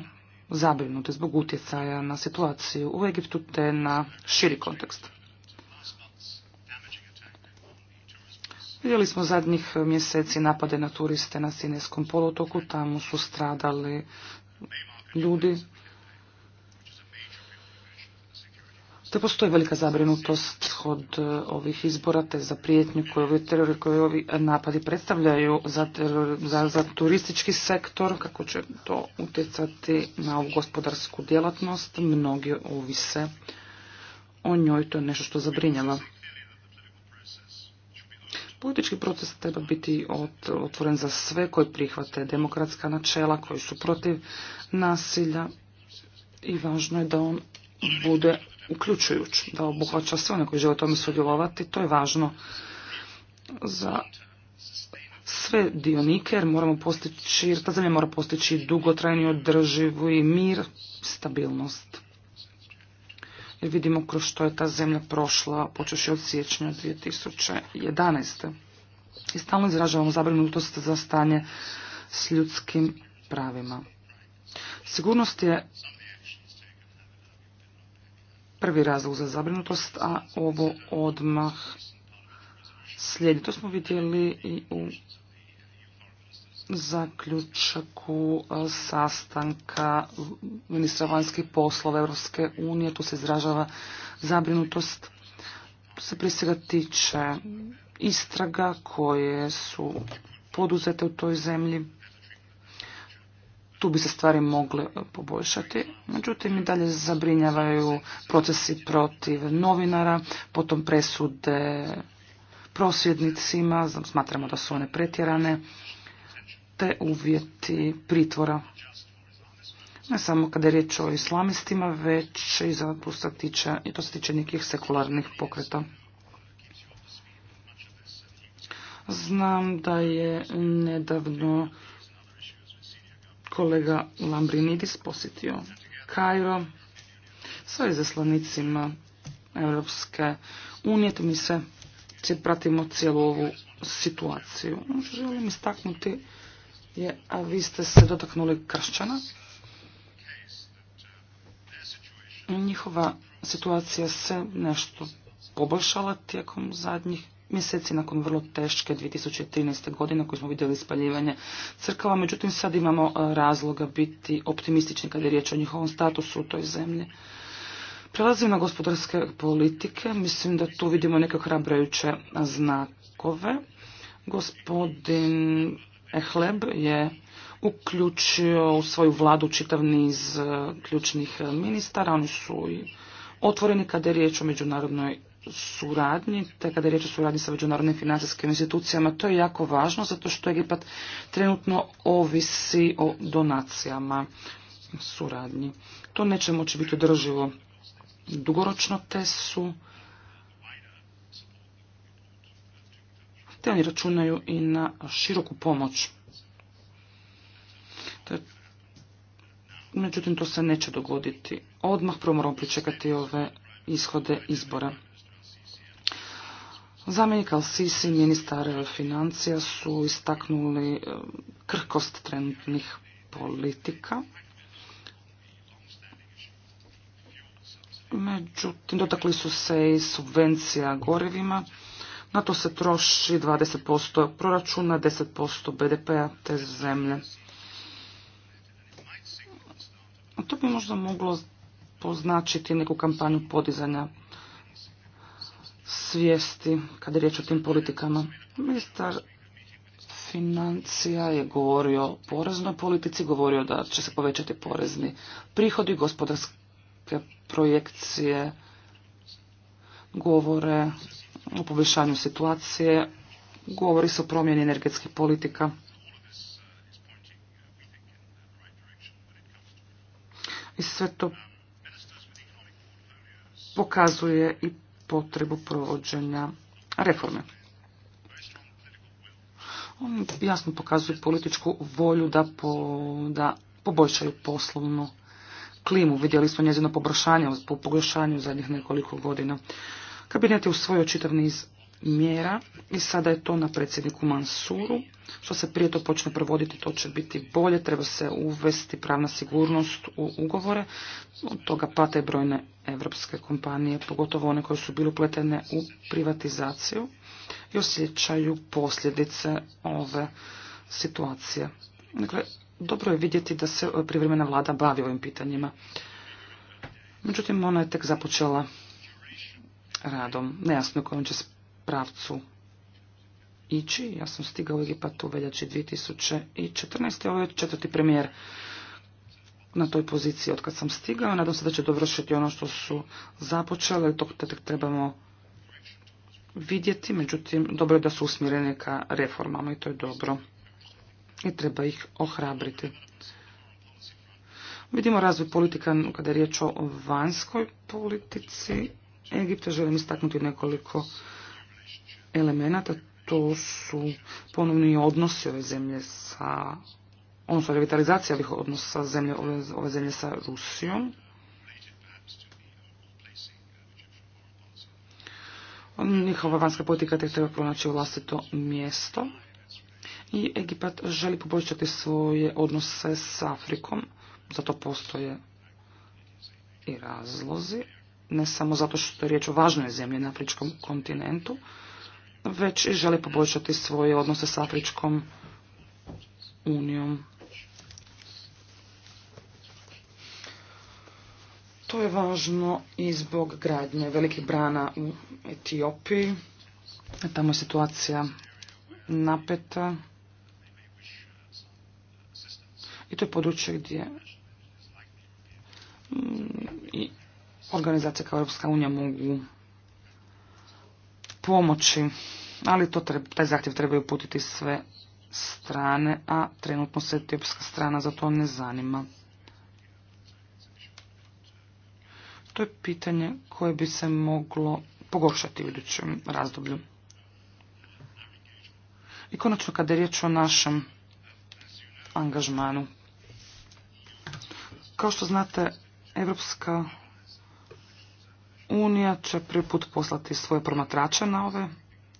zabrinuti zbog utjecaja na situaciju u Egiptu te na širi kontekst. Vidjeli smo zadnjih mjeseci napade na turiste na Sineskom polotoku, tamo su stradali ljudi, te postoji velika zabrinutost od e, ovih izbora, te za prijetnju koje ovi terori, koje ovi napadi predstavljaju za, za, za turistički sektor, kako će to utjecati na ovu gospodarsku djelatnost, mnogi ovise o njoj, to je nešto što zabrinjava. Politički proces treba biti otvoren za sve koji prihvate demokratska načela, koji su protiv nasilja i važno je da on bude Uključujući da obuhvaća sve one koji žele tome sudjelovati. To je važno za sve dionike jer moramo postići, jer ta zemlja mora postići dugotrajni održivu i mir, stabilnost. Jer vidimo kroz što je ta zemlja prošla, počeš od siječnja 2011. I stalno izražavamo zabrinutost za stanje s ljudskim pravima. Sigurnost je prvi razlog za zabrinutost, a ovo odmah slijedi. To smo vidjeli i u zaključaku sastanka ministra vanjskih poslova Europske unije. Tu se izražava zabrinutost. Tu se prije svega tiče istraga koje su poduzete u toj zemlji tu bi se stvari mogle e, poboljšati. Međutim, i dalje zabrinjavaju procesi protiv novinara, potom presude prosvjednicima, smatramo da su one pretjerane, te uvjeti pritvora. Ne samo kada je riječ o islamistima, već i za i to se tiče nekih sekularnih pokreta. Znam da je nedavno kolega Lambrinidis posjetio Kajro sa izaslanicima Europske unije, mi se pratimo cijelu ovu situaciju. Ono želim istaknuti je, a vi ste se dotaknuli kršćana, njihova situacija se nešto poboljšala tijekom zadnjih mjeseci nakon vrlo teške 2013. godine koju smo vidjeli spaljivanje crkava. Međutim, sad imamo e, razloga biti optimistični kada je riječ o njihovom statusu u toj zemlji. Prelazim na gospodarske politike. Mislim da tu vidimo neke hrabrajuće znakove. Gospodin Ehleb je uključio u svoju vladu čitav niz e, ključnih ministara. Oni su i otvoreni kada je riječ o međunarodnoj suradnji, te kada je riječ o suradnji sa međunarodnim financijskim institucijama, to je jako važno zato što Egipat trenutno ovisi o donacijama suradnji. To neće moći biti održivo dugoročno, te su te oni računaju i na široku pomoć. Međutim, to se neće dogoditi. Odmah prvo moramo pričekati ove ishode izbora. Zamjenik Al-Sisi i ministar e, financija su istaknuli e, krhkost trenutnih politika. Međutim, dotakli su se i subvencija gorivima. Na to se troši 20% proračuna, 10% BDP-a te zemlje. to bi možda moglo poznačiti neku kampanju podizanja svijesti kada je riječ o tim politikama. Ministar financija je govorio o poreznoj politici, govorio da će se povećati porezni prihodi, gospodarske projekcije govore o poboljšanju situacije, govori se o promjeni energetskih politika. I sve to pokazuje i potrebu provođenja reforme. On jasno pokazuju političku volju da, da poboljšaju poslovnu klimu. Vidjeli smo njezino pogoršanje, po zadnjih nekoliko godina. Kabinet je usvojio čitav niz mjera i sada je to na predsjedniku Mansuru. Što se prije to počne provoditi, to će biti bolje, treba se uvesti pravna sigurnost u ugovore. Od toga pate brojne evropske kompanije, pogotovo one koje su bile upletene u privatizaciju i osjećaju posljedice ove situacije. Dakle, dobro je vidjeti da se privremena vlada bavi ovim pitanjima. Međutim, ona je tek započela radom. Nejasno je kojom će se pravcu ići. Ja sam stigao u Egipat u veljači 2014. Ovo je četvrti premijer na toj poziciji od kad sam stigao. Nadam se da će dovršiti ono što su započele. To tek trebamo vidjeti. Međutim, dobro je da su usmjerene ka reformama i to je dobro. I treba ih ohrabriti. Vidimo razvoj politika kada je riječ o vanjskoj politici Egipta. Želim istaknuti nekoliko elemenata, to su ponovni odnosi ove zemlje sa, odnosno revitalizacija ovih odnosa zemlje, ove, ove zemlje sa Rusijom. Njihova vanjska politika te treba pronaći vlastito mjesto. I Egipat želi poboljšati svoje odnose s Afrikom, zato postoje i razlozi, ne samo zato što je riječ o važnoj zemlji na afričkom kontinentu, već i želi poboljšati svoje odnose s Afričkom unijom. To je važno i zbog gradnje velikih brana u Etiopiji. Tamo je situacija napeta. I to je područje gdje mm, i organizacije kao Europska unija mogu pomoći, ali to taj zahtjev treba uputiti sve strane, a trenutno se etiopska strana za to ne zanima. To je pitanje koje bi se moglo pogoršati u idućem razdoblju. I konačno kada je riječ o našem angažmanu. Kao što znate, Evropska unija će prvi put poslati svoje promatrače na ove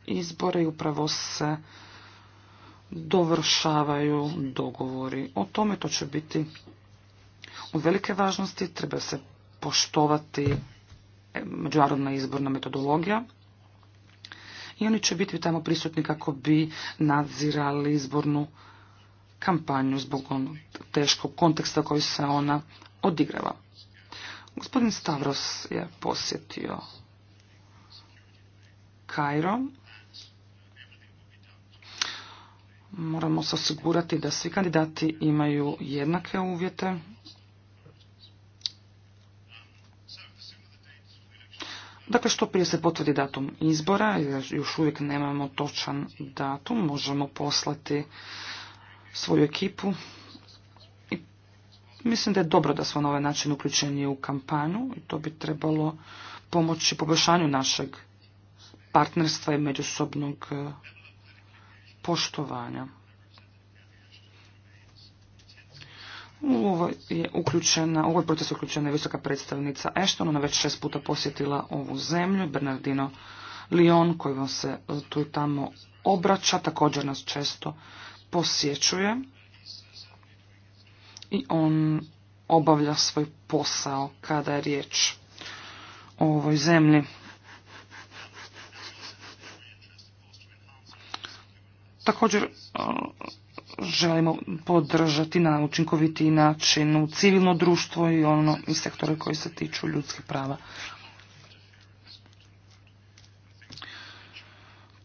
izbore i upravo se dovršavaju dogovori o tome. To će biti u velike važnosti, treba se poštovati e, međunarodna izborna metodologija i oni će biti tamo prisutni kako bi nadzirali izbornu kampanju zbog onog teškog konteksta koji se ona odigrava. Gospodin Stavros je posjetio Kajro. Moramo se osigurati da svi kandidati imaju jednake uvjete. Dakle, što prije se potvrdi datum izbora, jer još uvijek nemamo točan datum, možemo poslati svoju ekipu Mislim da je dobro da smo na ovaj način uključeni u kampanju i to bi trebalo pomoći poboljšanju našeg partnerstva i međusobnog e, poštovanja. U je uključena, u ovaj proces uključena je visoka predstavnica Ashton, ona već šest puta posjetila ovu zemlju, Bernardino Lyon koji vam se e, tu i tamo obraća, također nas često posjećuje i on obavlja svoj posao kada je riječ o ovoj zemlji. Također e, želimo podržati na učinkovitiji način u civilno društvo i ono i sektore koji se tiču ljudskih prava.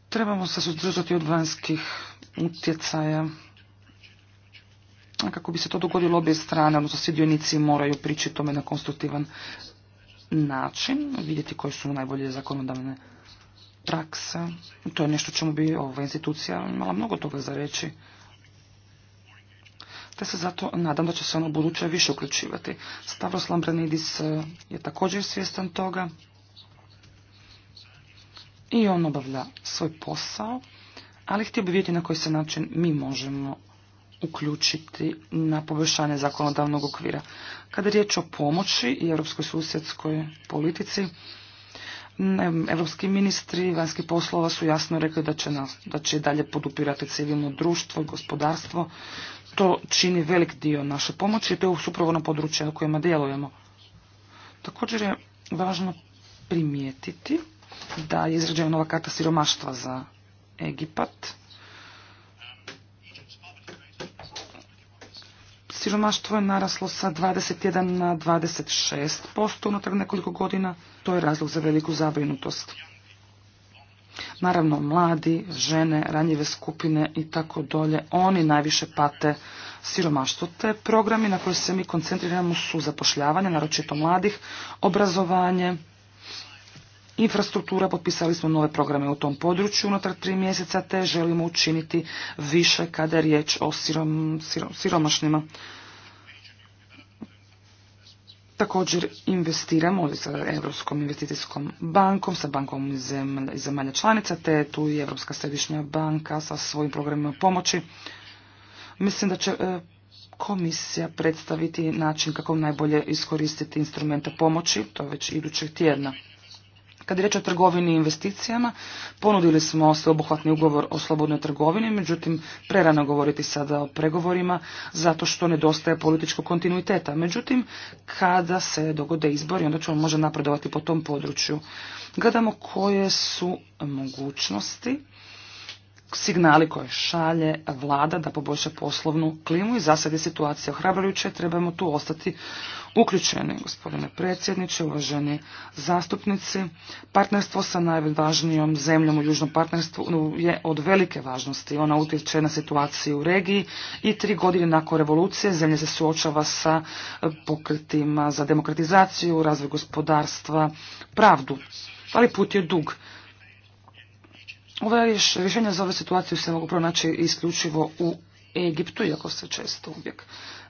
Trebamo se suzdržati od vanjskih utjecaja kako bi se to dogodilo obje strane, odnosno svi dionici moraju prići tome na konstruktivan način, vidjeti koji su najbolje zakonodavne prakse. To je nešto čemu bi ova institucija imala mnogo toga za reći. Te se zato nadam da će se ono buduće više uključivati. Stavros Lambranidis e, je također svjestan toga i on obavlja svoj posao, ali htio bi vidjeti na koji se način mi možemo uključiti na poboljšanje zakonodavnog okvira. Kada je riječ o pomoći i europskoj susjedskoj politici, europski ministri vanjskih poslova su jasno rekli da će, nas, dalje podupirati civilno društvo i gospodarstvo. To čini velik dio naše pomoći i to je upravo na područje na kojima djelujemo. Također je važno primijetiti da je izrađena nova karta siromaštva za Egipat. Siromaštvo je naraslo sa 21 na 26% unutar nekoliko godina. To je razlog za veliku zabrinutost. Naravno, mladi, žene, ranjive skupine i tako dolje, oni najviše pate siromaštvo. Te programi na koje se mi koncentriramo su zapošljavanje, naročito mladih, obrazovanje, infrastruktura, potpisali smo nove programe u tom području unutar tri mjeseca, te želimo učiniti više kada je riječ o sirom, siromašnima. Također investiramo sa Europskom investicijskom bankom, sa bankom iz zemalja članica, te tu i Europska središnja banka sa svojim programima pomoći. Mislim da će e, komisija predstaviti način kako najbolje iskoristiti instrumente pomoći, to već idućeg tjedna. Kad je riječ o trgovini i investicijama, ponudili smo sveobuhvatni ugovor o slobodnoj trgovini, međutim, prerano govoriti sada o pregovorima, zato što nedostaje političkog kontinuiteta. Međutim, kada se dogode izbori, onda ćemo možda napredovati po tom području. Gledamo koje su mogućnosti signali koje šalje vlada da poboljša poslovnu klimu i zasad je situacija ohrabrujuća trebamo tu ostati uključeni. Gospodine predsjedniče, uvaženi zastupnici, partnerstvo sa najvažnijom zemljom u južnom partnerstvu je od velike važnosti. Ona utječe na situaciju u regiji i tri godine nakon revolucije zemlje se suočava sa pokretima za demokratizaciju, razvoj gospodarstva, pravdu. Ali put je dug. Ovo rješenja za ovu situaciju se mogu pronaći isključivo u Egiptu, iako se često uvijek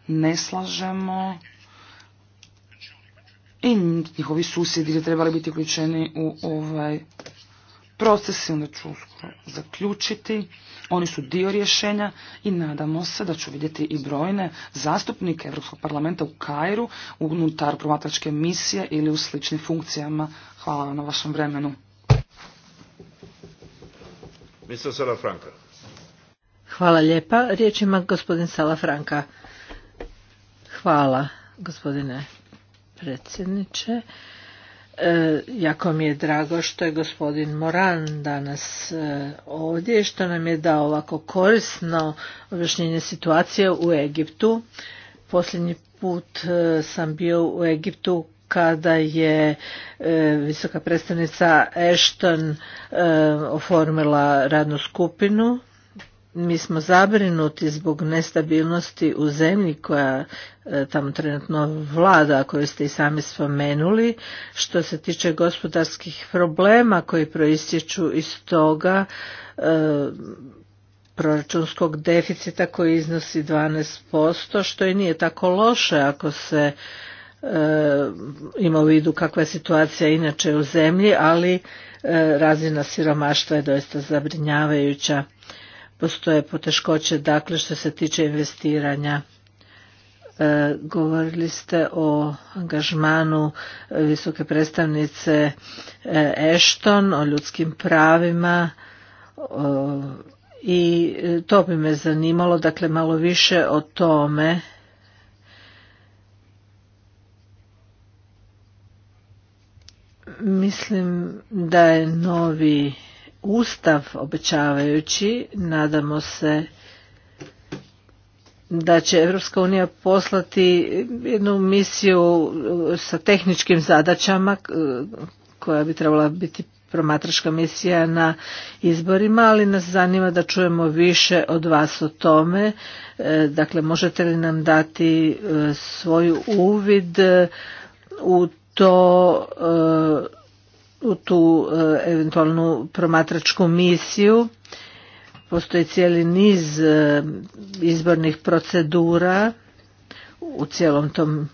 ne slažemo. I njihovi susjedi trebali biti uključeni u ovaj proces i onda ću zaključiti. Oni su dio rješenja i nadamo se da ću vidjeti i brojne zastupnike Europskog parlamenta u Kairu unutar promatračke misije ili u sličnim funkcijama. Hvala vam na vašem vremenu. Mr. Salafranca. Hvala lijepa. Riječ ima gospodin Salafranka. Hvala gospodine predsjedniče. E, jako mi je drago što je gospodin Moran danas e, ovdje i što nam je dao ovako korisno objašnjenje situacije u Egiptu. Posljednji put e, sam bio u Egiptu kada je e, visoka predstavnica Ashton e, oformila radnu skupinu. Mi smo zabrinuti zbog nestabilnosti u zemlji koja e, tamo trenutno vlada, koju ste i sami spomenuli. Što se tiče gospodarskih problema koji proističu iz toga, proračunskog deficita koji iznosi 12%, što i nije tako loše ako se E, ima u vidu kakva je situacija inače u zemlji, ali e, razina siromaštva je doista zabrinjavajuća. Postoje poteškoće dakle što se tiče investiranja. E, govorili ste o angažmanu visoke predstavnice Ešton, o ljudskim pravima i to bi me zanimalo, dakle malo više o tome Mislim da je novi ustav obećavajući, nadamo se da će Europska unija poslati jednu misiju uh, sa tehničkim zadaćama uh, koja bi trebala biti promatračka misija na izborima, ali nas zanima da čujemo više od vas o tome. Uh, dakle, možete li nam dati svoju uvid u to e, u tu e, eventualnu promatračku misiju postoji cijeli niz e, izbornih procedura u cijelom tom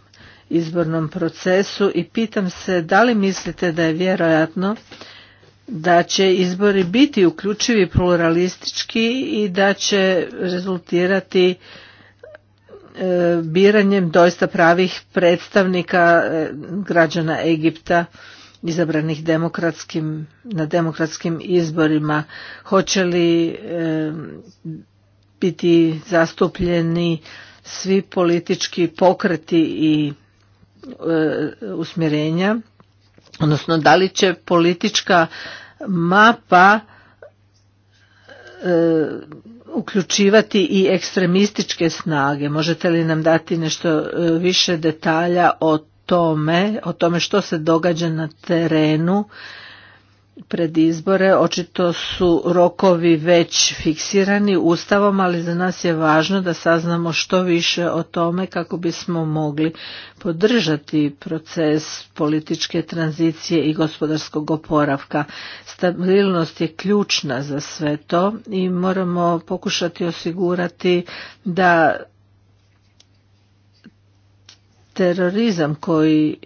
izbornom procesu i pitam se da li mislite da je vjerojatno da će izbori biti uključivi pluralistički i da će rezultirati E, biranjem doista pravih predstavnika e, građana Egipta izabranih demokratskim, na demokratskim izborima. Hoće li e, biti zastupljeni svi politički pokreti i usmjerenja, odnosno da li će politička mapa uključivati i ekstremističke snage. Možete li nam dati nešto e, više detalja o tome, o tome što se događa na terenu pred izbore. Očito su rokovi već fiksirani ustavom, ali za nas je važno da saznamo što više o tome kako bismo mogli podržati proces političke tranzicije i gospodarskog oporavka. Stabilnost je ključna za sve to i moramo pokušati osigurati da terorizam koji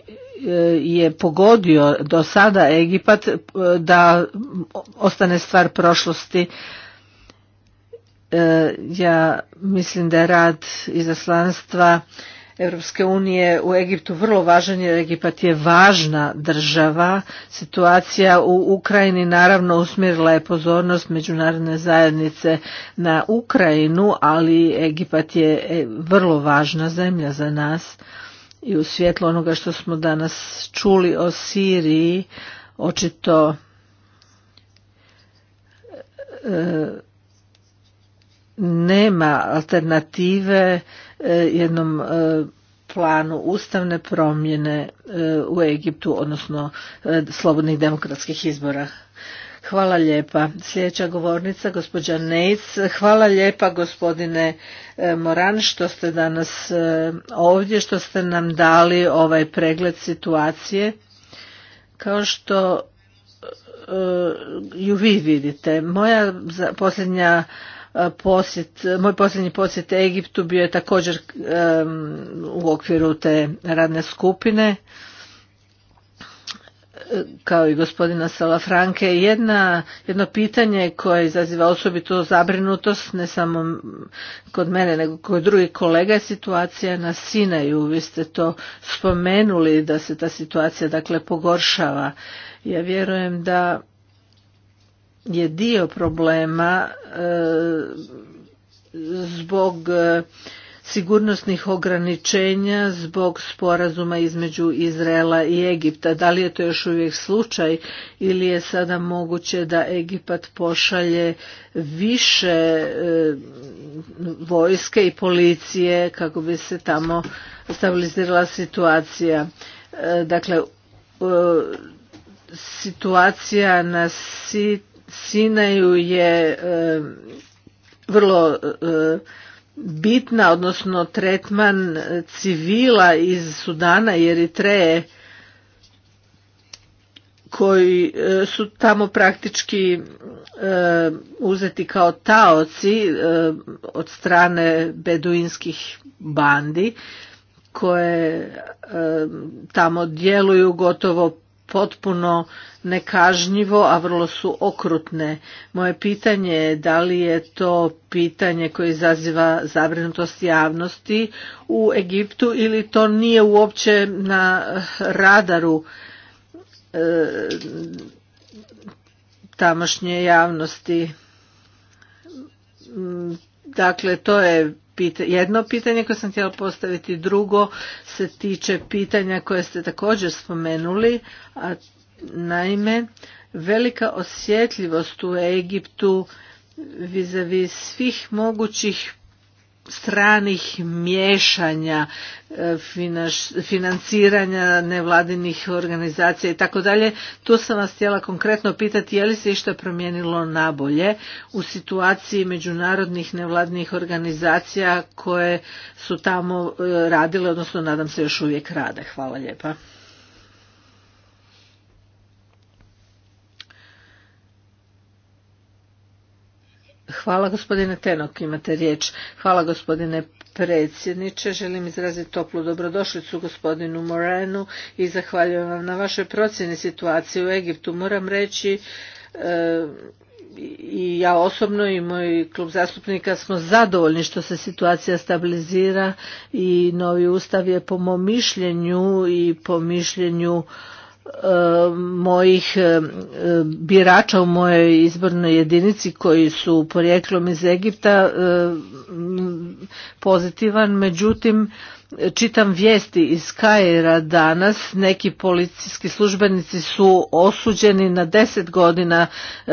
je pogodio do sada Egipat e, da ostane stvar prošlosti. E, ja mislim da je rad izaslanstva Europske unije u Egiptu vrlo važan jer Egipat je važna država. Situacija u Ukrajini naravno usmjerila je pozornost međunarodne zajednice na Ukrajinu, ali Egipat je e, vrlo važna zemlja za nas i u svjetlu onoga što smo danas čuli o Siriji, očito e, nema alternative e, jednom e, planu ustavne promjene u Egiptu, odnosno slobodnih demokratskih izbora. Hvala lijepa. Sljedeća govornica, gospođa Nejc. Hvala lijepa gospodine e, Moran što ste danas e, ovdje, što ste nam dali ovaj pregled situacije. Kao što e, ju vi vidite, moja posljednja posjet, moj posljednji posjet Egiptu bio je također u okviru te radne skupine kao i gospodina Salafranke, jedna, jedno pitanje koje izaziva osobito zabrinutost, ne samo kod mene, nego kod drugih kolega, je situacija na Sinaju. Vi ste to spomenuli da se ta situacija dakle pogoršava. Ja vjerujem da je dio problema e, zbog e, sigurnosnih ograničenja zbog sporazuma između Izraela i Egipta. Da li je to još uvijek slučaj ili je sada moguće da Egipat pošalje više e, vojske i policije kako bi se tamo stabilizirala situacija. E, dakle, e, situacija na Sinaju je vrlo bitna, odnosno tretman civila iz Sudana i Eritreje koji e, su tamo praktički e, uzeti kao taoci e, od strane beduinskih bandi koje tamo djeluju gotovo potpuno nekažnjivo, a vrlo su okrutne. Moje pitanje je da li je to pitanje koje izaziva zabrinutost javnosti u Egiptu ili to nije uopće na radaru e, tamošnje javnosti. Dakle, to je jedno pitanje koje sam htjela postaviti, drugo se tiče pitanja koje ste također spomenuli, a naime velika osjetljivost u Egiptu vis- svih mogućih stranih miješanja e, financiranja nevladinih organizacija i tako dalje. Tu sam vas htjela konkretno pitati je li se išta promijenilo nabolje u situaciji međunarodnih nevladinih organizacija koje su tamo e, radile, odnosno nadam se još uvijek rade. Hvala lijepa. Hvala gospodine Tenok, imate riječ. Hvala gospodine predsjedniče. Želim izraziti toplu dobrodošlicu gospodinu Morenu i zahvaljujem vam na vašoj procjeni situacije u Egiptu. Moram reći e, i ja osobno i moj klub zastupnika smo zadovoljni što se situacija stabilizira i novi ustav je po mom mišljenju i po mišljenju mojih e, birača u mojoj izbornoj jedinici koji su porijeklom iz Egipta e, pozitivan, međutim čitam vijesti iz Kajera danas, neki policijski službenici su osuđeni na deset godina e,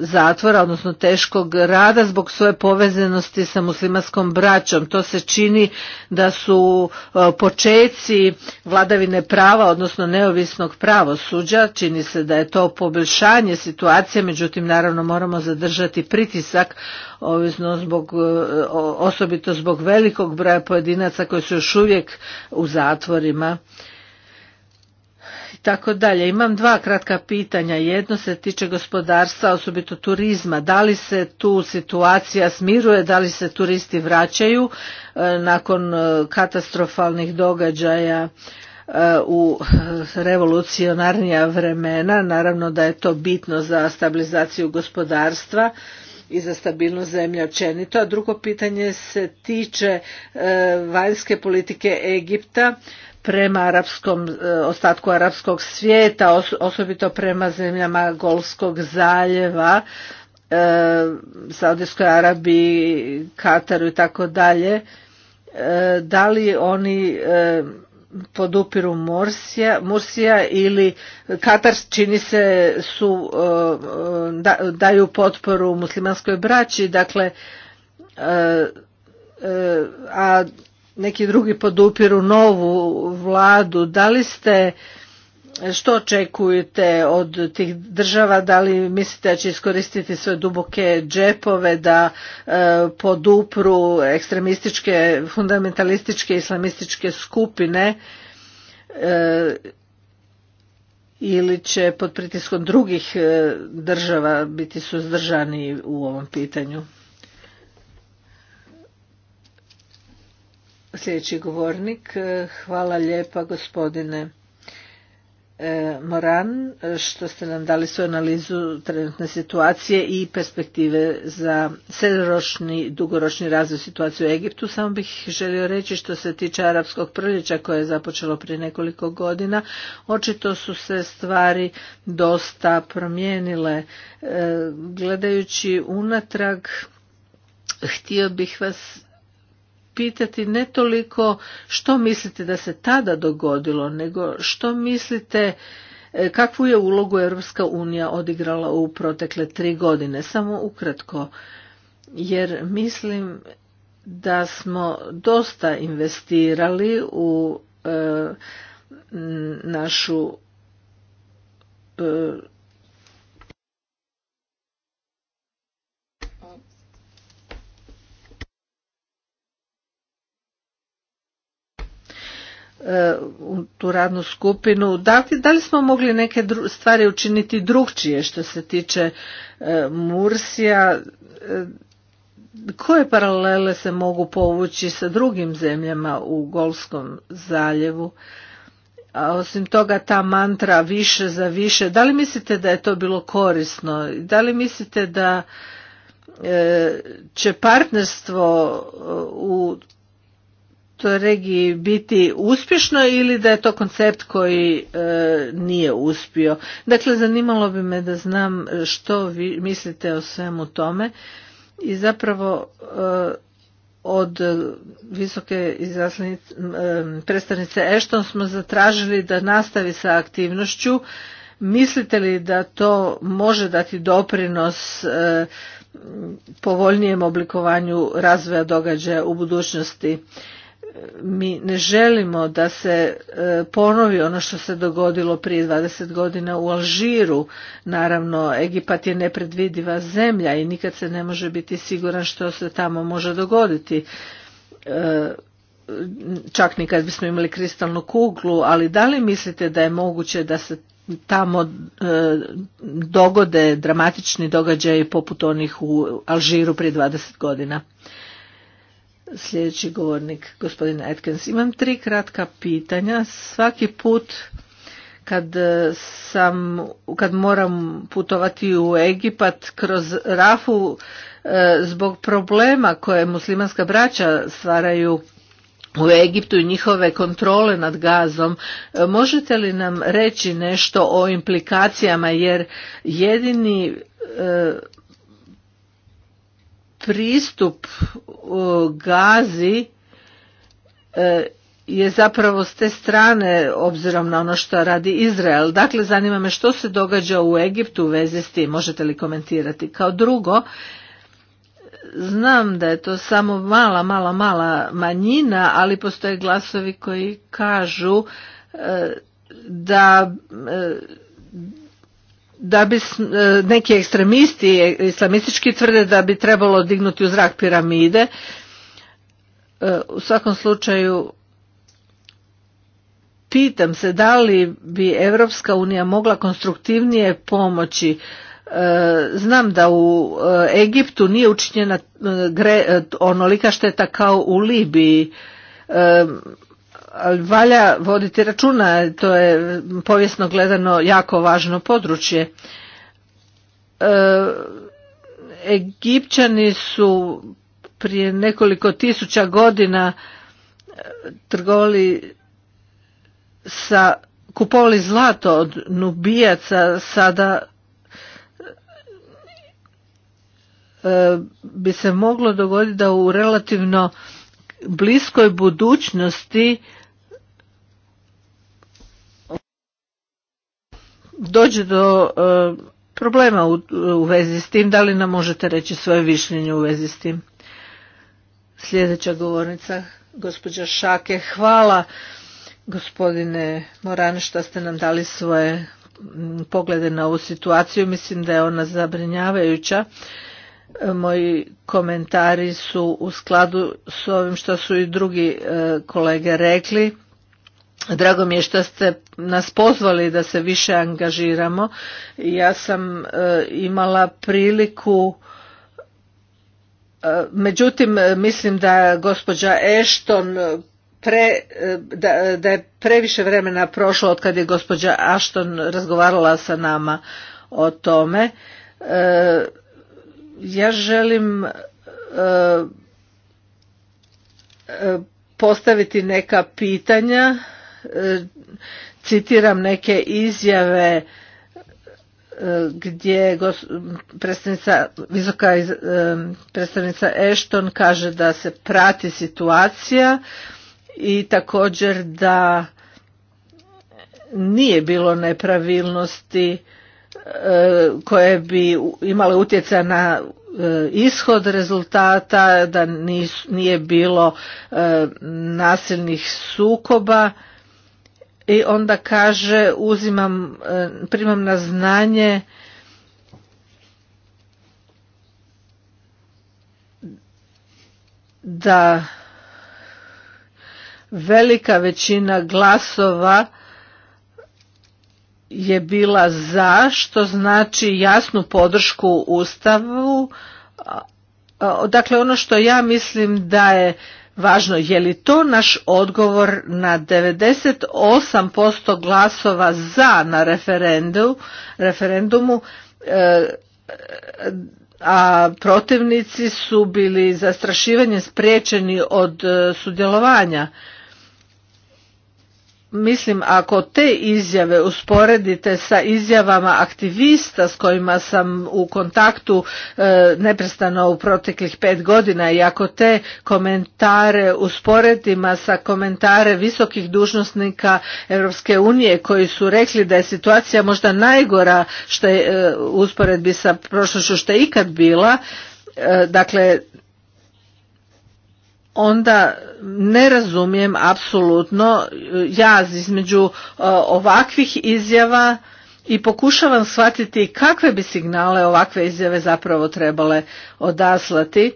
zatvora, odnosno teškog rada zbog svoje povezanosti sa muslimanskom braćom. To se čini da su e, počeci vladavine prava, odnosno neovisnog pravosuđa. Čini se da je to poboljšanje situacije, međutim naravno moramo zadržati pritisak ovisno zbog, e, osobito zbog velikog broja pojedinaca koji su još uvijek u zatvorima tako dalje. Imam dva kratka pitanja. Jedno se tiče gospodarstva, osobito turizma. Da li se tu situacija smiruje, da li se turisti vraćaju e, nakon e, katastrofalnih događaja u revolucionarnija vremena. Naravno da je to bitno za stabilizaciju gospodarstva i za stabilnost zemlje općenito. A drugo pitanje se tiče e, vanjske politike Egipta prema arapskom, e, ostatku arapskog svijeta, osobito prema zemljama Golskog zaljeva, e, Saudijskoj Arabiji, Kataru i tako dalje. Da li oni podupiru Morsija, Mursija ili Katar čini se su e, e, daju potporu muslimanskoj braći, dakle e, a neki drugi podupiru novu vladu. Da li ste što očekujete od tih država, da li mislite da će iskoristiti svoje duboke džepove da e, podupru ekstremističke, fundamentalističke, islamističke skupine e, ili će pod pritiskom drugih e, država biti suzdržani u ovom pitanju? Sljedeći govornik, hvala lijepa gospodine E, Moran e, što ste nam dali svoju analizu trenutne situacije i perspektive za sredoročni, dugoročni razvoj situacije u Egiptu. Samo bih želio reći što se tiče arapskog prljeća koje je započelo prije nekoliko godina. Očito su se stvari dosta promijenile. E, gledajući unatrag, htio bih vas pitati ne toliko što mislite da se tada dogodilo, nego što mislite e, kakvu je ulogu Europska unija odigrala u protekle tri godine, samo ukratko, jer mislim da smo dosta investirali u e, našu e, u tu radnu skupinu. Da li, da li smo mogli neke stvari učiniti drugčije što se tiče e, Mursija? E, koje paralele se mogu povući sa drugim zemljama u Golskom zaljevu? A osim toga ta mantra više za više, da li mislite da je to bilo korisno? Da li mislite da e, će partnerstvo u toj regiji biti uspješno ili da je to koncept koji e, nije uspio. Dakle, zanimalo bi me da znam što vi mislite o svemu tome i zapravo e, od visoke e, predstavnice Ešton smo zatražili da nastavi sa aktivnošću. Mislite li da to može dati doprinos e, povoljnijem oblikovanju razvoja događaja u budućnosti? mi ne želimo da se e, ponovi ono što se dogodilo prije 20 godina u Alžiru. Naravno, Egipat je nepredvidiva zemlja i nikad se ne može biti siguran što se tamo može dogoditi. E, čak ni kad bismo imali kristalnu kuglu, ali da li mislite da je moguće da se tamo e, dogode dramatični događaji poput onih u Alžiru prije 20 godina? Sljedeći govornik, gospodin Atkins. Imam tri kratka pitanja. Svaki put kad, e, sam, kad moram putovati u Egipat kroz Rafu e, zbog problema koje muslimanska braća stvaraju u Egiptu i njihove kontrole nad gazom. E, možete li nam reći nešto o implikacijama jer jedini pristup Gazi e, je zapravo s te strane obzirom na ono što radi Izrael. Dakle, zanima me što se događa u Egiptu u vezi s tim, možete li komentirati. Kao drugo, znam da je to samo mala, mala, mala manjina, ali postoje glasovi koji kažu e, da e, da bi e, neki ekstremisti islamistički tvrde da bi trebalo dignuti u zrak piramide e, u svakom slučaju pitam se da li bi Europska unija mogla konstruktivnije pomoći e, znam da u Egiptu nije učinjena onolika šteta kao u Libiji ali valja voditi računa, to je povijesno gledano jako važno područje. E, Egipćani su prije nekoliko tisuća godina e, trgovali sa kupovali zlato od nubijaca sada e, bi se moglo dogoditi da u relativno bliskoj budućnosti dođe do e, problema u, vezi s tim. Da li nam možete reći svoje višljenje u vezi s tim? Sljedeća govornica, gospođa Šake, hvala gospodine Moran što ste nam dali svoje poglede na ovu situaciju. Mislim da je ona zabrinjavajuća. E, moji komentari su u skladu s ovim što su i drugi e, kolege rekli. Drago mi je što ste nas pozvali da se više angažiramo. Ja sam e, imala priliku e, međutim e, mislim da gospođa Ashton pre, da, da je previše vremena prošlo od kad je gospođa Ashton razgovarala sa nama o tome. Ja želim postaviti neka pitanja citiram neke izjave e, gdje predstavnica, visoka e, predstavnica Ashton kaže da se prati situacija i također da nije bilo nepravilnosti e, koje bi imale utjecaj na ishod rezultata, da nije bilo nasilnih sukoba i onda kaže uzimam, e, primam na znanje da velika većina glasova je bila za, što znači jasnu podršku Ustavu. Dakle, ono što ja mislim da je važno. Je li to naš odgovor na 98% glasova za na referendum referendumu, e, a protivnici su bili zastrašivanjem spriječeni od e, sudjelovanja? mislim ako te izjave usporedite sa izjavama aktivista s kojima sam u kontaktu e, neprestano u proteklih pet godina i ako te komentare usporedima sa komentare visokih dužnosnika Europske unije koji su rekli da je situacija možda najgora što je e, usporedbi sa prošlošću što je ikad bila e, dakle onda ne razumijem apsolutno e, jaz između e, ovakvih izjava i pokušavam shvatiti kakve bi signale ovakve izjave zapravo trebale odaslati.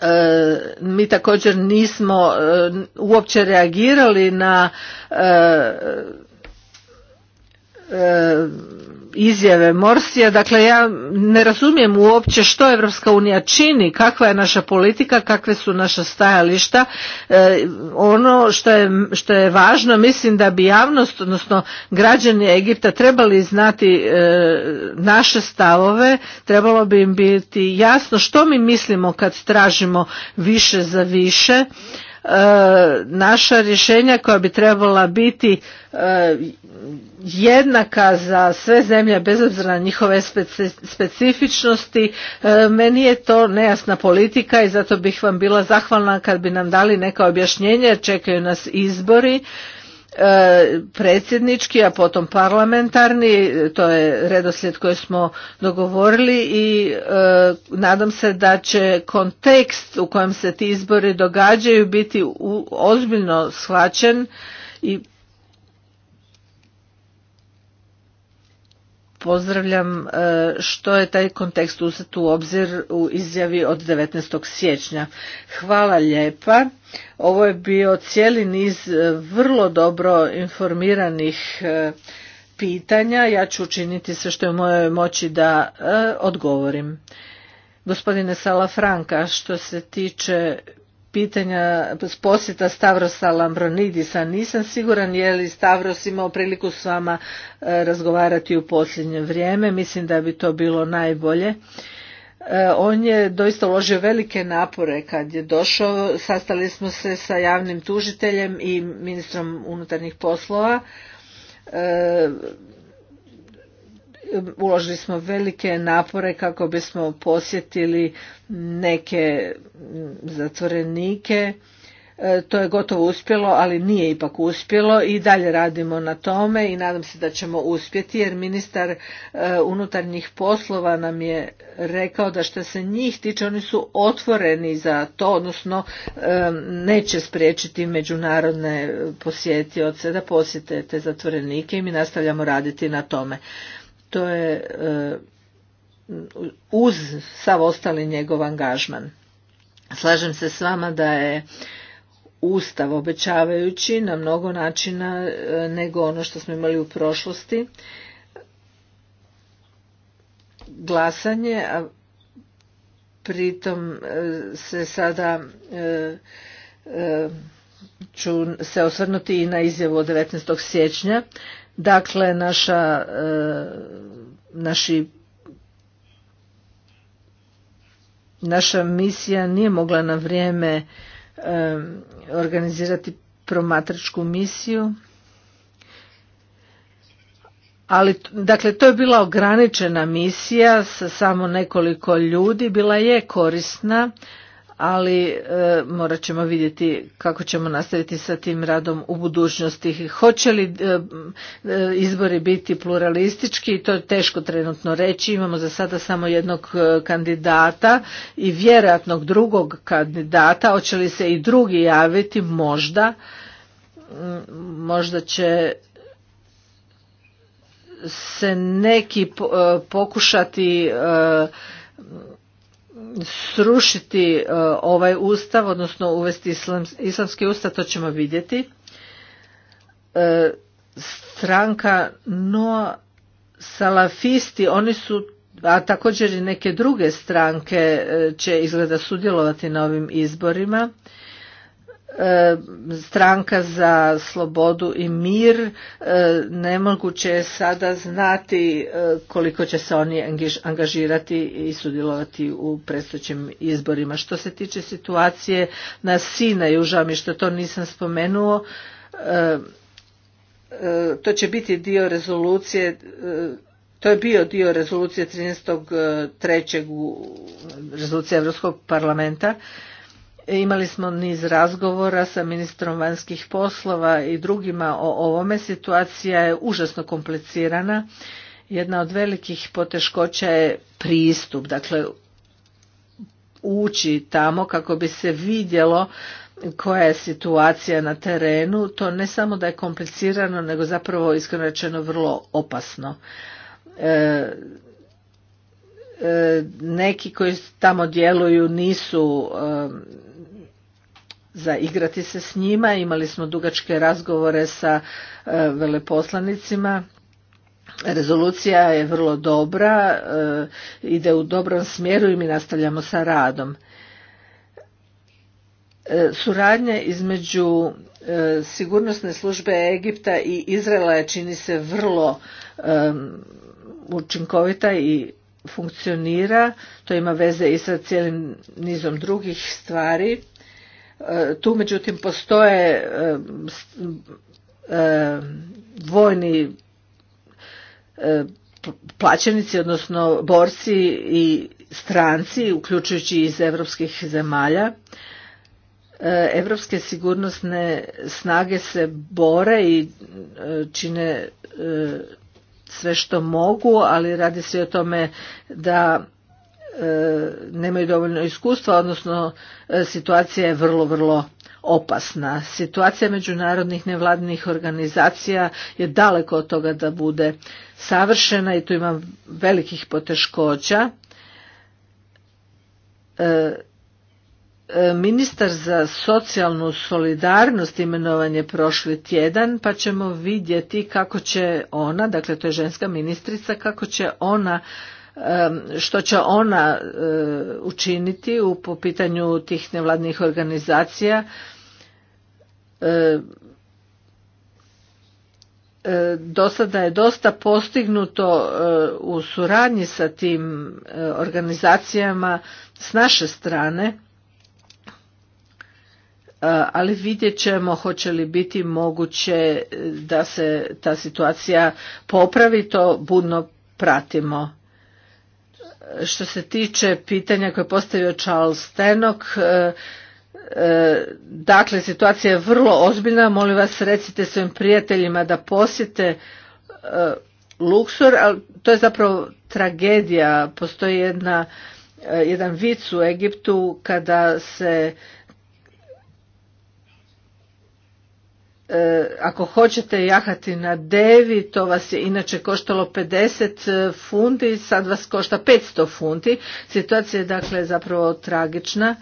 E, mi također nismo uopće reagirali na izjave Morsija. Dakle, ja ne razumijem uopće što Evropska unija čini, kakva je naša politika, kakve su naša stajališta. E, ono što je, što je važno, mislim da bi javnost, odnosno građani Egipta trebali znati e, naše stavove, trebalo bi im biti jasno što mi mislimo kad tražimo više za više naša rješenja koja bi trebala biti e, jednaka za sve zemlje bez obzira na njihove specifičnosti e, meni je to nejasna politika i zato bih vam bila zahvalna kad bi nam dali neka objašnjenja čekaju nas izbori E, predsjednički, a potom parlamentarni, to je redoslijed koji smo dogovorili i e, nadam se da će kontekst u kojem se ti izbori događaju biti ozbiljno shvaćen i pozdravljam e, što je taj kontekst uzet u obzir u izjavi od 19. siječnja. Hvala lijepa. Ovo je bio cijeli niz e, vrlo dobro informiranih e, pitanja. Ja ću učiniti sve što je u mojoj moći da odgovorim. Gospodine Salafranka, što se tiče pitanja posjeta Stavrosa Lambronidisa. Nisam siguran je li Stavros imao priliku s vama e, razgovarati u posljednje vrijeme. Mislim da bi to bilo najbolje. E, on je doista uložio velike napore kad je došao. Sastali smo se sa javnim tužiteljem i ministrom unutarnjih poslova e, uložili smo velike napore kako bismo posjetili neke zatvorenike e, to je gotovo uspjelo, ali nije ipak uspjelo i dalje radimo na tome i nadam se da ćemo uspjeti jer ministar e, unutarnjih poslova nam je rekao da što se njih tiče oni su otvoreni za to, odnosno e, neće spriječiti međunarodne posjetioce da posjete te zatvorenike i mi nastavljamo raditi na tome to je e, uz sav ostali njegov angažman. Slažem se s vama da je Ustav obećavajući na mnogo načina e, nego ono što smo imali u prošlosti. Glasanje, a pritom e, se sada ću se osvrnuti i na izjavu od 19. siječnja Dakle, naša, e, naši naša misija nije mogla na vrijeme e, organizirati promatračku misiju ali dakle to je bila ograničena misija sa samo nekoliko ljudi bila je korisna ali e, morat ćemo vidjeti kako ćemo nastaviti sa tim radom u budućnosti. Hoće li e, e, izbori biti pluralistički, to je teško trenutno reći, imamo za sada samo jednog e, kandidata i vjerojatnog drugog kandidata, hoće li se i drugi javiti, možda, možda će se neki pokušati srušiti e, ovaj ustav, odnosno uvesti islamski ustav, to ćemo vidjeti. E, stranka no salafisti, oni su, a također i neke druge stranke e, će izgleda sudjelovati na ovim izborima. E, stranka za slobodu i mir e, nemoguće je sada znati e, koliko će se oni angažirati i sudjelovati u predstojećim izborima. Što se tiče situacije na Sinaju, žao mi što to nisam spomenuo, to će biti dio rezolucije to je bio dio rezolucije 13.3. rezolucije Europskog parlamenta Imali smo niz razgovora sa ministrom vanjskih poslova i drugima o ovome. Situacija je užasno komplicirana. Jedna od velikih poteškoća je pristup, dakle ući tamo kako bi se vidjelo koja je situacija na terenu. To ne samo da je komplicirano, nego zapravo iskreno rečeno vrlo opasno. E, E, neki koji tamo djeluju nisu e, za igrati se s njima. Imali smo dugačke razgovore sa e, veleposlanicima. Rezolucija je vrlo dobra, ide u dobrom smjeru i mi nastavljamo sa radom. Suradnja između sigurnosne službe Egipta i Izraela je čini se vrlo učinkovita i funkcionira, to ima veze i sa cijelim nizom drugih stvari. E, tu međutim postoje e, e, vojni plaćenici, odnosno borci i stranci, uključujući iz evropskih zemalja. Evropske sigurnosne snage se bore i čine sve što mogu, ali radi se o tome da e, nemaju dovoljno iskustva, odnosno e, situacija je vrlo, vrlo opasna. Situacija međunarodnih nevladinih organizacija je daleko od toga da bude savršena i tu ima velikih poteškoća. E, E, ministar za socijalnu solidarnost imenovan je prošli tjedan pa ćemo vidjeti kako će ona, dakle to je ženska ministrica, kako će ona što će ona e, učiniti u po pitanju tih nevladnih organizacija e, do sada je dosta postignuto u suradnji sa tim organizacijama s naše strane ali vidjet ćemo hoće li biti moguće e, da se ta situacija popravi, to budno pratimo. Što se tiče pitanja koje je postavio Charles stenok e, e, dakle situacija je vrlo ozbiljna, molim vas recite svojim prijateljima da posjete Luksor, ali to je zapravo tragedija, postoji jedna jedan vic u Egiptu kada se E, ako hoćete jahati na devi, to vas je inače koštalo 50 e, funti, sad vas košta 500 funti. Situacija je dakle zapravo tragična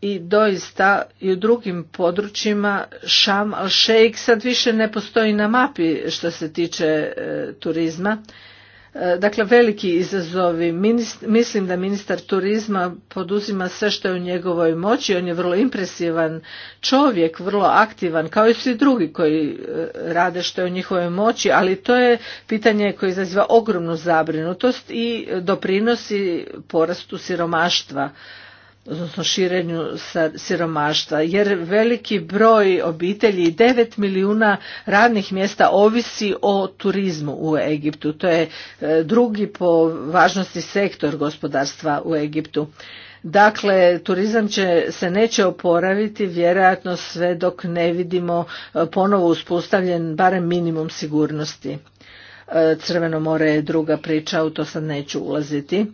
i doista i u drugim područjima Sham al Sheikh sad više ne postoji na mapi što se tiče e, turizma. Dakle, veliki izazovi. Mislim da ministar turizma poduzima sve što je u njegovoj moći. On je vrlo impresivan čovjek, vrlo aktivan, kao i svi drugi koji e, rade što je u njihovoj moći, ali to je pitanje koje izaziva ogromnu zabrinutost i doprinosi porastu siromaštva odnosno širenju siromaštva jer veliki broj obitelji 9 milijuna radnih mjesta ovisi o turizmu u Egiptu to je e, drugi po važnosti sektor gospodarstva u Egiptu Dakle, turizam će, se neće oporaviti vjerojatno sve dok ne vidimo e, ponovo uspostavljen barem minimum sigurnosti. E, Crveno more je druga priča, u to sad neću ulaziti.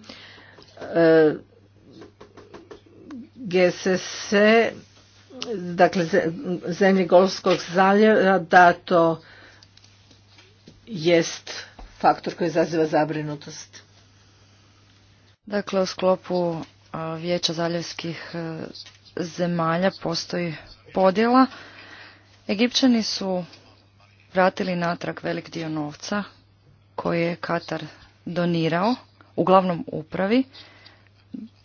GSS dakle zemlji Golskog zaljeva da to jest faktor koji izaziva zabrinutost. Dakle, u sklopu e, Vijeća zaljevskih e, zemalja postoji podjela. Egipćani su vratili natrag velik dio novca koji je Katar donirao, uglavnom upravi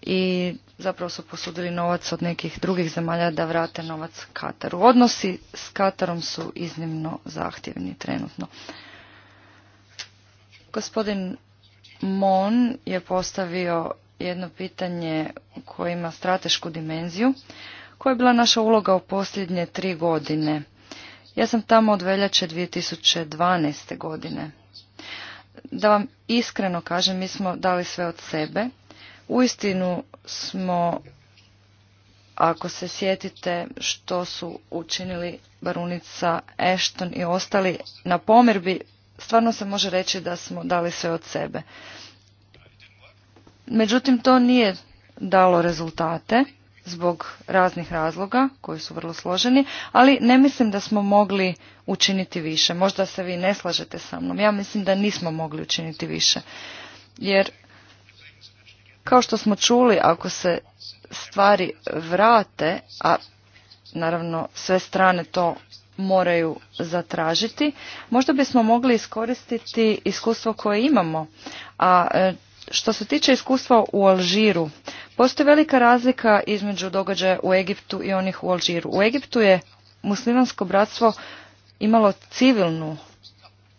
i zapravo su posudili novac od nekih drugih zemalja da vrate novac Kataru. Odnosi s Katarom su iznimno zahtjevni trenutno. Gospodin Mon je postavio jedno pitanje koje ima stratešku dimenziju. Koja je bila naša uloga u posljednje tri godine? Ja sam tamo od veljače 2012. godine. Da vam iskreno kažem, mi smo dali sve od sebe Uistinu smo, ako se sjetite što su učinili Barunica, Ashton i ostali na pomirbi stvarno se može reći da smo dali sve od sebe. Međutim, to nije dalo rezultate zbog raznih razloga koji su vrlo složeni, ali ne mislim da smo mogli učiniti više. Možda se vi ne slažete sa mnom. Ja mislim da nismo mogli učiniti više. Jer kao što smo čuli, ako se stvari vrate, a naravno sve strane to moraju zatražiti, možda bismo mogli iskoristiti iskustvo koje imamo. A e, što se tiče iskustva u Alžiru, postoji velika razlika između događaja u Egiptu i onih u Alžiru. U Egiptu je muslimansko bratstvo imalo civilnu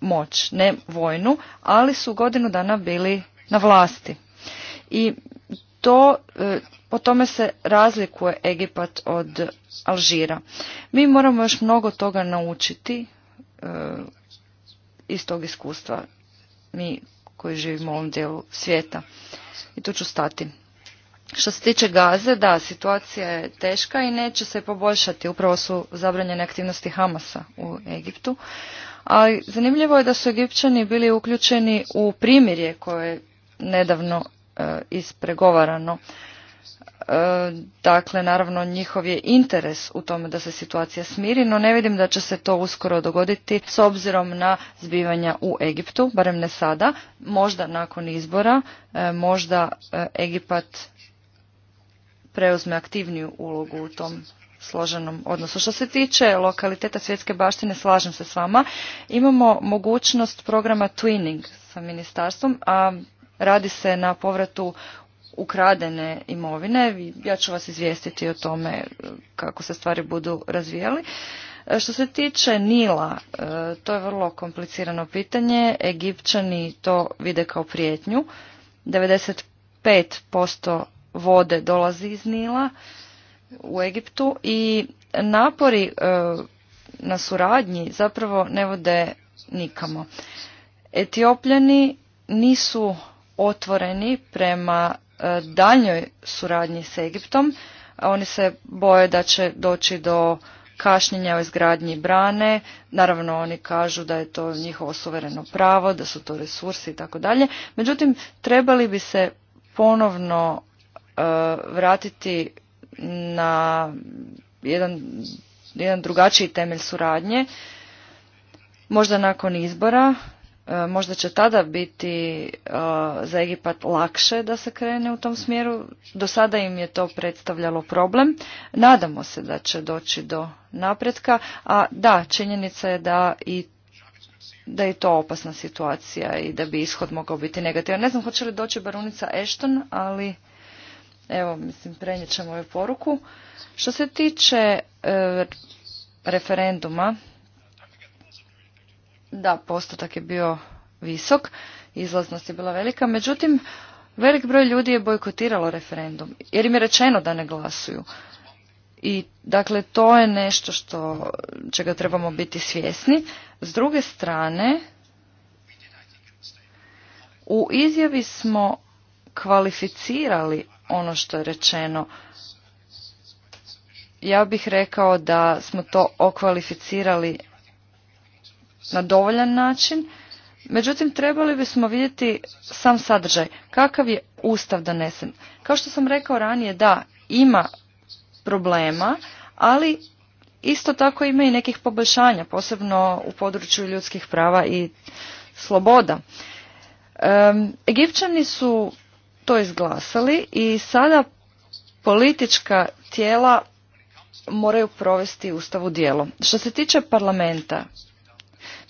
moć, ne vojnu, ali su godinu dana bili na vlasti i to e, po tome se razlikuje Egipat od Alžira. Mi moramo još mnogo toga naučiti e, iz tog iskustva mi koji živimo u ovom dijelu svijeta. I tu ću stati. Što se tiče gaze, da, situacija je teška i neće se poboljšati. Upravo su zabranjene aktivnosti Hamasa u Egiptu. Ali zanimljivo je da su Egipćani bili uključeni u primirje koje nedavno E, ispregovarano. E, dakle, naravno njihov je interes u tome da se situacija smiri, no ne vidim da će se to uskoro dogoditi s obzirom na zbivanja u Egiptu, barem ne sada, možda nakon izbora, e, možda Egipat preuzme aktivniju ulogu u tom složenom odnosu. Što se tiče lokaliteta svjetske baštine, slažem se s vama. Imamo mogućnost programa Twinning sa ministarstvom, a Radi se na povratu ukradene imovine. Ja ću vas izvijestiti o tome e, kako se stvari budu razvijali. E, što se tiče Nila, e, to je vrlo komplicirano pitanje. Egipćani to vide kao prijetnju. 95% vode dolazi iz Nila u Egiptu i napori na suradnji zapravo ne vode nikamo. Etiopljani nisu otvoreni prema e, daljnjoj suradnji s Egiptom. Oni se boje da će doći do kašnjenja o izgradnji brane. Naravno, oni kažu da je to njihovo suvereno pravo, da su to resursi i tako dalje. Međutim, trebali bi se ponovno e, vratiti na jedan, jedan drugačiji temelj suradnje. Možda nakon izbora E, možda će tada biti e, za Egipat lakše da se krene u tom smjeru. Do sada im je to predstavljalo problem. Nadamo se da će doći do napretka. A da, činjenica je da i da je to opasna situacija i da bi ishod mogao biti negativan. Ne znam hoće li doći barunica Ashton, ali evo, mislim, prenijet ćemo poruku. Što se tiče e, referenduma da, postotak je bio visok, izlaznost je bila velika, međutim, velik broj ljudi je bojkotiralo referendum, jer im je rečeno da ne glasuju. I dakle, to je nešto što, čega trebamo biti svjesni. S druge strane, u izjavi smo kvalificirali ono što je rečeno. Ja bih rekao da smo to okvalificirali na dovoljan način. Međutim, trebali bismo vidjeti sam sadržaj. Kakav je ustav donesen? Kao što sam rekao ranije, da, ima problema, ali isto tako ima i nekih poboljšanja, posebno u području ljudskih prava i sloboda. Egipćani su to izglasali i sada politička tijela moraju provesti ustav u dijelo. Što se tiče parlamenta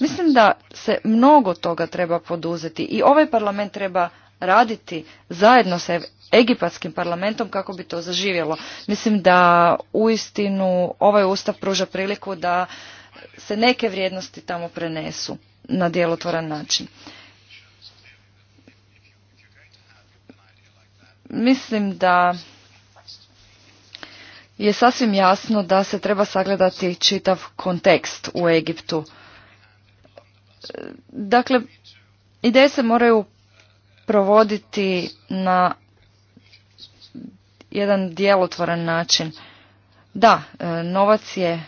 Mislim da se mnogo toga treba poduzeti i ovaj parlament treba raditi zajedno sa egipatskim parlamentom kako bi to zaživjelo. Mislim da uistinu ovaj ustav pruža priliku da se neke vrijednosti tamo prenesu na djelotvoran način. Mislim da je sasvim jasno da se treba sagledati čitav kontekst u Egiptu Dakle, ideje se moraju provoditi na jedan djelotvoran način. Da, e, novac je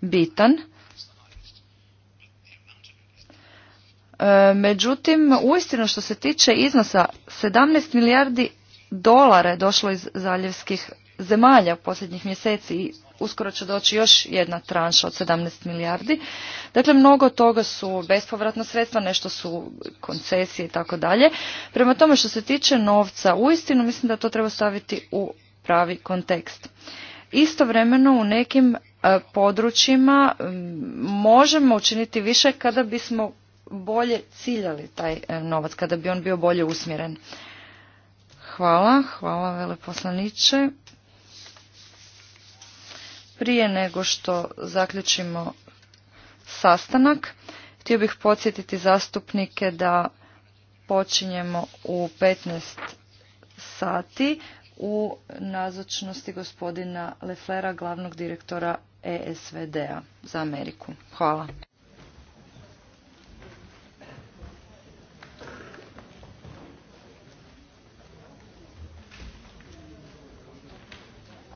bitan. E, međutim, uistinu što se tiče iznosa, 17 milijardi dolara je došlo iz zaljevskih zemalja u posljednjih mjeseci i uskoro će doći još jedna tranša od 17 milijardi. Dakle, mnogo toga su bespovratna sredstva, nešto su koncesije i tako dalje. Prema tome što se tiče novca, uistinu mislim da to treba staviti u pravi kontekst. Istovremeno u nekim e, područjima možemo učiniti više kada bismo bolje ciljali taj e, novac, kada bi on bio bolje usmjeren. Hvala, hvala veleposlaniče. Prije nego što zaključimo sastanak, htio bih podsjetiti zastupnike da počinjemo u 15 sati u nazočnosti gospodina Leflera, glavnog direktora ESVD-a za Ameriku. Hvala.